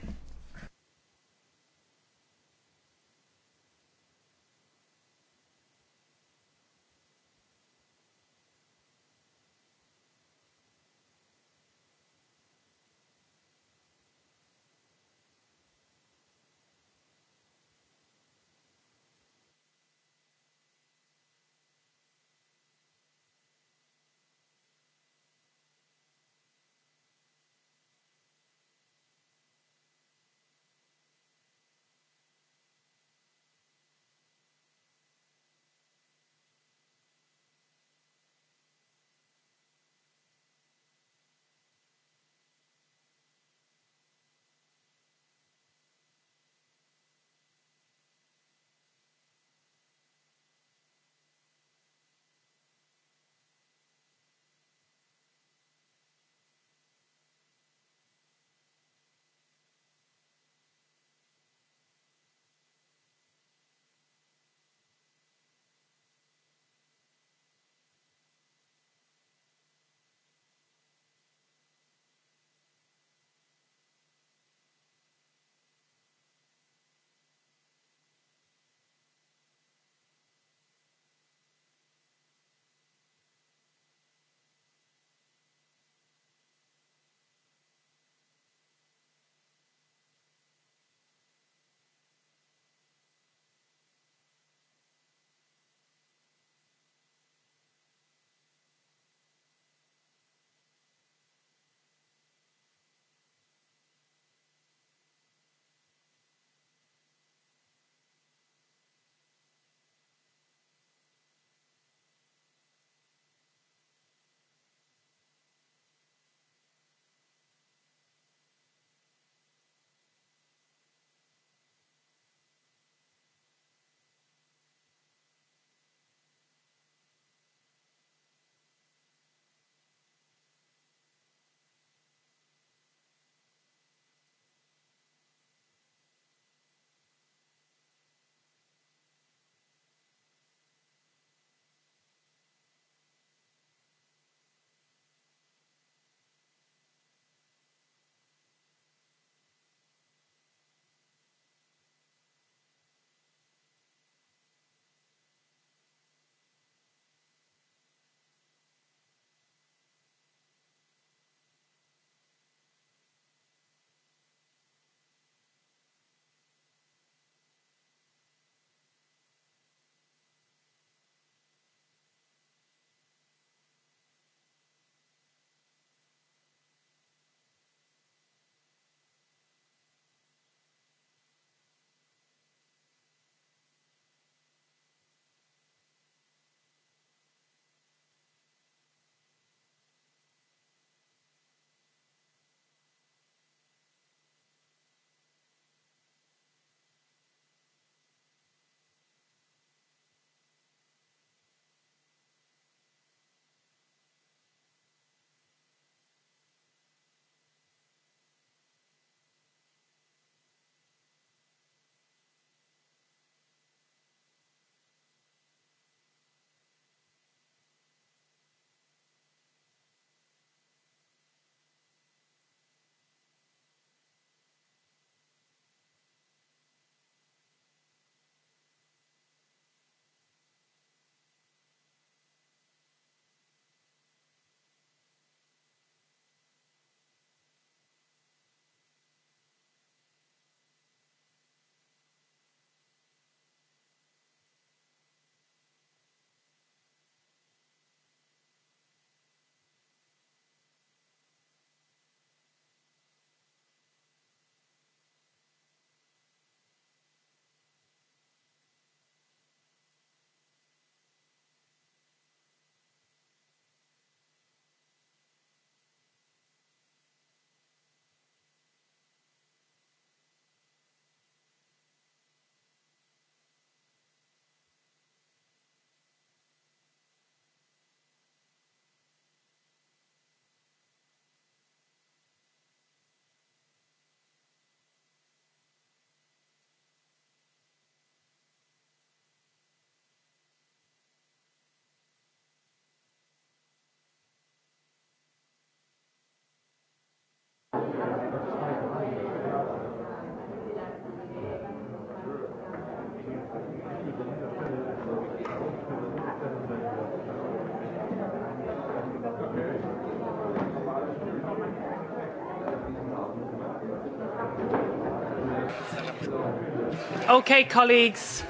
Okay, colleagues,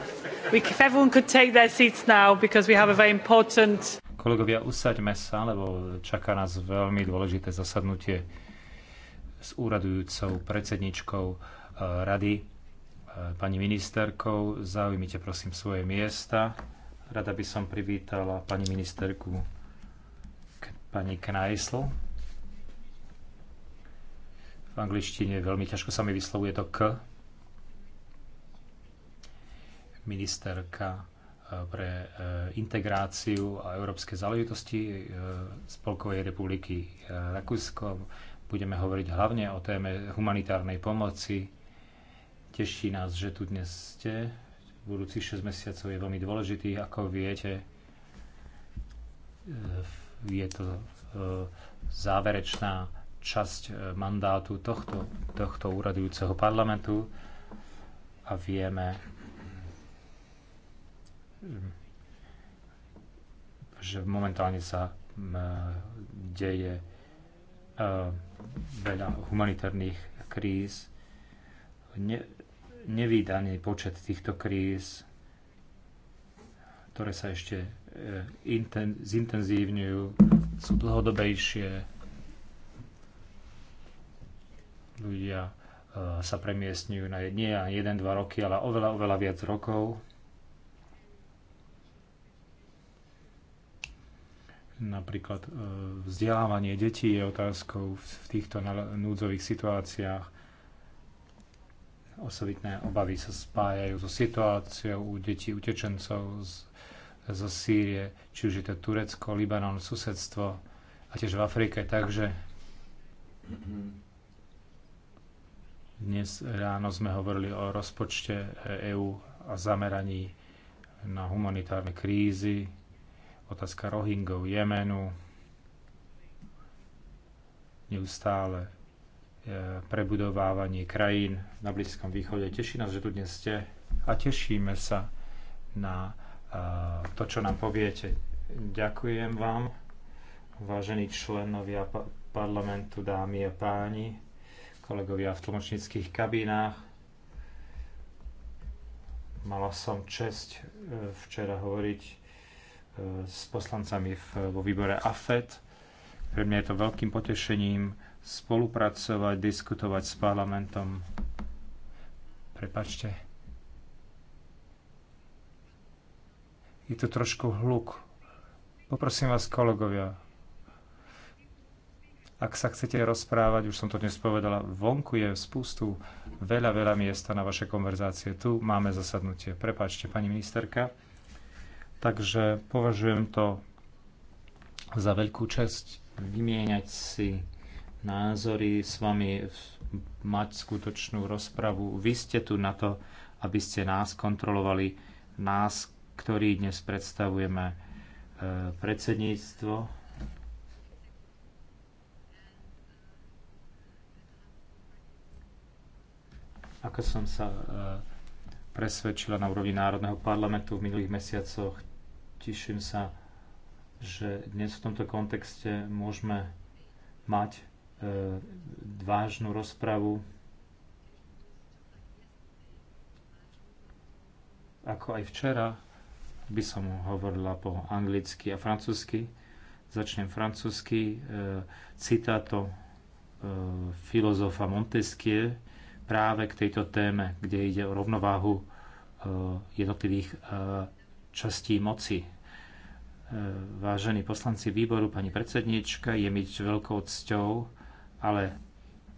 we, if everyone could take their seats now, because we have a very important... Kolegovia, usaďme sa, lebo čaká nás veľmi dôležité zasadnutie s úradujúcou predsedničkou eh, rady, eh, pani ministerkou. Zaujímite prosím svoje miesta. Rada by som privítala pani ministerku, pani Kneisl, v angličtine veľmi ťažko sa mi vyslovuje to K ministerka eh, pre eh, integráciu a európske záležitosti eh, Spolkovej republiky Rakúsko. Budeme hovoriť hlavne o téme humanitárnej pomoci. Teší nás, že tu dnes ste. Budúcich 6 mesiacov je veľmi dôležitý. Ako viete, je to záverečná časť mandátu tohto, tohto úradujúceho parlamentu a vieme, že momentálne sa deje e, veľa humanitárnych kríz, ne, nevýdaný počet týchto kríz, ktoré sa ešte e, inten, zintenzívňujú, sú dlhodobejšie. Ľudia e, sa premiestňujú na nie na 1-2 roky, ale oveľa, oveľa viac rokov. Napríklad e, vzdelávanie detí je otázkou v týchto núdzových situáciách. Osobitné obavy sa spájajú so situáciou u detí utečencov z, zo Sýrie, či už je to Turecko, Libanon, susedstvo a tiež v Afrike. Takže dnes ráno sme hovorili o rozpočte EÚ a zameraní na humanitárne krízy, Otázka Rohingov, Jemenu. Neustále e, prebudovávanie krajín na Blízkom východe. Teší nás, že tu dnes ste a tešíme sa na e, to, čo nám poviete. Ďakujem vám, vážení členovia parlamentu, dámy a páni, kolegovia v tlmočníckých kabinách. Mala som čest e, včera hovoriť s poslancami vo výbore AFET. Pre mňa je to veľkým potešením spolupracovať, diskutovať s parlamentom. Prepačte. Je tu trošku hluk. Poprosím vás, kolegovia, ak sa chcete rozprávať, už som to dnes povedala, vonku je spustu veľa, veľa miesta na vaše konverzácie. Tu máme zasadnutie. Prepáčte, pani ministerka. Takže považujem to za veľkú čest vymieňať si názory s vami, mať skutočnú rozpravu. Vy ste tu na to, aby ste nás kontrolovali, nás, ktorí dnes predstavujeme e, predsedníctvo. Ako som sa e, presvedčila na úrovni Národného parlamentu v minulých mesiacoch. Teším sa, že dnes v tomto kontexte môžeme mať e, vážnu rozpravu ako aj včera by som hovorila po anglicky a francúzsky. Začnem francúzsky e, citáto e, filozofa Montesquieu, práve k tejto téme, kde ide o rovnováhu e, jednotlivých e, častí moci. E, vážení poslanci výboru, pani predsednička, je mi veľkou cťou, ale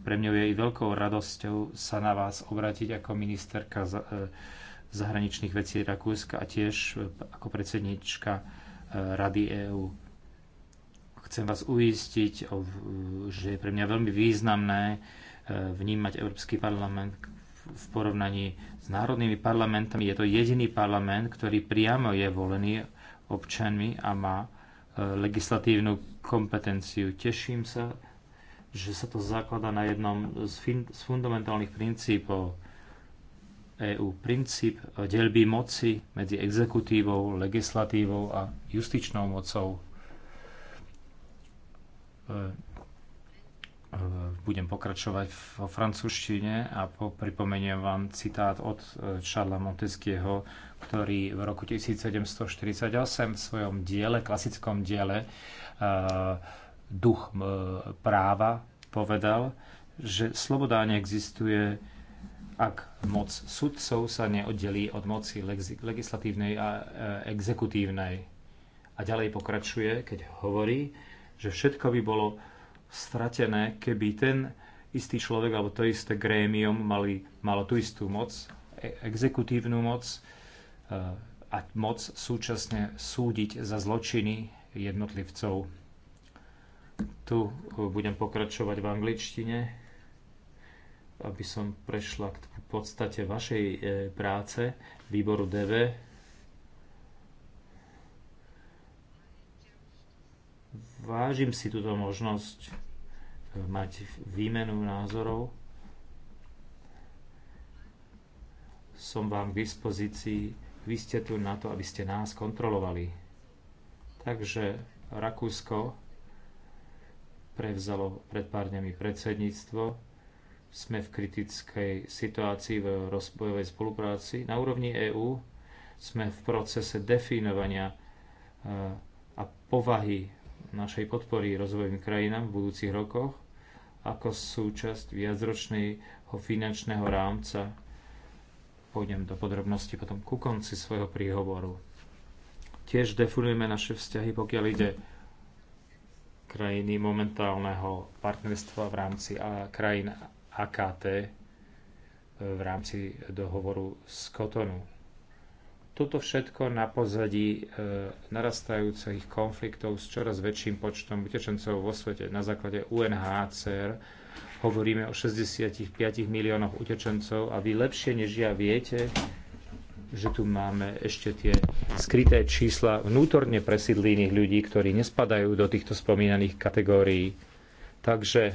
pre mňa je i veľkou radosťou sa na vás obrátiť ako ministerka zahraničných vecí Rakúska a tiež ako predsednička Rady EÚ. Chcem vás uistiť, že je pre mňa veľmi významné, vnímať Európsky parlament v porovnaní s národnými parlamentami. Je to jediný parlament, ktorý priamo je volený občanmi a má e, legislatívnu kompetenciu. Teším sa, že sa to zaklada na jednom z, fin- z fundamentálnych princípov EU Princíp delby moci medzi exekutívou, legislatívou a justičnou mocou e, E, budem pokračovať vo francúzštine a pripomeniem vám citát od e, Charlesa Montesquieho, ktorý v roku 1748 v svojom diele, klasickom diele e, Duch práva povedal, že sloboda neexistuje, ak moc sudcov sa neoddelí od moci legislatívnej a exekutívnej. A ďalej pokračuje, keď hovorí, že všetko by bolo stratené, keby ten istý človek alebo to isté grémium mali, malo tú istú moc, e- exekutívnu moc e, a moc súčasne súdiť za zločiny jednotlivcov. Tu e, budem pokračovať v angličtine, aby som prešla k podstate vašej práce výboru DV Vážim si túto možnosť eh, mať výmenu názorov. Som vám k dispozícii. Vy ste tu na to, aby ste nás kontrolovali. Takže Rakúsko prevzalo pred pár dňami predsedníctvo. Sme v kritickej situácii v rozvojovej spolupráci. Na úrovni EÚ sme v procese definovania eh, a povahy našej podpory rozvojovým krajinám v budúcich rokoch ako súčasť viacročného finančného rámca. Pôjdem do podrobností potom ku konci svojho príhovoru. Tiež definujeme naše vzťahy, pokiaľ ide krajiny momentálneho partnerstva v rámci a krajín AKT v rámci dohovoru z Kotonu toto všetko na pozadí e, narastajúcich konfliktov s čoraz väčším počtom utečencov vo svete. Na základe UNHCR hovoríme o 65 miliónoch utečencov a vy lepšie než ja viete, že tu máme ešte tie skryté čísla vnútorne presídlených ľudí, ktorí nespadajú do týchto spomínaných kategórií. Takže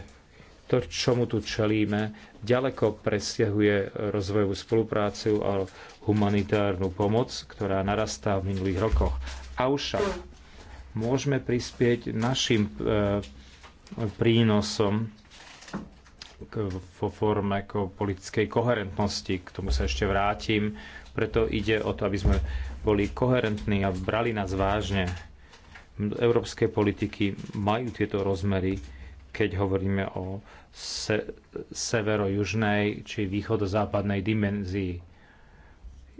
to, čomu tu čelíme, ďaleko presiahuje rozvojovú spoluprácu a humanitárnu pomoc, ktorá narastá v minulých rokoch. A už môžeme prispieť našim e, prínosom vo forme politickej koherentnosti. K tomu sa ešte vrátim. Preto ide o to, aby sme boli koherentní a brali nás vážne. Európske politiky majú tieto rozmery keď hovoríme o se, severo-južnej či východo-západnej dimenzii.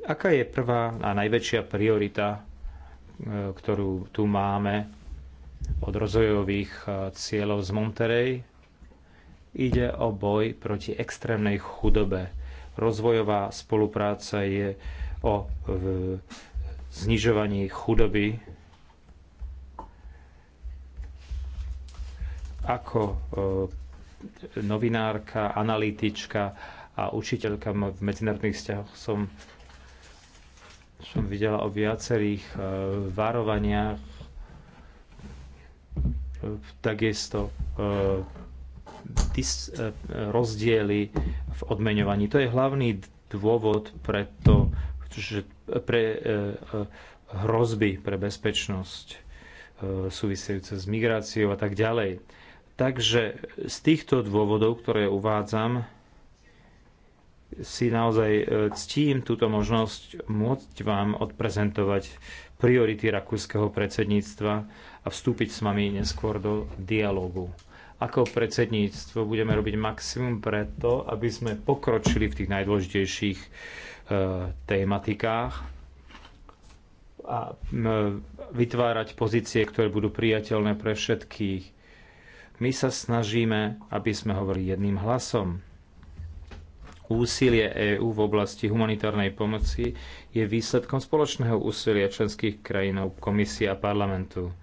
Aká je prvá a najväčšia priorita, e, ktorú tu máme od rozvojových e, cieľov z Monterey? Ide o boj proti extrémnej chudobe. Rozvojová spolupráca je o znižovaní chudoby Ako e, novinárka, analytička a učiteľka v medzinárodných vzťahoch som, som videla o viacerých e, varovaniach e, takisto rozdiely v odmeňovaní. To je hlavný dôvod pre to, že pre hrozby pre bezpečnosť súvisejúce s migráciou a tak ďalej. Takže z týchto dôvodov, ktoré uvádzam, si naozaj e, ctím túto možnosť môcť vám odprezentovať priority rakúskeho predsedníctva a vstúpiť s vami neskôr do dialogu. Ako predsedníctvo budeme robiť maximum preto, aby sme pokročili v tých najdôležitejších e, tematikách a e, vytvárať pozície, ktoré budú priateľné pre všetkých. My sa snažíme, aby sme hovorili jedným hlasom. Úsilie EÚ v oblasti humanitárnej pomoci je výsledkom spoločného úsilia členských krajinov, komisie a parlamentu.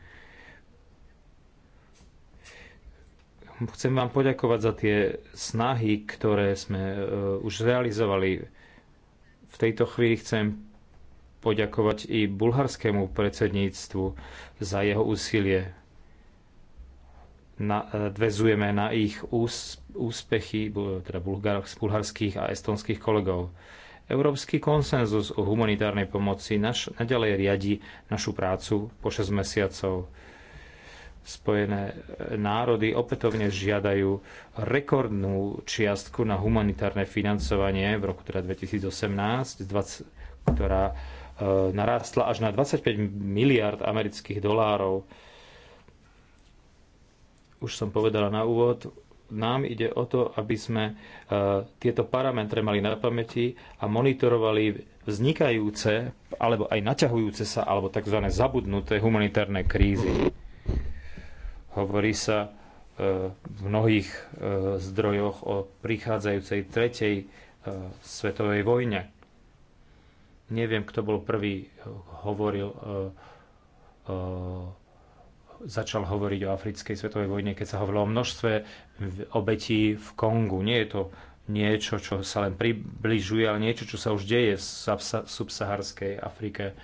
Chcem vám poďakovať za tie snahy, ktoré sme uh, už realizovali. V tejto chvíli chcem poďakovať i bulharskému predsedníctvu za jeho úsilie nadvezujeme e, na ich úspechy, teda bulharských a estonských kolegov. Európsky konsenzus o humanitárnej pomoci naš, nadalej riadi našu prácu po 6 mesiacov. Spojené e, národy opätovne žiadajú rekordnú čiastku na humanitárne financovanie v roku teda 2018, 20, ktorá e, narástla až na 25 miliard amerických dolárov už som povedala na úvod, nám ide o to, aby sme e, tieto parametre mali na pamäti a monitorovali vznikajúce alebo aj naťahujúce sa alebo tzv. zabudnuté humanitárne krízy. Hovorí sa e, v mnohých e, zdrojoch o prichádzajúcej tretej svetovej vojne. Neviem, kto bol prvý, hovoril začal hovoriť o africkej svetovej vojne, keď sa hovorilo o množstve obetí v Kongu. Nie je to niečo, čo sa len približuje, ale niečo, čo sa už deje v subsaharskej Afrike.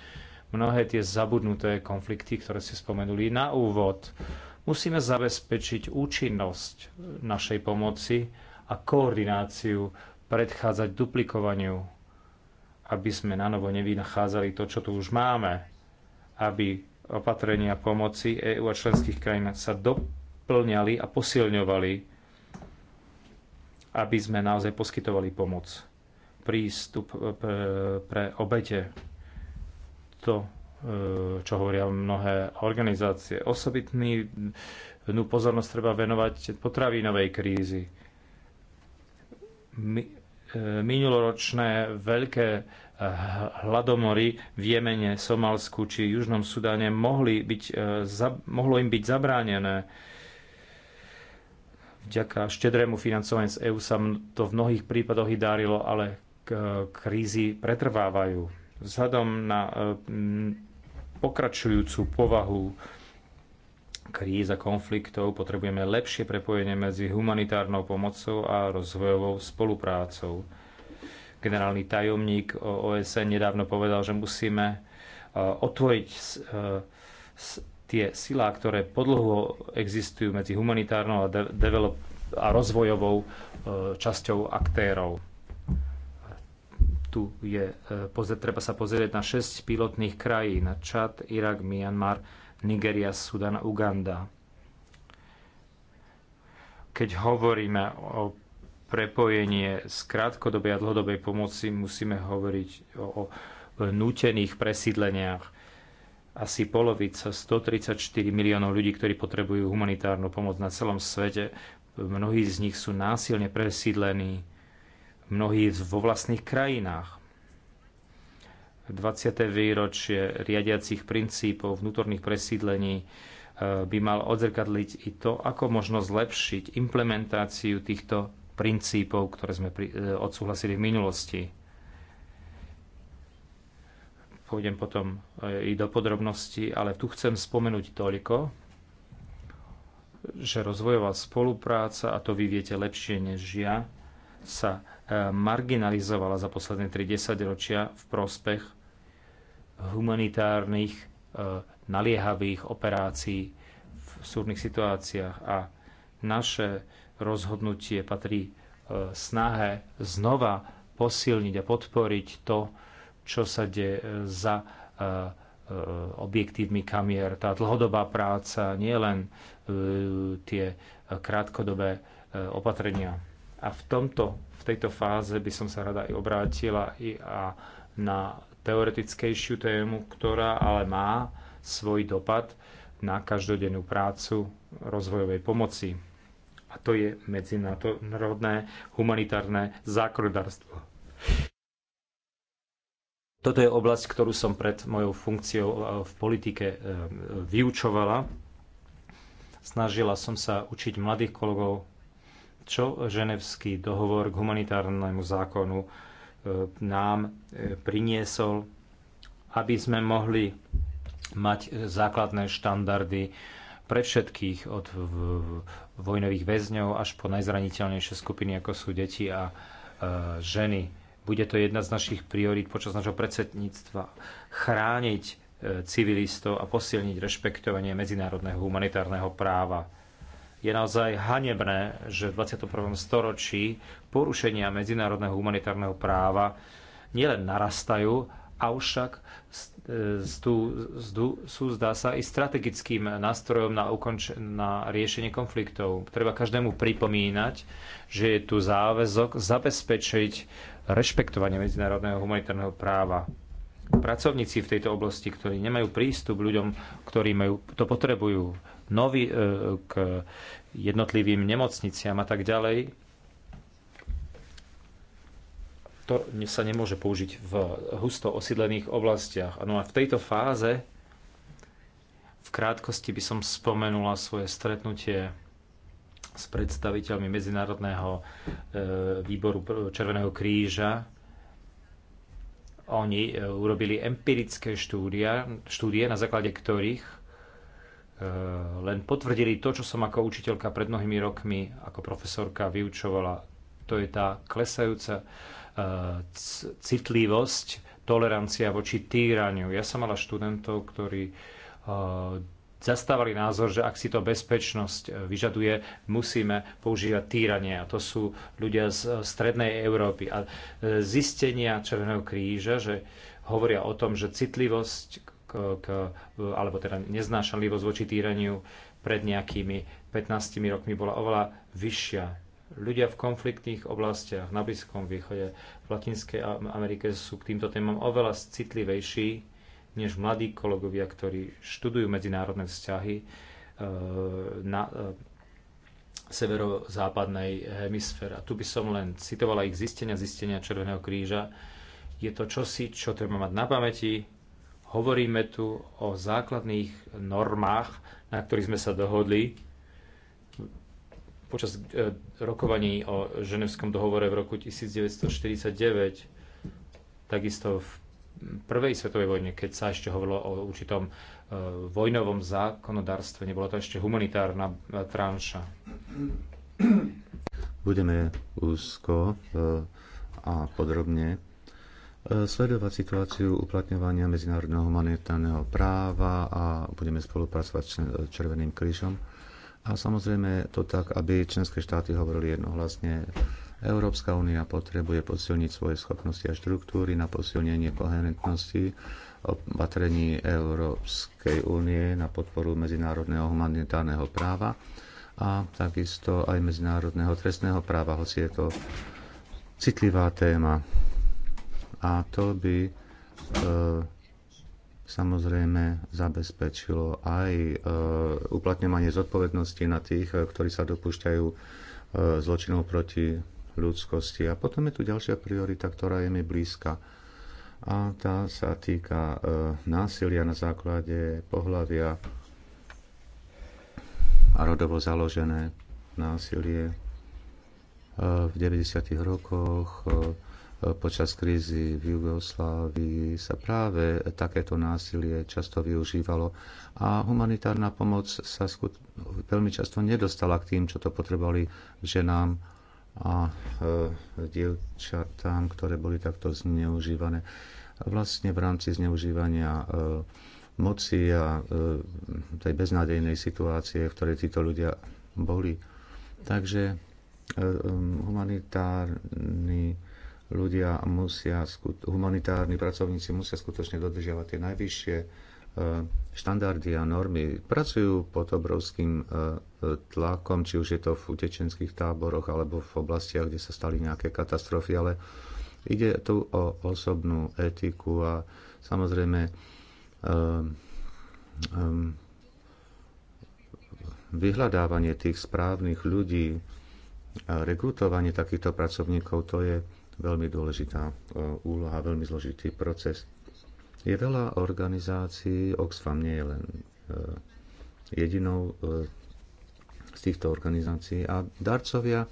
Mnohé tie zabudnuté konflikty, ktoré ste spomenuli na úvod, musíme zabezpečiť účinnosť našej pomoci a koordináciu, predchádzať duplikovaniu, aby sme na novo nevynachádzali to, čo tu už máme, aby opatrenia pomoci EÚ a členských krajín sa doplňali a posilňovali, aby sme naozaj poskytovali pomoc. Prístup e, pre obete, to, e, čo hovoria mnohé organizácie. Osobitný no pozornosť treba venovať potravinovej krízi. E, minuloročné veľké hladomory v Jemene, Somalsku či Južnom Sudáne mohli byť, e, za, mohlo im byť zabránené. Vďaka štedrému financovaniu z EÚ sa to v mnohých prípadoch i dárilo, ale krízy pretrvávajú. Vzhľadom na e, pokračujúcu povahu kríz a konfliktov potrebujeme lepšie prepojenie medzi humanitárnou pomocou a rozvojovou spoluprácou. Generálny tajomník OSN nedávno povedal, že musíme e, otvoriť e, tie silá, ktoré podlho existujú medzi humanitárnou a, develop- a rozvojovou e, časťou aktérov. Tu je, pozrieť, treba sa pozrieť na 6 pilotných krajín. Čad, Irak, Myanmar, Nigeria, Sudan a Uganda. Keď hovoríme o prepojenie z krátkodobej a dlhodobej pomoci musíme hovoriť o, o nútených presídleniach. Asi polovica, 134 miliónov ľudí, ktorí potrebujú humanitárnu pomoc na celom svete, mnohí z nich sú násilne presídlení, mnohí vo vlastných krajinách. 20. výročie riadiacich princípov vnútorných presídlení eh, by mal odzrkadliť i to, ako možno zlepšiť implementáciu týchto princípov, ktoré sme e, odsúhlasili v minulosti. Pôjdem potom e, i do podrobností, ale tu chcem spomenúť toľko, že rozvojová spolupráca, a to vy viete lepšie než ja, sa e, marginalizovala za posledné 30 ročia v prospech humanitárnych naliehavých operácií v súrnych situáciách a naše rozhodnutie patrí e, snahe znova posilniť a podporiť to, čo sa deje e, za e, objektívmi kamier. Tá dlhodobá práca, nie len tie krátkodobé opatrenia. A v, tomto, v tejto fáze by som sa rada i obrátila i a na teoretickejšiu tému, ktorá ale má svoj dopad na každodennú prácu rozvojovej pomoci a to je medzinárodné humanitárne zákonodárstvo. Toto je oblasť, ktorú som pred mojou funkciou e, v politike e, vyučovala. Snažila som sa učiť mladých kolegov, čo ženevský dohovor k humanitárnemu zákonu e, nám priniesol, aby sme mohli mať základné štandardy pre všetkých, od vojnových väzňov až po najzraniteľnejšie skupiny, ako sú deti a e, ženy. Bude to jedna z našich priorít počas našho predsedníctva chrániť e, civilistov a posilniť rešpektovanie medzinárodného humanitárneho práva. Je naozaj hanebné, že v 21. storočí porušenia medzinárodného humanitárneho práva nielen narastajú, avšak sú, zdá sa, i strategickým nástrojom na, ukonč- na riešenie konfliktov. Treba každému pripomínať, že je tu záväzok zabezpečiť rešpektovanie medzinárodného humanitárneho práva. Pracovníci v tejto oblasti, ktorí nemajú prístup ľuďom, ktorí majú, to potrebujú, noví e, k jednotlivým nemocniciam a tak ďalej, to sa nemôže použiť v husto osídlených oblastiach. No a v tejto fáze v krátkosti by som spomenula svoje stretnutie s predstaviteľmi Medzinárodného e, výboru Červeného kríža. Oni e, urobili empirické štúdia, štúdie, na základe ktorých e, len potvrdili to, čo som ako učiteľka pred mnohými rokmi, ako profesorka vyučovala. To je tá klesajúca E, citlivosť, tolerancia voči týraniu. Ja som mala študentov, ktorí e, zastávali názor, že ak si to bezpečnosť e, vyžaduje, musíme používať týranie. A to sú ľudia z strednej Európy. A zistenia Červeného kríža, že hovoria o tom, že citlivosť k, k, alebo teda neznášanlivosť voči týraniu pred nejakými 15 rokmi bola oveľa vyššia Ľudia v konfliktných oblastiach na Blízkom východe, v Latinskej Amerike sú k týmto témam oveľa citlivejší než mladí kolegovia, ktorí študujú medzinárodné vzťahy e, na e, severozápadnej hemisfére. A tu by som len citovala ich zistenia, zistenia Červeného kríža. Je to čosi, čo treba mať na pamäti. Hovoríme tu o základných normách, na ktorých sme sa dohodli počas e, rokovaní o Ženevskom dohovore v roku 1949, takisto v prvej svetovej vojne, keď sa ešte hovorilo o určitom e, vojnovom zákonodárstve, nebola to ešte humanitárna e, tranša. Budeme úzko a podrobne sledovať situáciu uplatňovania medzinárodného humanitárneho práva a budeme spolupracovať s Červeným krížom a samozrejme to tak, aby členské štáty hovorili jednohlasne. Európska únia potrebuje posilniť svoje schopnosti a štruktúry na posilnenie koherentnosti opatrení Európskej únie na podporu medzinárodného humanitárneho práva a takisto aj medzinárodného trestného práva, hoci je to citlivá téma. A to by e, samozrejme zabezpečilo aj e, uplatňovanie zodpovednosti na tých, e, ktorí sa dopúšťajú e, zločinov proti ľudskosti. A potom je tu ďalšia priorita, ktorá je mi blízka. A tá sa týka násilia na základe pohľavia a rodovo založené násilie v 90. rokoch E, počas krízy v Jugoslávii sa práve takéto násilie často využívalo a humanitárna pomoc sa skut- veľmi často nedostala k tým, čo to potrebovali ženám a e, dievčatám, ktoré boli takto zneužívané. Vlastne v rámci zneužívania e, moci a e, tej beznádejnej situácie, v ktorej títo ľudia boli. Takže e, e humanitárny ľudia musia, humanitárni pracovníci musia skutočne dodržiavať tie najvyššie eh, štandardy a normy. Pracujú pod obrovským eh, tlakom, či už je to v utečenských táboroch alebo v oblastiach, kde sa stali nejaké katastrofy, ale ide tu o osobnú etiku a samozrejme eh, vyhľadávanie tých správnych ľudí, rekrutovanie takýchto pracovníkov, to je veľmi dôležitá e, úloha, veľmi zložitý proces. Je veľa organizácií, Oxfam nie je len e, jedinou e, z týchto organizácií a darcovia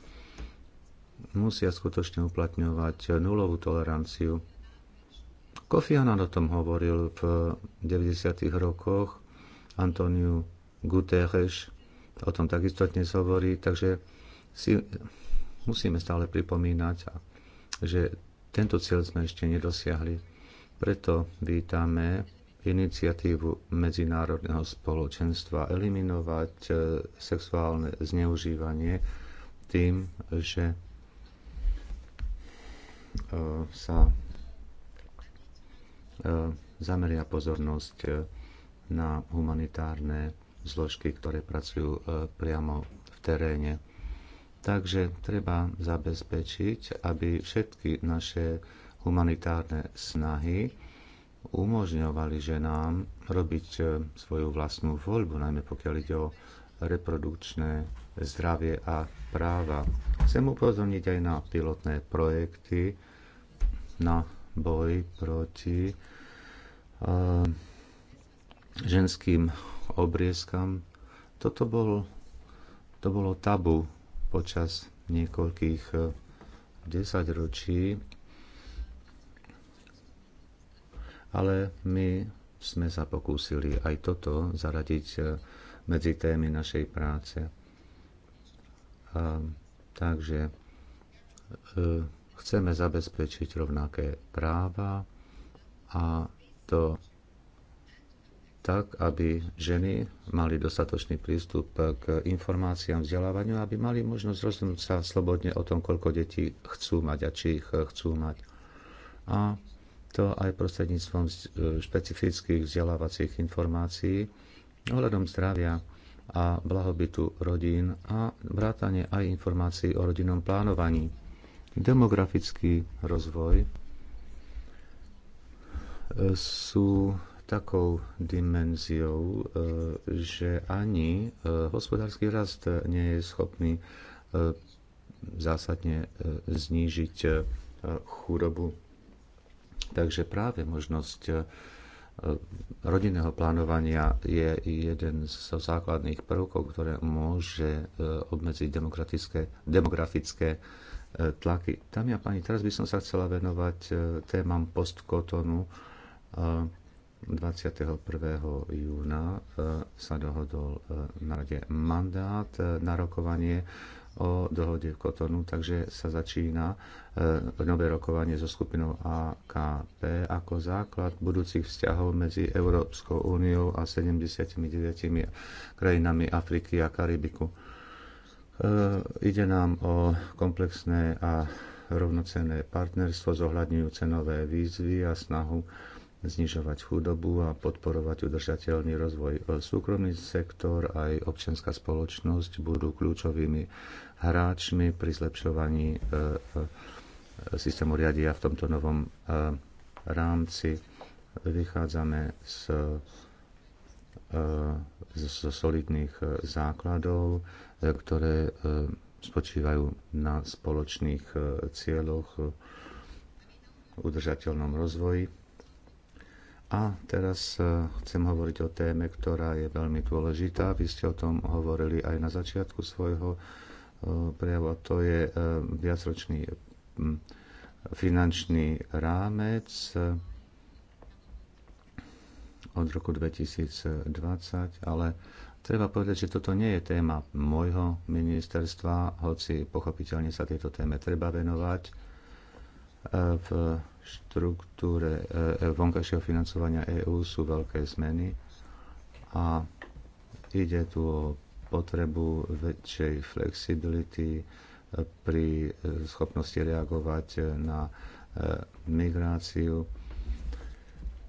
musia skutočne uplatňovať nulovú toleranciu. Kofi Annan o tom hovoril v 90. rokoch, Antoniu Guterres o tom takisto dnes hovorí, takže si musíme stále pripomínať a že tento cieľ sme ešte nedosiahli. Preto vítame iniciatívu medzinárodného spoločenstva eliminovať e, sexuálne zneužívanie tým, že e, sa e, zameria pozornosť na humanitárne zložky, ktoré pracujú priamo v teréne Takže treba zabezpečiť, aby všetky naše humanitárne snahy umožňovali ženám robiť e, svoju vlastnú voľbu, najmä pokiaľ ide o reprodukčné zdravie a práva. Chcem upozorniť aj na pilotné projekty, na boj proti uh, ženským obriezkam. Toto bol, to bolo tabu počas niekoľkých eh, desaťročí, ale my sme sa pokúsili aj toto zaradiť eh, medzi témy našej práce. A, takže e, chceme zabezpečiť rovnaké práva a to tak, aby ženy mali dostatočný prístup k informáciám, vzdelávaniu, aby mali možnosť rozhodnúť sa slobodne o tom, koľko detí chcú mať a či ich eh, chcú mať. A to aj prostredníctvom eh, špecifických vzdelávacích informácií ohľadom zdravia a blahobytu rodín a vrátanie aj informácií o rodinnom plánovaní. Demografický rozvoj eh, sú takou dimenziou, e, že ani e, hospodársky rast nie je schopný e, zásadne znížiť chudobu. Takže práve možnosť rodinného plánovania je jeden z základných prvkov, ktoré môže obmedziť demografické tlaky. Tam ja, pani, teraz by som sa chcela venovať témam postkotonu 21. júna e, sa dohodol e, na rade mandát e, na rokovanie o dohode v Kotonu, takže sa začína nové rokovanie so skupinou AKP ako základ budúcich vzťahov medzi Európskou úniou a 79 krajinami Afriky a Karibiku. Ide nám o komplexné a rovnocenné partnerstvo zohľadňujúce nové výzvy a snahu znižovať chudobu a podporovať udržateľný rozvoj. Súkromný sektor aj občianská spoločnosť budú kľúčovými hráčmi pri zlepšovaní e, e, systému riadia v tomto novom e, rámci. Vychádzame z, z solidných základov, ktoré spočívajú na spoločných cieľoch udržateľnom rozvoji a teraz e, chcem hovoriť o téme, ktorá je veľmi dôležitá. Vy ste o tom hovorili aj na začiatku svojho e, prejavu, a to je e, viacročný finančný rámec od roku 2020, ale treba povedať, že toto nie je téma môjho ministerstva, hoci pochopiteľne sa tejto téme treba venovať v štruktúre e, e, vonkajšieho financovania EÚ sú veľké zmeny a ide tu o potrebu väčšej flexibility e, pri schopnosti reagovať na migráciu.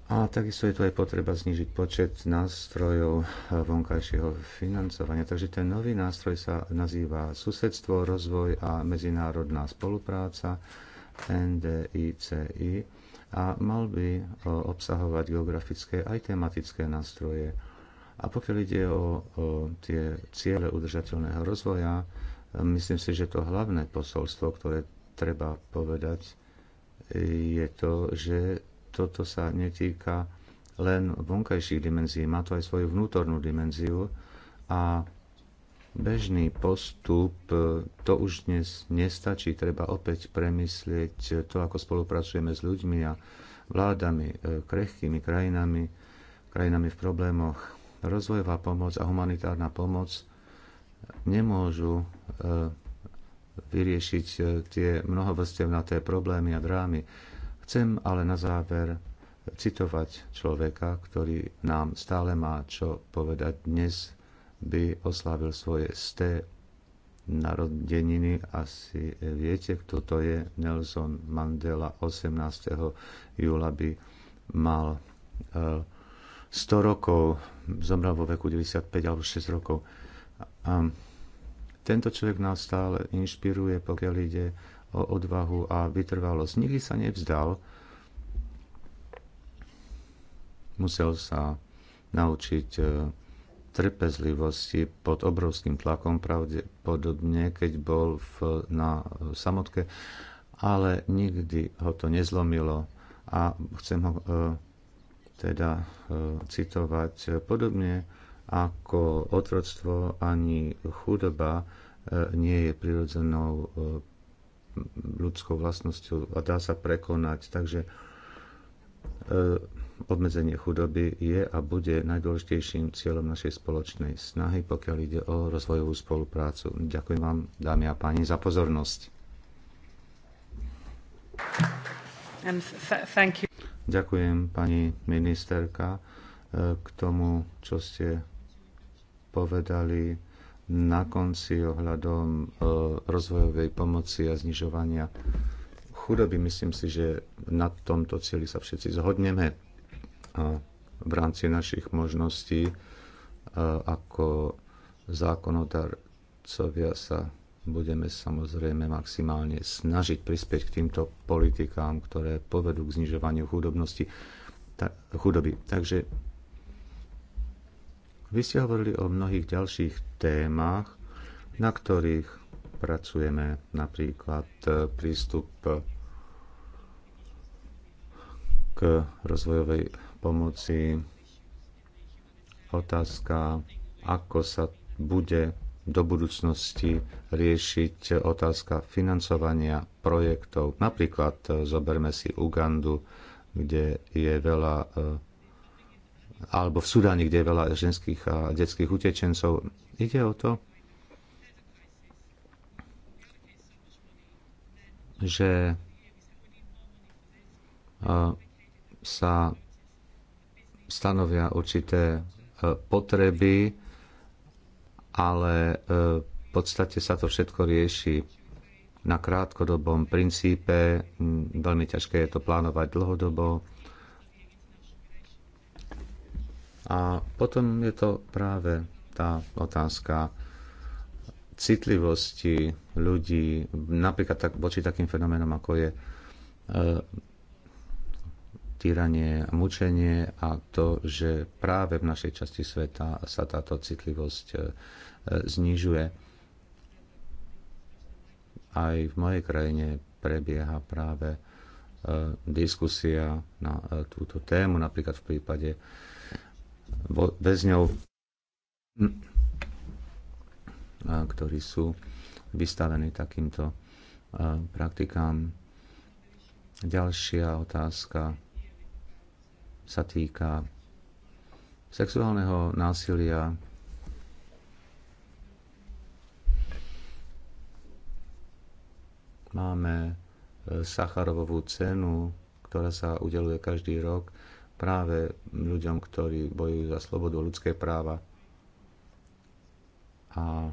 A takisto je tu aj potreba znižiť počet nástrojov vonkajšieho financovania. Takže ten nový nástroj sa nazýva susedstvo, rozvoj a medzinárodná spolupráca. NDICI a mal by e, obsahovať geografické aj tematické nástroje. A pokiaľ ide o, o tie ciele udržateľného rozvoja, e, myslím si, že to hlavné posolstvo, ktoré treba povedať, e, je to, že toto sa netýka len vonkajších dimenzií, má to aj svoju vnútornú dimenziu a bežný postup, e, to už dnes nestačí. Treba opäť premyslieť to, ako spolupracujeme s ľuďmi a vládami, e, krehkými krajinami, krajinami v problémoch. Rozvojová pomoc a humanitárna pomoc nemôžu e, vyriešiť tie mnohovrstevnaté problémy a drámy. Chcem ale na záver citovať človeka, ktorý nám stále má čo povedať dnes by oslávil svoje sté narodeniny. Asi viete, kto to je. Nelson Mandela 18. júla by mal 100 e, rokov, zomrel vo veku 95 alebo 6 rokov. A tento človek nás stále inšpiruje, pokiaľ ide o odvahu a vytrvalosť. Nikdy sa nevzdal. Musel sa naučiť e, trpezlivosti pod obrovským tlakom, pravdepodobne, keď bol v, na samotke, ale nikdy ho to nezlomilo a chcem ho e, teda e, citovať e, podobne ako otroctvo ani chudoba e, nie je prirodzenou e, ľudskou vlastnosťou a dá sa prekonať. Takže e, obmedzenie chudoby je a bude najdôležitejším cieľom našej spoločnej snahy, pokiaľ ide o rozvojovú spoluprácu. Ďakujem vám, dámy a páni, za pozornosť. Ďakujem, pani ministerka, eh, k tomu, čo ste povedali na konci ohľadom eh, rozvojovej pomoci a znižovania chudoby. Myslím si, že na tomto cieli sa všetci zhodneme v rámci našich možností ako zákonodarcovia sa budeme samozrejme maximálne snažiť prispieť k týmto politikám, ktoré povedú k znižovaniu chudobnosti, ta, chudoby. Takže vy ste hovorili o mnohých ďalších témach, na ktorých pracujeme, napríklad e, prístup k rozvojovej pomoci. Otázka, ako sa bude do budúcnosti riešiť otázka financovania projektov. Napríklad e, zoberme si Ugandu, kde je veľa e, alebo v Sudáne, kde je veľa ženských a detských utečencov. Ide o to, že e, sa stanovia určité e, potreby, ale e, v podstate sa to všetko rieši na krátkodobom princípe. Veľmi ťažké je to plánovať dlhodobo. A potom je to práve tá otázka citlivosti ľudí, napríklad tak, voči takým fenoménom, ako je e, týranie, mučenie a to, že práve v našej časti sveta sa táto citlivosť e, znižuje. Aj v mojej krajine prebieha práve e, diskusia na e, túto tému, napríklad v prípade väzňov, ktorí sú vystavení takýmto praktikám. Ďalšia otázka sa týka sexuálneho násilia, máme e, Sacharovovú cenu, ktorá sa udeluje každý rok práve ľuďom, ktorí bojujú za slobodu ľudské práva. A e,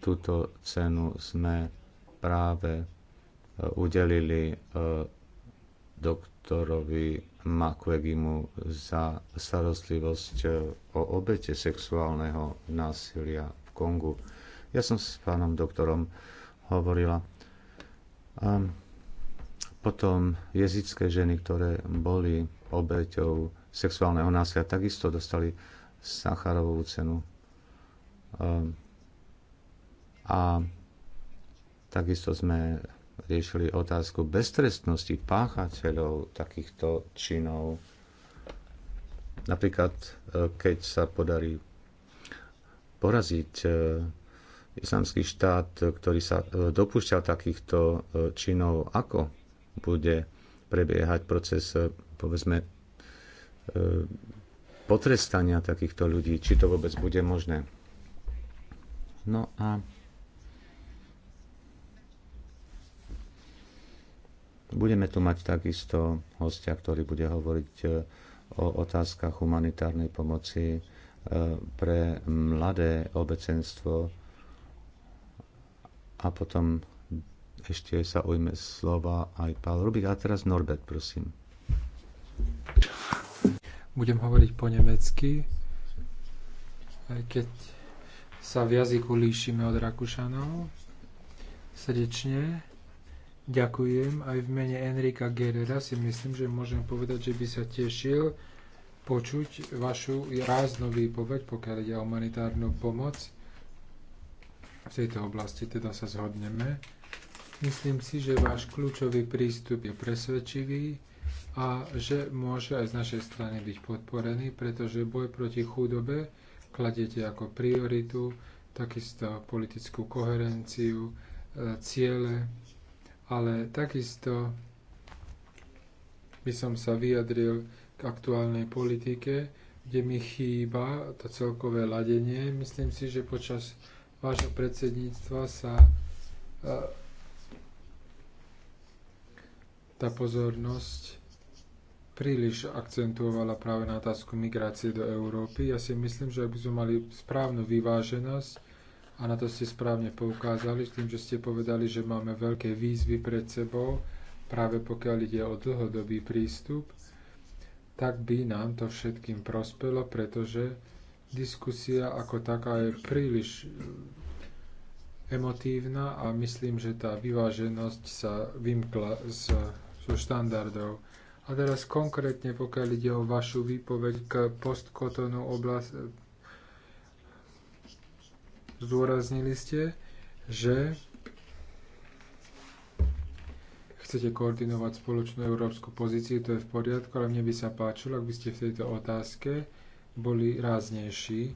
túto cenu sme práve e, udelili doktorovi Makwegimu za starostlivosť e, o obete sexuálneho násilia v Kongu. Ja som s pánom doktorom hovorila. A potom jezické ženy, ktoré boli obeťou sexuálneho násilia, takisto dostali Sacharovú cenu. E, a takisto sme riešili otázku beztrestnosti páchateľov takýchto činov. Napríklad, e, keď sa podarí poraziť e, islamský štát, ktorý sa e, dopúšťa takýchto činov, ako bude prebiehať proces, povedzme, potrestania takýchto ľudí, či to vôbec bude možné. No a Budeme tu mať takisto hostia, ktorý bude hovoriť e, o otázkach humanitárnej pomoci e, pre mladé obecenstvo a potom ešte sa ujme slova aj Pál Rubik. A teraz Norbert, prosím. Budem hovoriť po nemecky, aj keď sa v jazyku líšime od Rakúšanov. Srdečne Ďakujem. Aj v mene Enrika Gerera si myslím, že môžem povedať, že by sa tešil počuť vašu ráznú výpoveď, pokiaľ ide o humanitárnu pomoc. V tejto oblasti teda sa zhodneme. Myslím si, že váš kľúčový prístup je presvedčivý a že môže aj z našej strany byť podporený, pretože boj proti chudobe kladiete ako prioritu, takisto politickú koherenciu, e, ciele, ale takisto by som sa vyjadril k aktuálnej politike, kde mi chýba to celkové ladenie. Myslím si, že počas vášho predsedníctva sa e, tá pozornosť príliš akcentovala práve na otázku migrácie do Európy. Ja si myslím, že ak by sme mali správnu vyváženosť, a na to ste správne poukázali tým, že ste povedali, že máme veľké výzvy pred sebou, práve pokiaľ ide o dlhodobý prístup, tak by nám to všetkým prospelo, pretože diskusia ako taká je príliš e, emotívna a myslím, že tá vyváženosť sa vymkla z, zo štandardov. A teraz konkrétne, pokiaľ ide o vašu výpoveď k postkotonu oblasti, Zdôraznili ste, že chcete koordinovať spoločnú európsku pozíciu, to je v poriadku, ale mne by sa páčilo, ak by ste v tejto otázke boli ráznejší.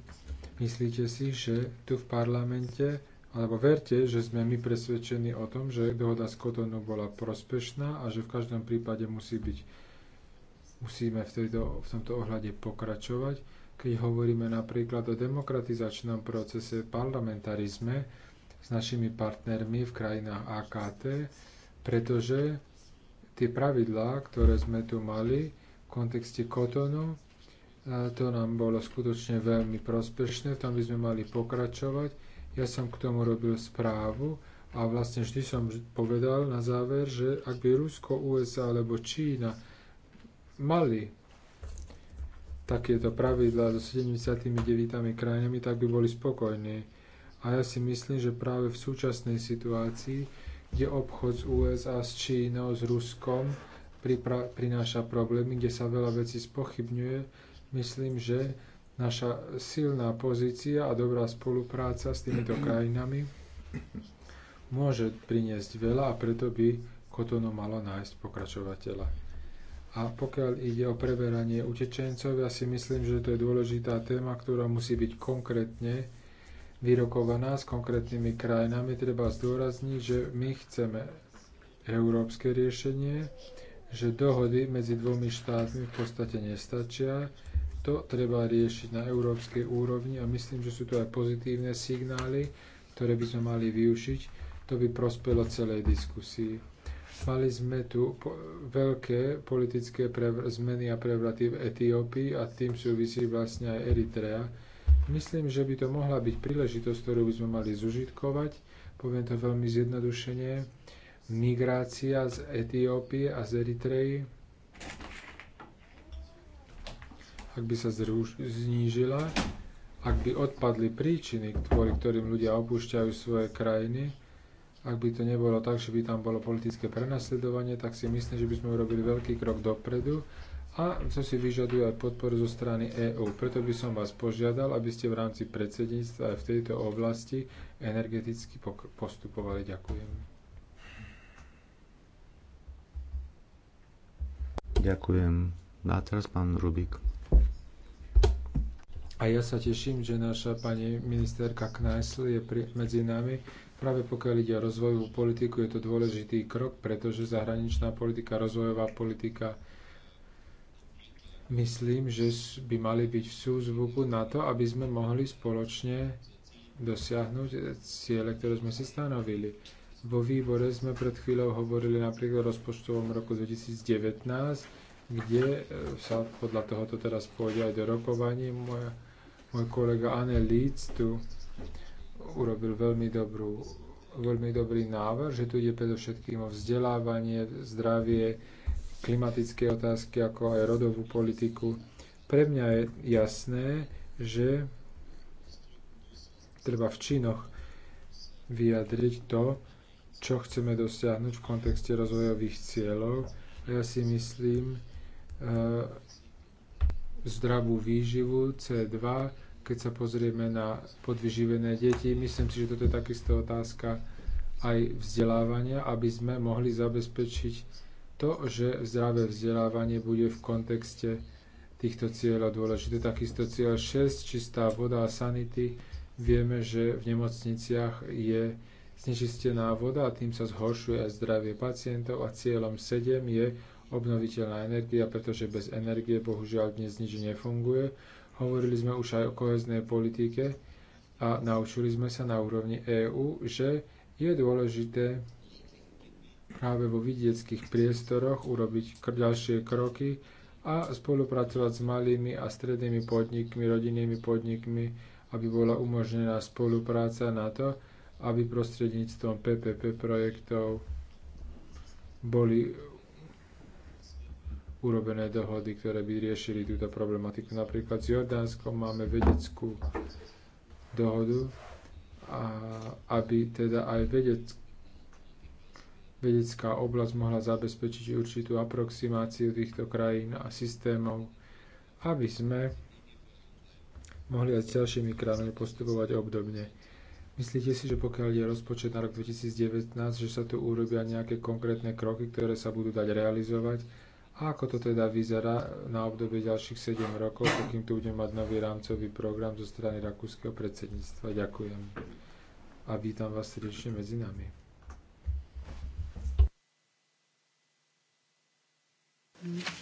Myslíte si, že tu v parlamente, alebo verte, že sme my presvedčení o tom, že dohoda z Kotonou bola prospešná a že v každom prípade musí byť, musíme v, tejto, v tomto ohľade pokračovať keď hovoríme napríklad o demokratizačnom procese, parlamentarizme s našimi partnermi v krajinách AKT, pretože tie pravidlá, ktoré sme tu mali v kontexte Kotonu, e, to nám bolo skutočne veľmi prospešné, tam by sme mali pokračovať. Ja som k tomu robil správu a vlastne vždy som povedal na záver, že ak by Rusko, USA alebo Čína mali takéto pravidlá so 79 krajinami, tak by boli spokojní. A ja si myslím, že práve v súčasnej situácii, kde obchod z USA s Čínou, s Ruskom prináša problémy, kde sa veľa vecí spochybňuje, myslím, že naša silná pozícia a dobrá spolupráca s týmito krajinami môže priniesť veľa a preto by Kotono malo nájsť pokračovateľa. A pokiaľ ide o preberanie utečencov, ja si myslím, že to je dôležitá téma, ktorá musí byť konkrétne vyrokovaná s konkrétnymi krajinami. Treba zdôrazniť, že my chceme európske riešenie, že dohody medzi dvomi štátmi v podstate nestačia. To treba riešiť na európskej úrovni a myslím, že sú to aj pozitívne signály, ktoré by sme mali využiť. To by prospelo celej diskusii. Mali sme tu po- veľké politické prev- zmeny a prevraty v Etiópii a tým súvisí vlastne aj Eritrea. Myslím, že by to mohla byť príležitosť, ktorú by sme mali zužitkovať. Poviem to veľmi zjednodušene. Migrácia z Etiópie a z Eritreji. Ak by sa znížila, ak by odpadli príčiny, kvôli ktorým ľudia opúšťajú svoje krajiny, ak by to nebolo tak, že by tam bolo politické prenasledovanie, tak si myslím, že by sme urobili veľký krok dopredu a čo si vyžaduje aj podporu zo strany EÚ. Preto by som vás požiadal, aby ste v rámci predsedníctva aj v tejto oblasti energeticky postupovali. Ďakujem. Ďakujem. No a teraz pán Rubik. A ja sa teším, že naša pani ministerka Knajsl je pri, medzi nami Práve pokiaľ ide o rozvojovú politiku, je to dôležitý krok, pretože zahraničná politika, rozvojová politika, myslím, že by mali byť v súzvuku na to, aby sme mohli spoločne dosiahnuť e, ciele, ktoré sme si stanovili. Vo výbore sme pred chvíľou hovorili napríklad o rozpočtovom roku 2019, kde e, sa podľa tohoto teraz pôjde aj do rokovaní. môj kolega Anne Leeds tu urobil veľmi, dobrú, veľmi dobrý návrh, že tu ide predovšetkým o vzdelávanie, zdravie, klimatické otázky, ako aj rodovú politiku. Pre mňa je jasné, že treba v činoch vyjadriť to, čo chceme dosiahnuť v kontexte rozvojových cieľov. A Ja si myslím, e, zdravú výživu C2, keď sa pozrieme na podvyživené deti, myslím si, že toto je takisto otázka aj vzdelávania, aby sme mohli zabezpečiť to, že zdravé vzdelávanie bude v kontexte týchto cieľov dôležité. Takisto cieľ 6, čistá voda a sanity. Vieme, že v nemocniciach je znečistená voda a tým sa zhoršuje aj zdravie pacientov a cieľom 7 je obnoviteľná energia, pretože bez energie bohužiaľ dnes nič nefunguje Hovorili sme už aj o koheznej politike a naučili sme sa na úrovni EÚ, že je dôležité práve vo vidieckých priestoroch urobiť ďalšie kroky a spolupracovať s malými a strednými podnikmi, rodinnými podnikmi, aby bola umožnená spolupráca na to, aby prostredníctvom PPP projektov boli urobené dohody, ktoré by riešili túto problematiku. Napríklad s Jordánskom máme vedeckú dohodu, a aby teda aj vedecká oblasť mohla zabezpečiť určitú aproximáciu týchto krajín a systémov, aby sme mohli aj s ďalšími krajinami postupovať obdobne. Myslíte si, že pokiaľ je rozpočet na rok 2019, že sa tu urobia nejaké konkrétne kroky, ktoré sa budú dať realizovať a ako to teda vyzerá na obdobie ďalších 7 rokov, pokým tu budeme mať nový rámcový program zo strany rakúskeho predsedníctva. Ďakujem. A vítam vás srdečne medzi nami.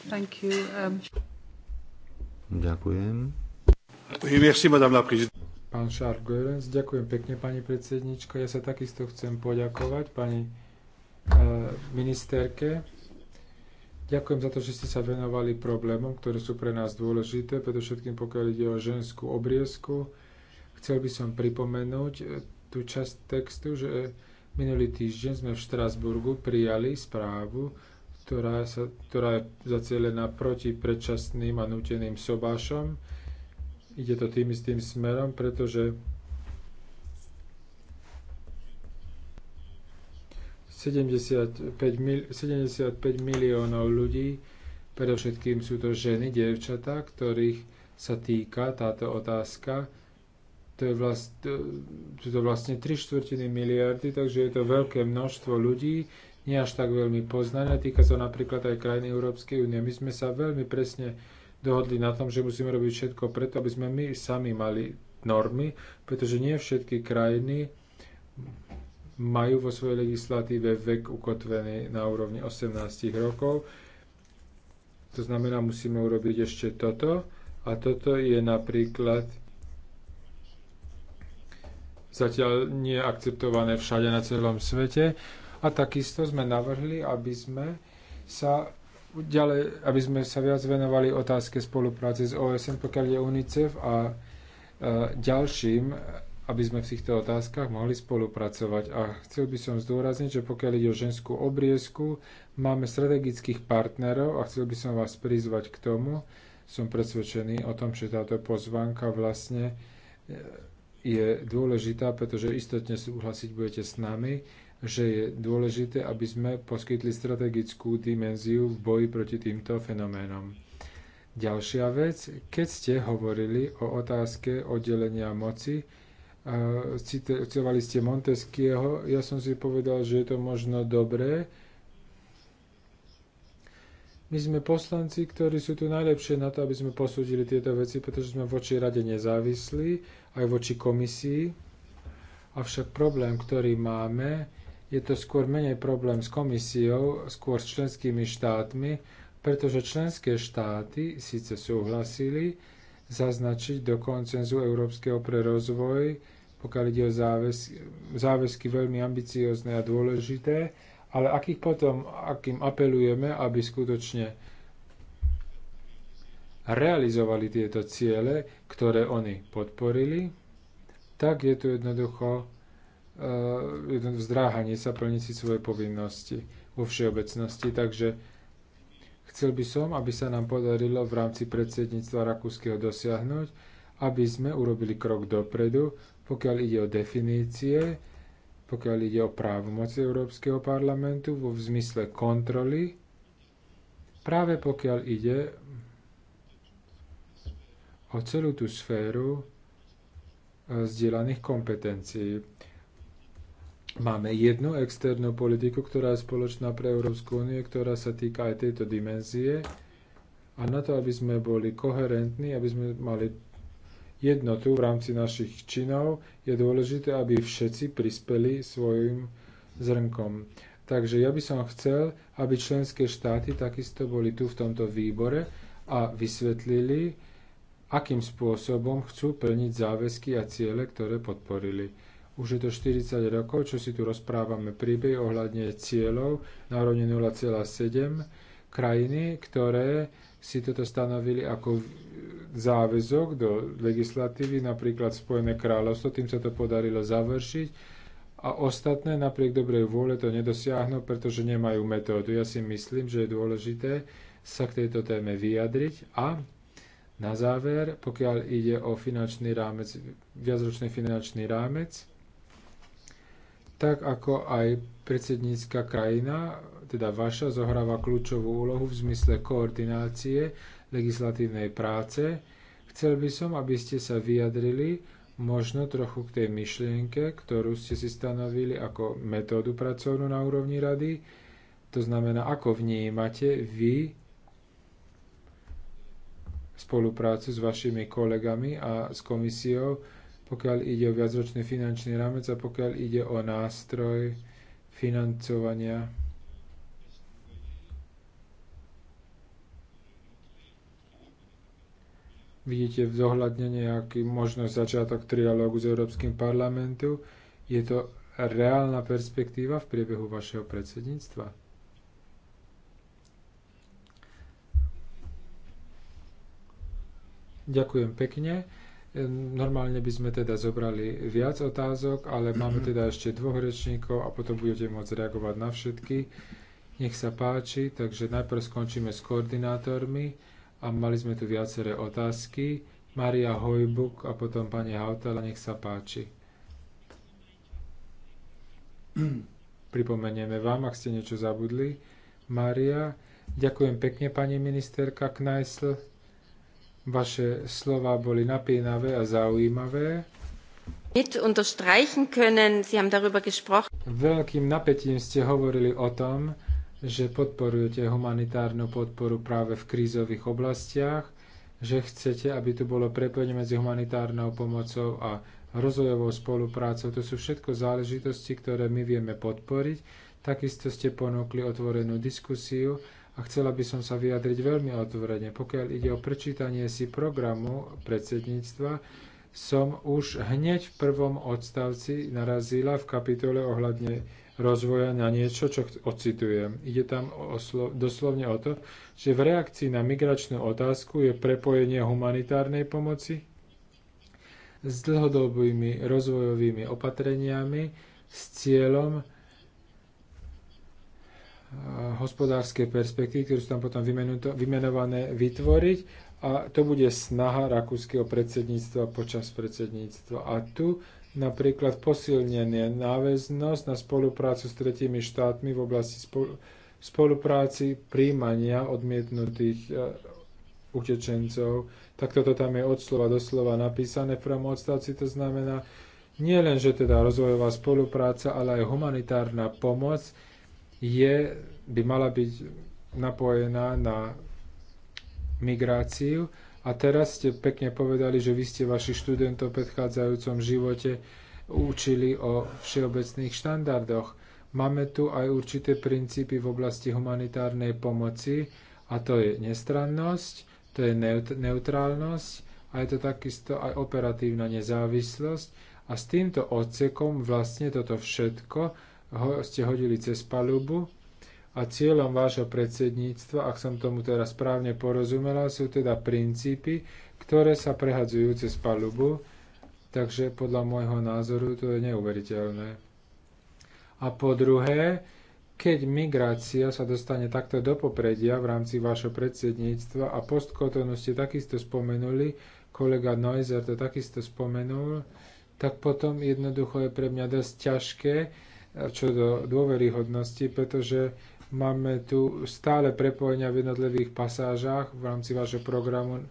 Thank you. Um... Ďakujem. Pán Charles ďakujem pekne, pani predsednička. Ja sa takisto chcem poďakovať pani uh, ministerke Ďakujem za to, že ste sa venovali problémom, ktoré sú pre nás dôležité, predovšetkým pokiaľ ide o ženskú obriezku. Chcel by som pripomenúť eh, tú časť textu, že eh, minulý týždeň sme v Štrasburgu prijali správu, ktorá, sa, ktorá je zacielená proti predčasným a nuteným sobášom. Ide to tým istým smerom, pretože 75, mil, 75 miliónov ľudí, predovšetkým sú to ženy, dievčatá, ktorých sa týka táto otázka. To je vlast, sú to vlastne 3 štvrtiny miliardy, takže je to veľké množstvo ľudí, nie až tak veľmi poznané. Týka sa napríklad aj krajiny Európskej únie. My sme sa veľmi presne dohodli na tom, že musíme robiť všetko preto, aby sme my sami mali normy, pretože nie všetky krajiny majú vo svojej legislatíve vek ukotvený na úrovni 18 rokov. To znamená, musíme urobiť ešte toto. A toto je napríklad zatiaľ nie akceptované všade na celom svete. A takisto sme navrhli, aby sme sa ďalej, aby sme sa viac venovali otázke spolupráce s OSN, pokiaľ je UNICEF a e, ďalším aby sme v týchto otázkach mohli spolupracovať. A chcel by som zdôrazniť, že pokiaľ ide o ženskú obriezku, máme strategických partnerov a chcel by som vás prizvať k tomu, som presvedčený o tom, že táto pozvánka vlastne e, je dôležitá, pretože istotne súhlasiť budete s nami, že je dôležité, aby sme poskytli strategickú dimenziu v boji proti týmto fenoménom. Ďalšia vec, keď ste hovorili o otázke oddelenia moci, citovali ste Montesquieho, ja som si povedal, že je to možno dobré. My sme poslanci, ktorí sú tu najlepšie na to, aby sme posúdili tieto veci, pretože sme voči rade nezávislí, aj voči komisii. Avšak problém, ktorý máme, je to skôr menej problém s komisiou, skôr s členskými štátmi, pretože členské štáty síce súhlasili zaznačiť do koncenzu Európskeho pre rozvoj pokiaľ ide o záväzky, záväzky veľmi ambiciozne a dôležité, ale akých potom, akým apelujeme, aby skutočne realizovali tieto ciele, ktoré oni podporili, tak je tu jednoducho uh, zdráhanie sa plniť si svoje povinnosti vo všeobecnosti. Takže chcel by som, aby sa nám podarilo v rámci predsedníctva Rakúskeho dosiahnuť, aby sme urobili krok dopredu, pokiaľ ide o definície, pokiaľ ide o právomoc Európskeho parlamentu vo zmysle kontroly, práve pokiaľ ide o celú tú sféru e, zdieľaných kompetencií. Máme jednu externú politiku, ktorá je spoločná pre Európsku úniu, ktorá sa týka aj tejto dimenzie. A na to, aby sme boli koherentní, aby sme mali jednotu v rámci našich činov, je dôležité, aby všetci prispeli svojim zrnkom. Takže ja by som chcel, aby členské štáty takisto boli tu v tomto výbore a vysvetlili, akým spôsobom chcú plniť záväzky a ciele, ktoré podporili. Už je to 40 rokov, čo si tu rozprávame príbeh ohľadne cieľov na 0,7 krajiny, ktoré si toto stanovili ako záväzok do legislatívy, napríklad Spojené kráľovstvo, tým sa to podarilo završiť a ostatné napriek dobrej vôle to nedosiahnu, pretože nemajú metódu. Ja si myslím, že je dôležité sa k tejto téme vyjadriť a na záver, pokiaľ ide o finančný rámec, viacročný finančný rámec, tak ako aj predsednícka krajina teda vaša, zohráva kľúčovú úlohu v zmysle koordinácie legislatívnej práce. Chcel by som, aby ste sa vyjadrili možno trochu k tej myšlienke, ktorú ste si stanovili ako metódu pracovnú na úrovni rady. To znamená, ako vnímate vy spoluprácu s vašimi kolegami a s komisiou, pokiaľ ide o viacročný finančný rámec a pokiaľ ide o nástroj financovania vidíte v zohľadnení, nejaký možnosť začiatok trialógu s Európskym parlamentom. Je to reálna perspektíva v priebehu vašeho predsedníctva? Ďakujem pekne. Normálne by sme teda zobrali viac otázok, ale máme teda ešte dvoch rečníkov a potom budete môcť reagovať na všetky. Nech sa páči, takže najprv skončíme s koordinátormi a mali sme tu viaceré otázky. Maria Hojbuk a potom pani Hautala, nech sa páči. Pripomenieme vám, ak ste niečo zabudli. Maria, ďakujem pekne, pani ministerka Knajsl. Vaše slova boli napínavé a zaujímavé. können, Sie haben Veľkým napätím ste hovorili o tom, že podporujete humanitárnu podporu práve v krízových oblastiach, že chcete, aby tu bolo prepojenie medzi humanitárnou pomocou a rozvojovou spoluprácou. To sú všetko záležitosti, ktoré my vieme podporiť. Takisto ste ponúkli otvorenú diskusiu a chcela by som sa vyjadriť veľmi otvorene. Pokiaľ ide o prečítanie si programu predsedníctva, som už hneď v prvom odstavci narazila v kapitole ohľadne rozvoja na niečo, čo ocitujem. Ide tam oslo, doslovne o to, že v reakcii na migračnú otázku je prepojenie humanitárnej pomoci s dlhodobými rozvojovými opatreniami s cieľom hospodárskej perspektívy, ktoré sú tam potom vymenované, vytvoriť a to bude snaha rakúskeho predsedníctva počas predsedníctva. A tu napríklad posilnenie náväznosť na spoluprácu s tretími štátmi v oblasti spolupráci príjmania odmietnutých e, utečencov. Tak toto tam je od slova do slova napísané v prvom odstavci. To znamená, nie len, že teda rozvojová spolupráca, ale aj humanitárna pomoc je, by mala byť napojená na migráciu a teraz ste pekne povedali, že vy ste vašich študentov v predchádzajúcom živote učili o všeobecných štandardoch. Máme tu aj určité princípy v oblasti humanitárnej pomoci a to je nestrannosť, to je neutrálnosť a je to takisto aj operatívna nezávislosť. A s týmto odsekom vlastne toto všetko ho, ste hodili cez palubu a cieľom vášho predsedníctva, ak som tomu teraz správne porozumela, sú teda princípy, ktoré sa prehadzujú cez palubu, takže podľa môjho názoru to je neuveriteľné. A po druhé, keď migrácia sa dostane takto do popredia v rámci vášho predsedníctva a postkotonu ste takisto spomenuli, kolega Neuser to takisto spomenul, tak potom jednoducho je pre mňa dosť ťažké čo do dôveryhodnosti, pretože Máme tu stále prepojenia v jednotlivých pasážach v rámci vášho programu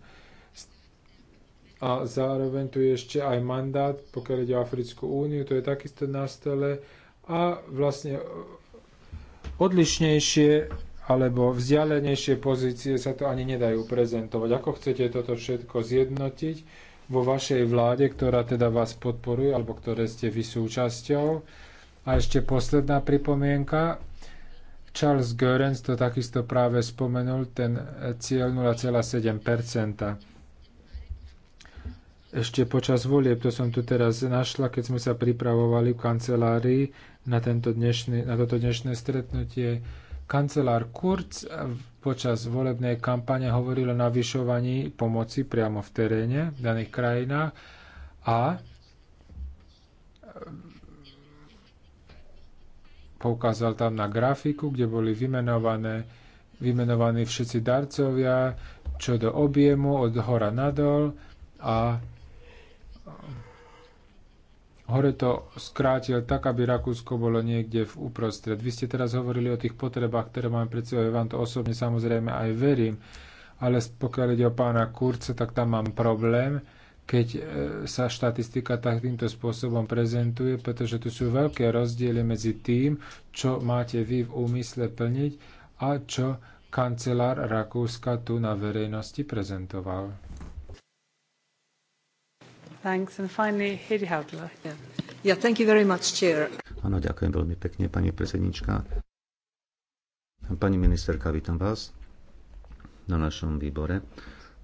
a zároveň tu je ešte aj mandát, pokiaľ ide o Africkú úniu, to je takisto na stole a vlastne odlišnejšie alebo vzdialenejšie pozície sa to ani nedajú prezentovať. Ako chcete toto všetko zjednotiť vo vašej vláde, ktorá teda vás podporuje alebo ktoré ste vy súčasťou? A ešte posledná pripomienka, Charles Görens to takisto práve spomenul, ten cieľ 0,7 ešte počas volieb, to som tu teraz našla, keď sme sa pripravovali v kancelárii na, tento dnešný, na toto dnešné stretnutie. Kancelár Kurz počas volebnej kampane hovoril o navyšovaní pomoci priamo v teréne v daných krajinách a poukázal tam na grafiku, kde boli vymenované, vymenovaní všetci darcovia, čo do objemu od hora nadol a hore to skrátil tak, aby Rakúsko bolo niekde v uprostred. Vy ste teraz hovorili o tých potrebách, ktoré mám pred sebou, ja vám to osobne samozrejme aj verím, ale pokiaľ ide o pána kurce, tak tam mám problém, keď e, sa štatistika takýmto spôsobom prezentuje, pretože tu sú veľké rozdiely medzi tým, čo máte vy v úmysle plniť a čo kancelár Rakúska tu na verejnosti prezentoval. Thanks. And finally, Heidi Yeah. Yeah, thank you very much, Chair. Áno, ďakujem veľmi pekne, pani predsednička. Pani ministerka, vítam vás na našom výbore.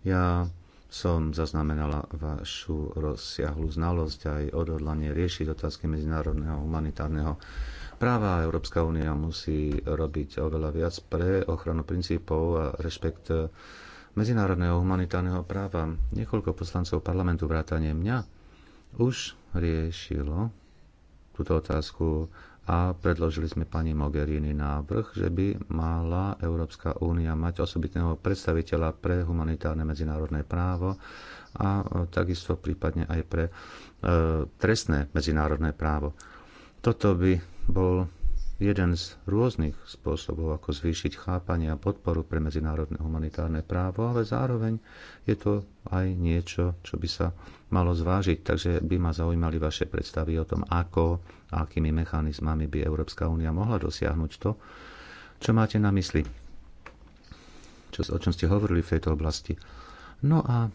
Ja som zaznamenala vašu rozsiahlu znalosť aj odhodlanie riešiť otázky medzinárodného humanitárneho práva. Európska únia musí robiť oveľa viac pre ochranu princípov a rešpekt medzinárodného humanitárneho práva. Niekoľko poslancov parlamentu vrátane mňa už riešilo túto otázku a predložili sme pani Mogherini návrh, že by mala Európska únia mať osobitného predstaviteľa pre humanitárne medzinárodné právo a e, takisto prípadne aj pre e, trestné medzinárodné právo. Toto by bol jeden z rôznych spôsobov, ako zvýšiť chápanie a podporu pre medzinárodné humanitárne právo, ale zároveň je to aj niečo, čo by sa malo zvážiť. Takže by ma zaujímali vaše predstavy o tom, ako a akými mechanizmami by Európska únia mohla dosiahnuť to, čo máte na mysli, čo, o čom ste hovorili v tejto oblasti. No a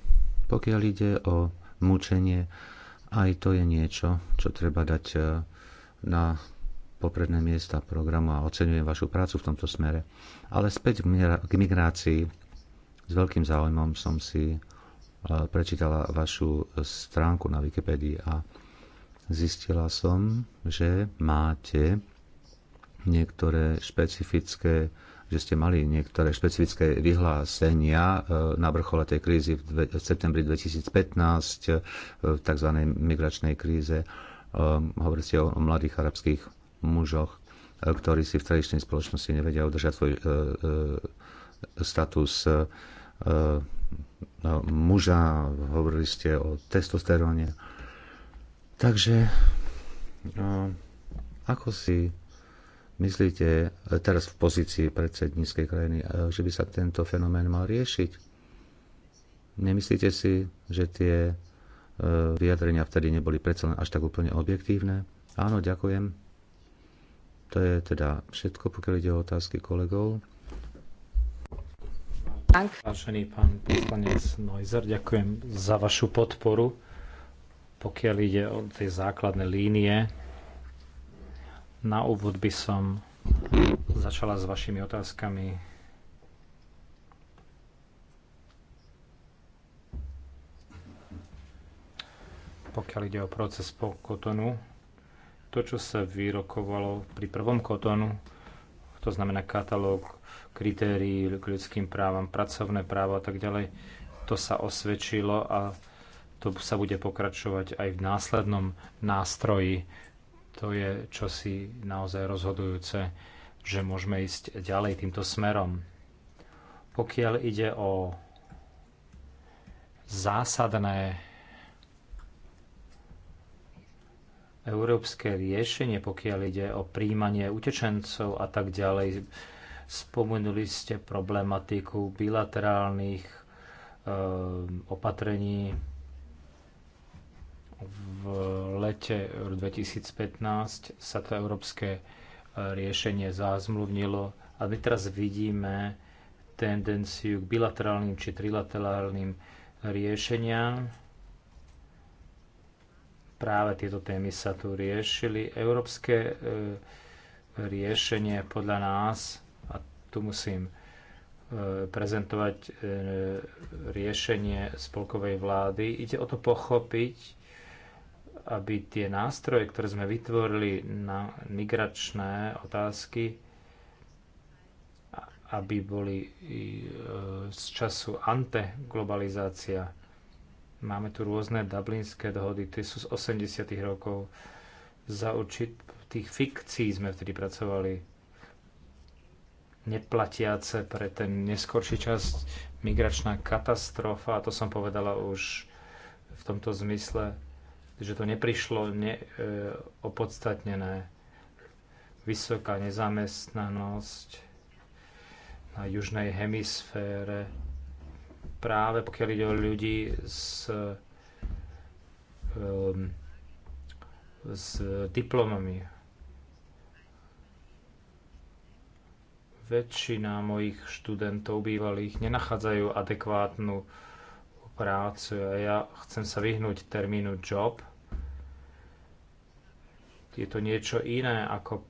pokiaľ ide o mučenie, aj to je niečo, čo treba dať eh, na popredné miesta programu a oceňujem vašu prácu v tomto smere. Ale späť k migrácii. S veľkým záujmom som si e, prečítala vašu stránku na Wikipedii a zistila som, že máte niektoré špecifické že ste mali niektoré špecifické vyhlásenia e, na vrchole tej krízy v, septembri 2015, e, v tzv. migračnej kríze. Hovoríte o mladých arabských mužoch, e, ktorí si v tradičnej spoločnosti nevedia udržať svoj e, e, status no, muža. Hovorili ste o testosteróne. Takže no, ako si myslíte teraz v pozícii predsedníckej krajiny, že by sa tento fenomén mal riešiť? Nemyslíte si, že tie vyjadrenia vtedy neboli predsa až tak úplne objektívne? Áno, ďakujem. To je teda všetko, pokiaľ ide o otázky kolegov. Vážený pán poslanec Neuser, ďakujem za vašu podporu, pokiaľ ide o tie základné línie. Na úvod by som začala s vašimi otázkami. Pokiaľ ide o proces po Kotonu, to, čo sa vyrokovalo pri prvom kotonu, to znamená katalóg kritérií k ľudským právam, pracovné právo a tak ďalej, to sa osvedčilo a to sa bude pokračovať aj v následnom nástroji. To je čosi naozaj rozhodujúce, že môžeme ísť ďalej týmto smerom. Pokiaľ ide o zásadné Európske riešenie, pokiaľ ide o príjmanie utečencov a tak ďalej. Spomenuli ste problematiku bilaterálnych e, opatrení v lete 2015 sa to európske eh, riešenie zázmluvnilo a my teraz vidíme tendenciu k bilaterálnym či trilaterálnym riešeniam práve tieto témy sa tu riešili. Európske e, riešenie podľa nás, a tu musím e, prezentovať e, riešenie spolkovej vlády, ide o to pochopiť, aby tie nástroje, ktoré sme vytvorili na migračné otázky, aby boli z času anteglobalizácia Máme tu rôzne dublinské dohody, tie sú z 80. rokov. Za určitých fikcií sme vtedy pracovali neplatiace pre ten neskorší čas migračná katastrofa, a to som povedala už v tomto zmysle, že to neprišlo ne, e, opodstatnené. Vysoká nezamestnanosť na južnej hemisfére, práve pokiaľ ide o ľudí s, um, s diplomami. Väčšina mojich študentov bývalých nenachádzajú adekvátnu prácu a ja chcem sa vyhnúť termínu job. Je to niečo iné ako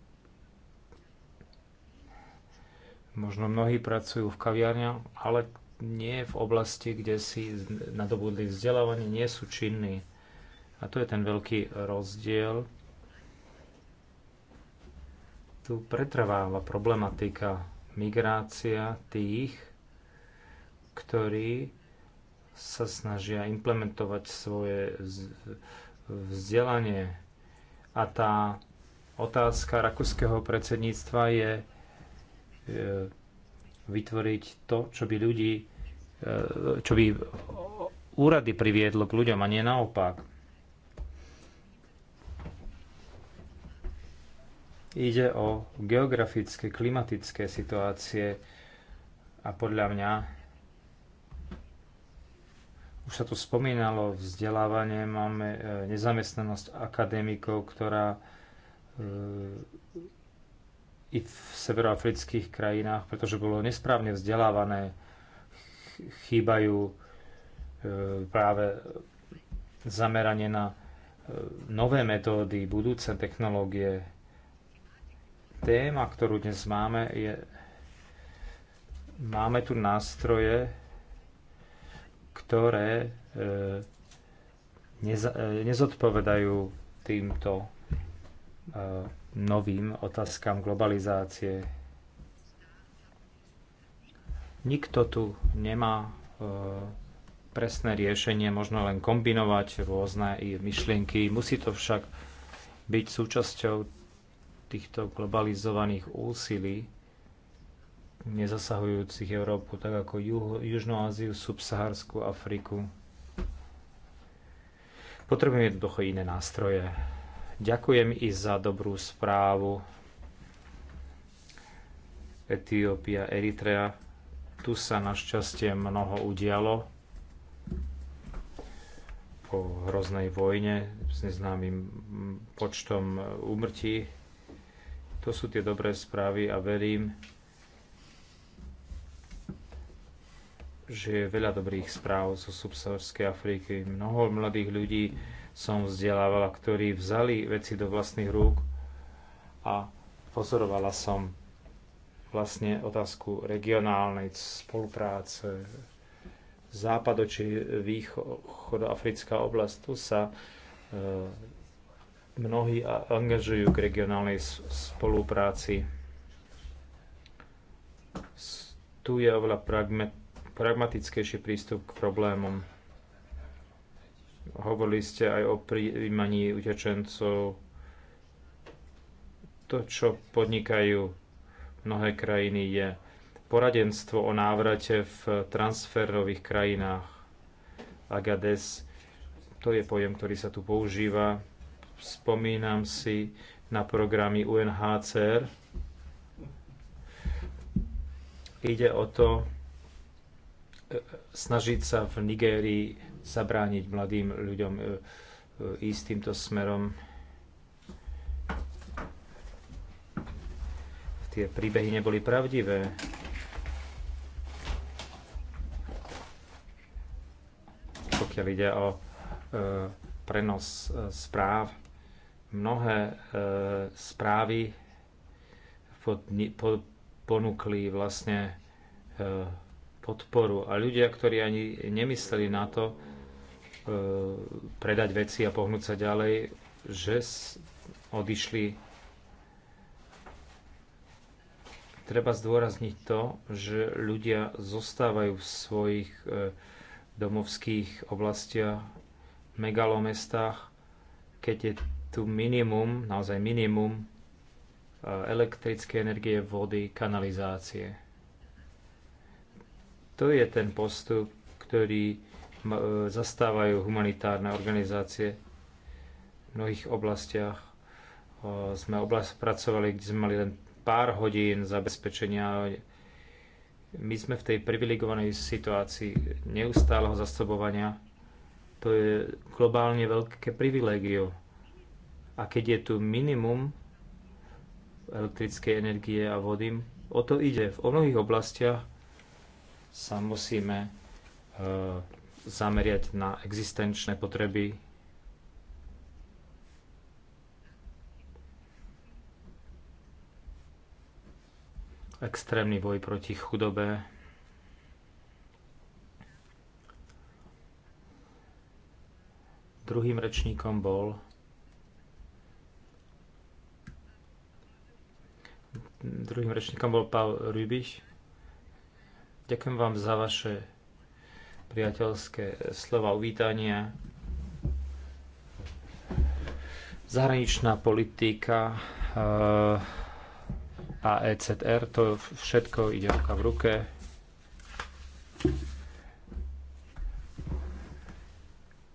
možno mnohí pracujú v kaviarni, ale nie v oblasti, kde si nadobudli vzdelávanie, nie sú činní. A to je ten veľký rozdiel. Tu pretrváva problematika migrácia tých, ktorí sa snažia implementovať svoje vzdelanie. A tá otázka rakúskeho predsedníctva je, je vytvoriť to, čo by ľudí, e, čo by úrady priviedlo k ľuďom a nie naopak. Ide o geografické, klimatické situácie a podľa mňa už sa tu spomínalo vzdelávanie, máme e, nezamestnanosť akadémikov, ktorá e, i v severoafrických krajinách, pretože bolo nesprávne vzdelávané, chýbajú e, práve zameranie na e, nové metódy, budúce technológie. Téma, ktorú dnes máme, je máme tu nástroje, ktoré e, nezodpovedajú týmto novým otázkam globalizácie. Nikto tu nemá e, presné riešenie, možno len kombinovať rôzne myšlienky. Musí to však byť súčasťou týchto globalizovaných úsilí, nezasahujúcich Európu, tak ako Juho, Južnú Áziu, Subsaharskú Afriku. Potrebujeme jednoducho iné nástroje. Ďakujem i za dobrú správu Etiópia, Eritrea. Tu sa našťastie mnoho udialo po hroznej vojne s neznámym počtom úmrtí. To sú tie dobré správy a verím, že je veľa dobrých správ zo subsaharskej Afriky. Mnoho mladých ľudí som vzdelávala, ktorí vzali veci do vlastných rúk a pozorovala som vlastne otázku regionálnej spolupráce západo či východoafrická oblasť. Tu sa e, mnohí angažujú k regionálnej spolupráci. Tu je oveľa pragmatickejší prístup k problémom. Hovorili ste aj o príjmaní utečencov. To, čo podnikajú mnohé krajiny, je poradenstvo o návrate v transferových krajinách. Agades, to je pojem, ktorý sa tu používa. Spomínam si na programy UNHCR. Ide o to e, e, snažiť sa v Nigérii zabrániť mladým ľuďom e, e, ísť týmto smerom. Tie príbehy neboli pravdivé. Pokiaľ ide o e, prenos e, správ, mnohé e, správy pod, ponúkli vlastne e, podporu. A ľudia, ktorí ani nemysleli na to, E, predať veci a pohnúť sa ďalej, že odišli. Treba zdôrazniť to, že ľudia zostávajú v svojich e, domovských oblastiach, megalomestách, keď je tu minimum, naozaj minimum e, elektrické energie, vody, kanalizácie. To je ten postup, ktorý E, zastávajú humanitárne organizácie v mnohých oblastiach. E, sme oblast pracovali, kde sme mali len pár hodín zabezpečenia. My sme v tej privilegovanej situácii neustáleho zasobovania. To je globálne veľké privilégio. A keď je tu minimum elektrickej energie a vody, o to ide. V mnohých oblastiach sa musíme e, zameriať na existenčné potreby extrémny boj proti chudobe, Druhým rečníkom bol druhým rečníkom bol Paul Rübich. Ďakujem vám za vaše priateľské slova uvítania. Zahraničná politika eh, a ECR, to všetko ide ruka v ruke.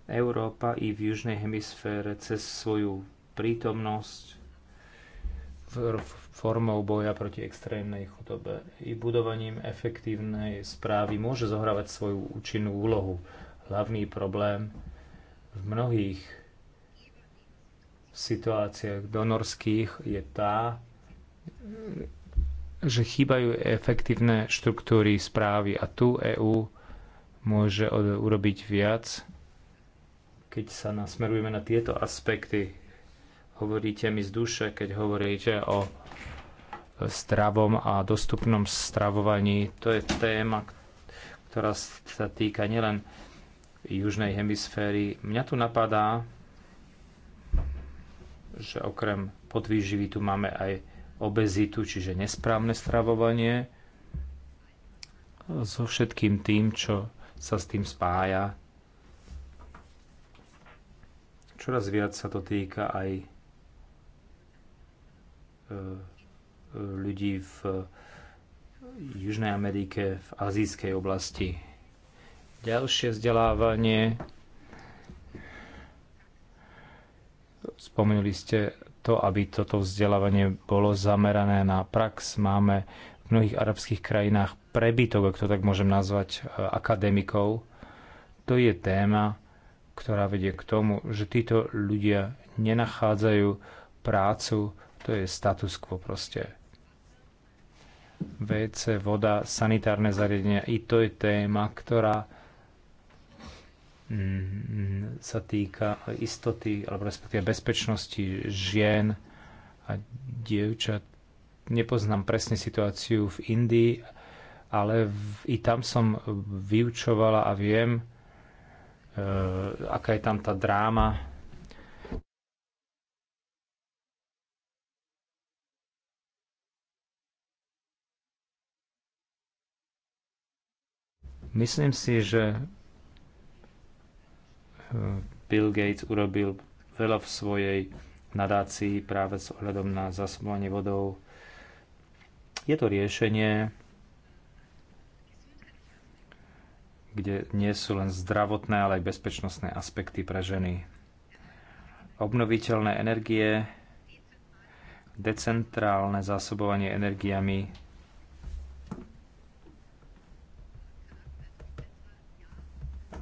Európa i v južnej hemisfére cez svoju prítomnosť formou boja proti extrémnej chudobe. I budovaním efektívnej správy môže zohrávať svoju účinnú úlohu. Hlavný problém v mnohých situáciách donorských je tá, že chýbajú efektívne štruktúry správy a tu EÚ môže urobiť viac, keď sa nasmerujeme na tieto aspekty Hovoríte mi z duše, keď hovoríte o stravom a dostupnom stravovaní. To je téma, ktorá sa týka nielen južnej hemisféry. Mňa tu napadá, že okrem podvýživy tu máme aj obezitu, čiže nesprávne stravovanie so všetkým tým, čo sa s tým spája. Čoraz viac sa to týka aj E, e, ľudí v Južnej Amerike, v azijskej oblasti. Ďalšie vzdelávanie. Spomenuli ste to, aby toto vzdelávanie bolo zamerané na prax. Máme v mnohých arabských krajinách prebytok, ak to tak môžem nazvať, e, akademikov. To je téma, ktorá vedie k tomu, že títo ľudia nenachádzajú prácu to je status quo proste. WC, voda, sanitárne zariadenia, i to je téma, ktorá mm, mm, sa týka istoty alebo respektíve bezpečnosti žien a dievčat. Nepoznám presne situáciu v Indii, ale v, i tam som vyučovala a viem, e, aká je tam tá dráma Myslím si, že e, Bill Gates urobil veľa v svojej nadácii práve s ohľadom na zasobovanie vodou. Je to riešenie, kde nie sú len zdravotné, ale aj bezpečnostné aspekty pre ženy. Obnoviteľné energie, decentrálne zásobovanie energiami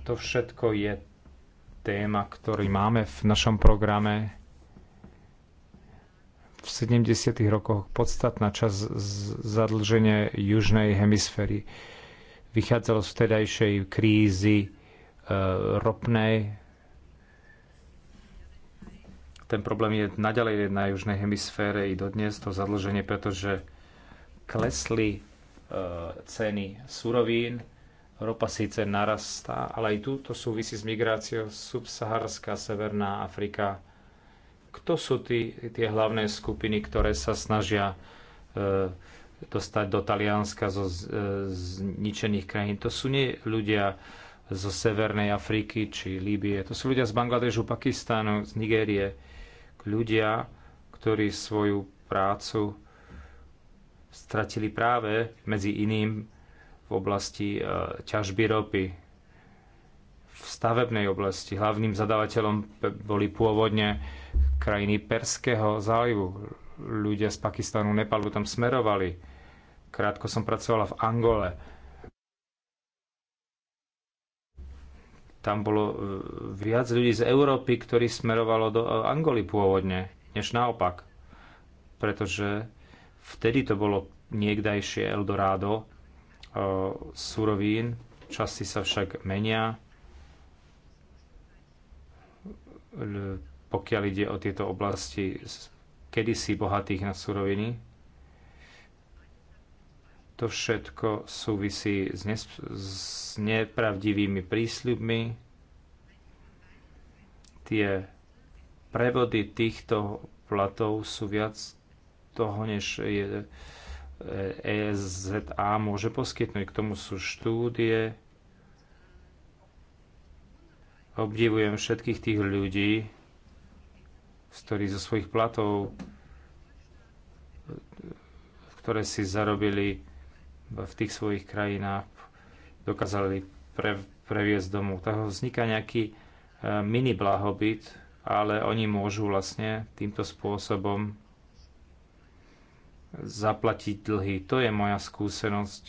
To všetko je téma, ktorý máme v našom programe. V 70. rokoch podstatná časť zadlženia južnej hemisféry vychádzalo z vtedajšej krízy e, ropnej. Ten problém je naďalej na južnej hemisfére i dodnes to zadlženie, pretože klesli e, ceny surovín, Ropa síce narastá, ale aj túto súvisí s migráciou subsaharská Severná Afrika. Kto sú tí, tie hlavné skupiny, ktoré sa snažia e, dostať do Talianska zo e, zničených krajín? To sú nie ľudia zo Severnej Afriky či Líbie. To sú ľudia z Bangladežu, Pakistánu, z Nigérie. Ľudia, ktorí svoju prácu stratili práve medzi iným v oblasti e, ťažby ropy. V stavebnej oblasti hlavným zadávateľom boli pôvodne krajiny Perského zálivu. Ľudia z Pakistanu, Nepalu tam smerovali. Krátko som pracovala v Angole. Tam bolo e, viac ľudí z Európy, ktorí smerovalo do e, Angoly pôvodne, než naopak. Pretože vtedy to bolo niekdajšie Eldorado, surovín. Časy sa však menia. Pokiaľ ide o tieto oblasti kedysi bohatých na suroviny, to všetko súvisí s, ne, s nepravdivými prísľubmi. Tie prevody týchto platov sú viac toho, než je, EZA môže poskytnúť. K tomu sú štúdie. Obdivujem všetkých tých ľudí, z ktorých zo svojich platov, ktoré si zarobili v tých svojich krajinách, dokázali pre, previesť domov. Tak vzniká nejaký e, mini blahobyt, ale oni môžu vlastne týmto spôsobom zaplatiť dlhy. To je moja skúsenosť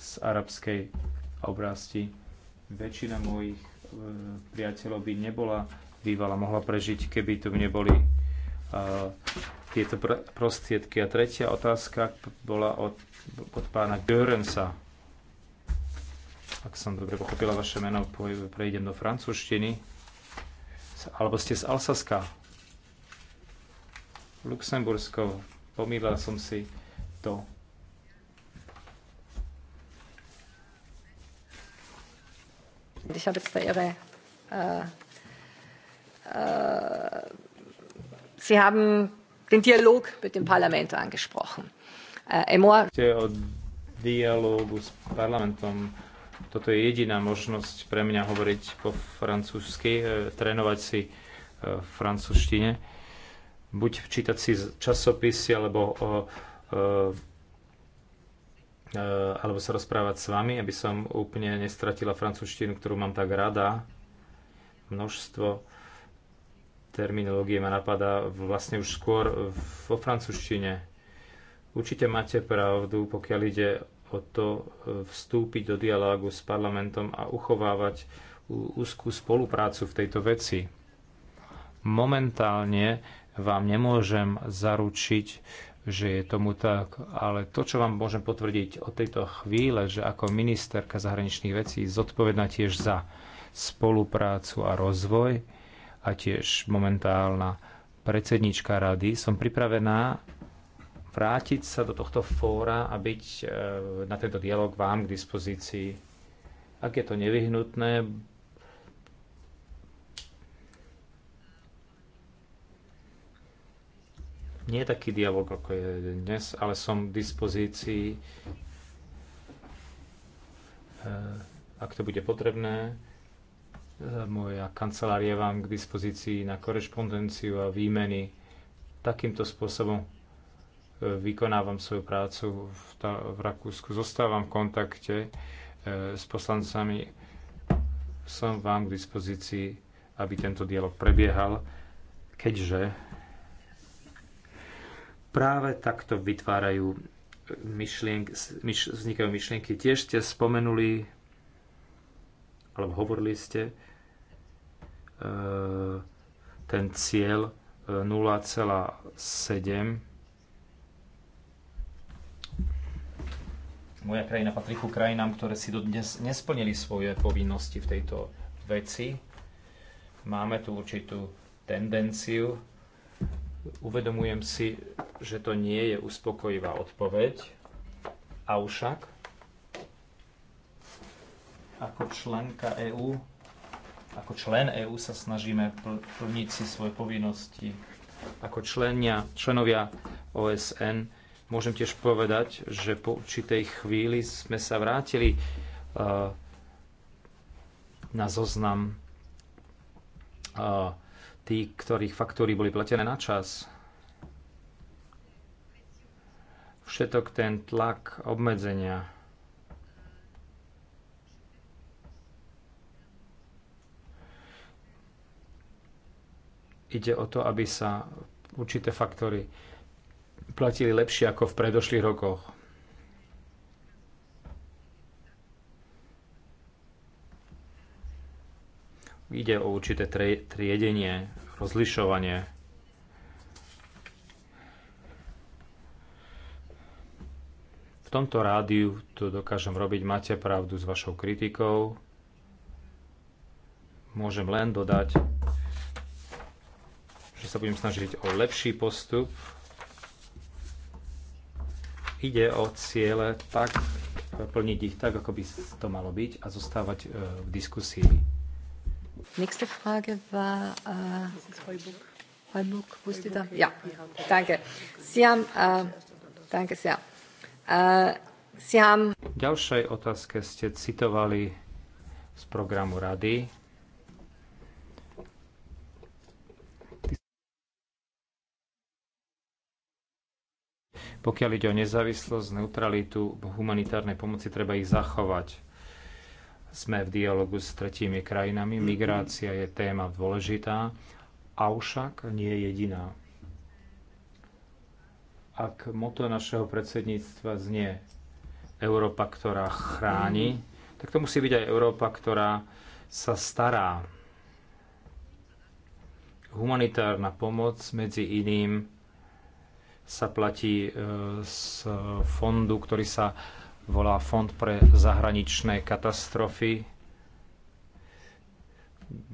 z arabskej oblasti. Väčšina mojich e, priateľov by nebola bývala, mohla prežiť, keby tu neboli e, tieto prostriedky. A tretia otázka bola od, od pána Görensa. Ak som dobre pochopila vaše meno, prejdem do francúzštiny. Alebo ste z Alsaska? Luxembursko, Pomýlila som si to. Ich habe jetzt da Ihre. Äh, äh, Sie haben den Dialog mit dem Parlament angesprochen. Äh, o dialógu s parlamentom. Toto je jediná možnosť pre mňa hovoriť po francúzsky, eh, trénovať si v eh, francúzštine buď čítať si časopisy, alebo, o, o, e, alebo sa rozprávať s vami, aby som úplne nestratila francúzštinu, ktorú mám tak rada. Množstvo terminológie ma napadá vlastne už skôr vo francúzštine. Určite máte pravdu, pokiaľ ide o to e, vstúpiť do dialógu s parlamentom a uchovávať úzkú spoluprácu v tejto veci. Momentálne vám nemôžem zaručiť, že je tomu tak, ale to, čo vám môžem potvrdiť od tejto chvíle, že ako ministerka zahraničných vecí zodpovedná tiež za spoluprácu a rozvoj a tiež momentálna predsednička rady, som pripravená vrátiť sa do tohto fóra a byť e, na tento dialog vám k dispozícii. Ak je to nevyhnutné, nie je taký dialog, ako je dnes, ale som k dispozícii, eh, ak to bude potrebné. Eh, moja kancelária vám k dispozícii na korešpondenciu a výmeny. Takýmto spôsobom eh, vykonávam svoju prácu v, ta, v Rakúsku. Zostávam v kontakte s poslancami. Som vám k dispozícii, aby tento dialog prebiehal, keďže práve takto vytvárajú myšlienky, myš, vznikajú myšlienky. Tiež ste spomenuli, alebo hovorili ste, e, ten cieľ 0,7. E, Moja krajina patrí ku krajinám, ktoré si dodnes nesplnili svoje povinnosti v tejto veci. Máme tu určitú tendenciu Uvedomujem si, že to nie je uspokojivá odpoveď, avšak ako členka EÚ, ako člen EÚ sa snažíme plniť si svoje povinnosti. Ako členia, členovia OSN môžem tiež povedať, že po určitej chvíli sme sa vrátili eh, na zoznam eh, tí, ktorých faktúry boli platené na čas. Všetok ten tlak obmedzenia. Ide o to, aby sa určité faktory platili lepšie ako v predošlých rokoch. Ide o určité triedenie, rozlišovanie. V tomto rádiu to dokážem robiť, máte pravdu s vašou kritikou. Môžem len dodať, že sa budem snažiť o lepší postup. Ide o ciele tak plniť ich tak, ako by to malo byť a zostávať e, v diskusii. Nächste Frage war äh, Heubuch. Wusste da? Ja, danke. Sie haben, äh, danke sehr. Äh, Sie haben... Ďalšej otázke ste citovali z programu Rady. Pokiaľ ide o nezávislosť, neutralitu humanitárnej pomoci, treba ich zachovať. Sme v dialogu s tretími krajinami. Migrácia je téma dôležitá, avšak nie jediná. Ak moto našeho predsedníctva znie Európa, ktorá chráni, tak to musí byť aj Európa, ktorá sa stará. Humanitárna pomoc medzi iným sa platí e, z fondu, ktorý sa volá Fond pre zahraničné katastrofy.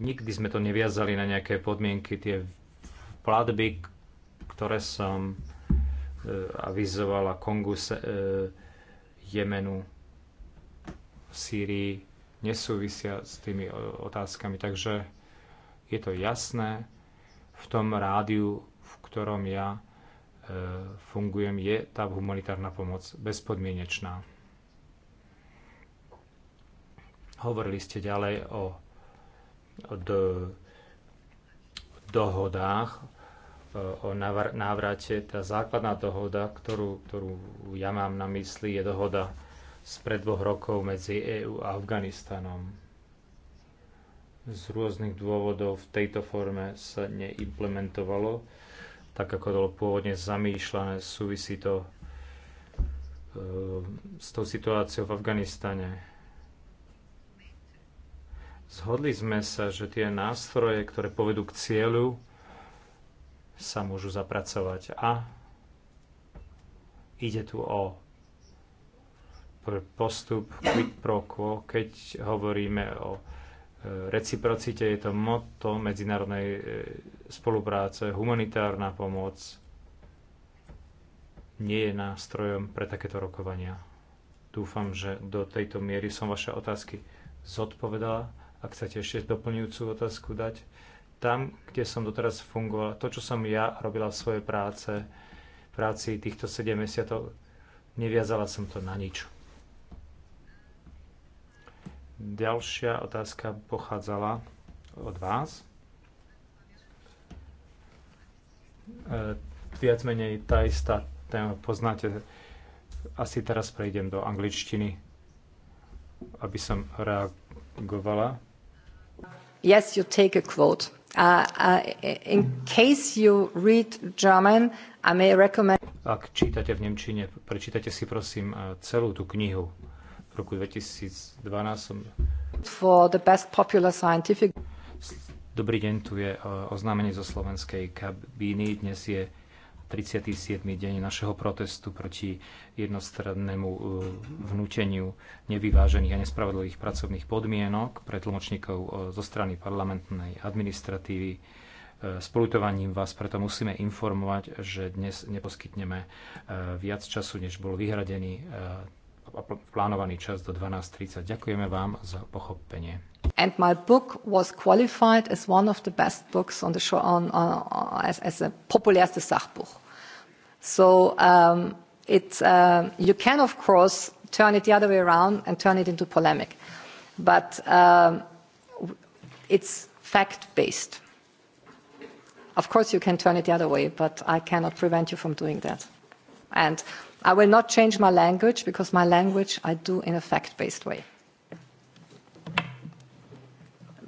Nikdy sme to neviazali na nejaké podmienky. Tie platby, ktoré som e, avizovala Kongu, e, Jemenu, Sýrii, nesúvisia s tými e, otázkami. Takže je to jasné. V tom rádiu, v ktorom ja fungujem, je tá humanitárna pomoc bezpodmienečná. Hovorili ste ďalej o, o do, dohodách, e, o návrate. Tá základná dohoda, ktorú, ktorú ja mám na mysli, je dohoda z pred dvoch rokov medzi EÚ a Afganistanom. Z rôznych dôvodov v tejto forme sa neimplementovalo, tak ako bolo pôvodne zamýšľané. Súvisí to e, s tou situáciou v Afganistane. Zhodli sme sa, že tie nástroje, ktoré povedú k cieľu, sa môžu zapracovať. A ide tu o postup quid pro quo, keď hovoríme o e, reciprocite, je to motto medzinárodnej e, spolupráce, humanitárna pomoc nie je nástrojom pre takéto rokovania. Dúfam, že do tejto miery som vaše otázky zodpovedala ak chcete ešte doplňujúcu otázku dať, tam, kde som doteraz fungovala, to, čo som ja robila v svojej práce, práci týchto 7 mesiacov, neviazala som to na nič. Ďalšia otázka pochádzala od vás. E, viac menej tá istá téma poznáte. Asi teraz prejdem do angličtiny, aby som reagovala yes, you take a quote. Uh, uh, in case you read German, I may recommend... Ak čítate v Nemčine, prečítajte si prosím uh, celú tú knihu. V roku 2012 For the best popular scientific... Dobrý deň, tu je uh, oznámenie zo slovenskej kabíny. Dnes je 37. deň našeho protestu proti jednostrannému e, vnúteniu nevyvážených a nespravodlivých pracovných podmienok pre tlmočníkov e, zo strany parlamentnej administratívy. E, s polutovaním vás preto musíme informovať, že dnes neposkytneme viac času, než bol vyhradený plánovaný čas do 12.30. Ďakujeme vám za pochopenie. And my book was qualified as one of the best books on the show on, on, on as, as a populärste Sachbuch. So um, it, uh, um, you can of course turn it the other way around and turn it into polemic, but um, it's fact based. Of course, you can turn it the other way, but I cannot prevent you from doing that. And i will not change my language because my language I do in a fact-based way.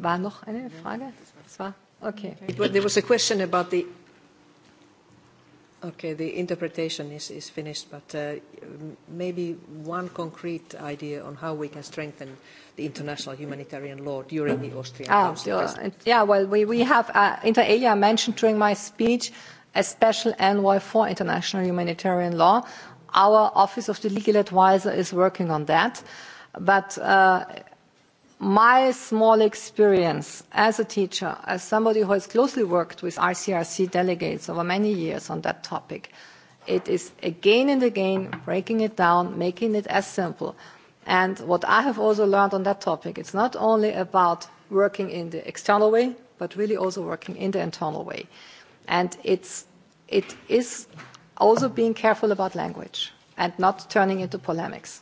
War noch eine Frage? Das war? Okay. But there was a question about the Okay, the interpretation is, is finished, but uh, maybe one concrete idea on how we can strengthen the international humanitarian law during the Austrian ah, Council. Yeah, yeah, well, we, we have, uh, inter alia, mentioned during my speech a special envoy for international humanitarian law Our Office of the Legal Advisor is working on that. But uh, my small experience as a teacher, as somebody who has closely worked with ICRC delegates over many years on that topic, it is again and again breaking it down, making it as simple. And what I have also learned on that topic, it's not only about working in the external way, but really also working in the internal way. And it's, it is also being careful about language and not turning into polemics.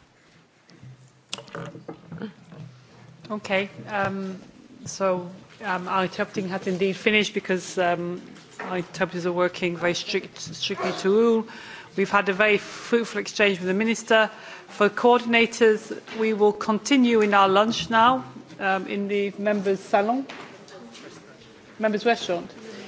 Okay. Um, so um, our interpreting had indeed finished because um, our interpreters are working very strict, strictly to rule. We've had a very fruitful exchange with the Minister. For coordinators, we will continue in our lunch now um, in the members' salon, members' restaurant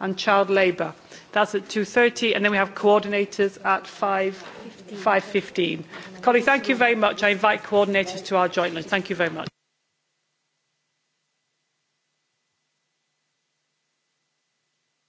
and child labour. That's at 2.30 and then we have coordinators at 5.15. Colleagues, thank you very much. I invite coordinators to our joint lunch. Thank you very much.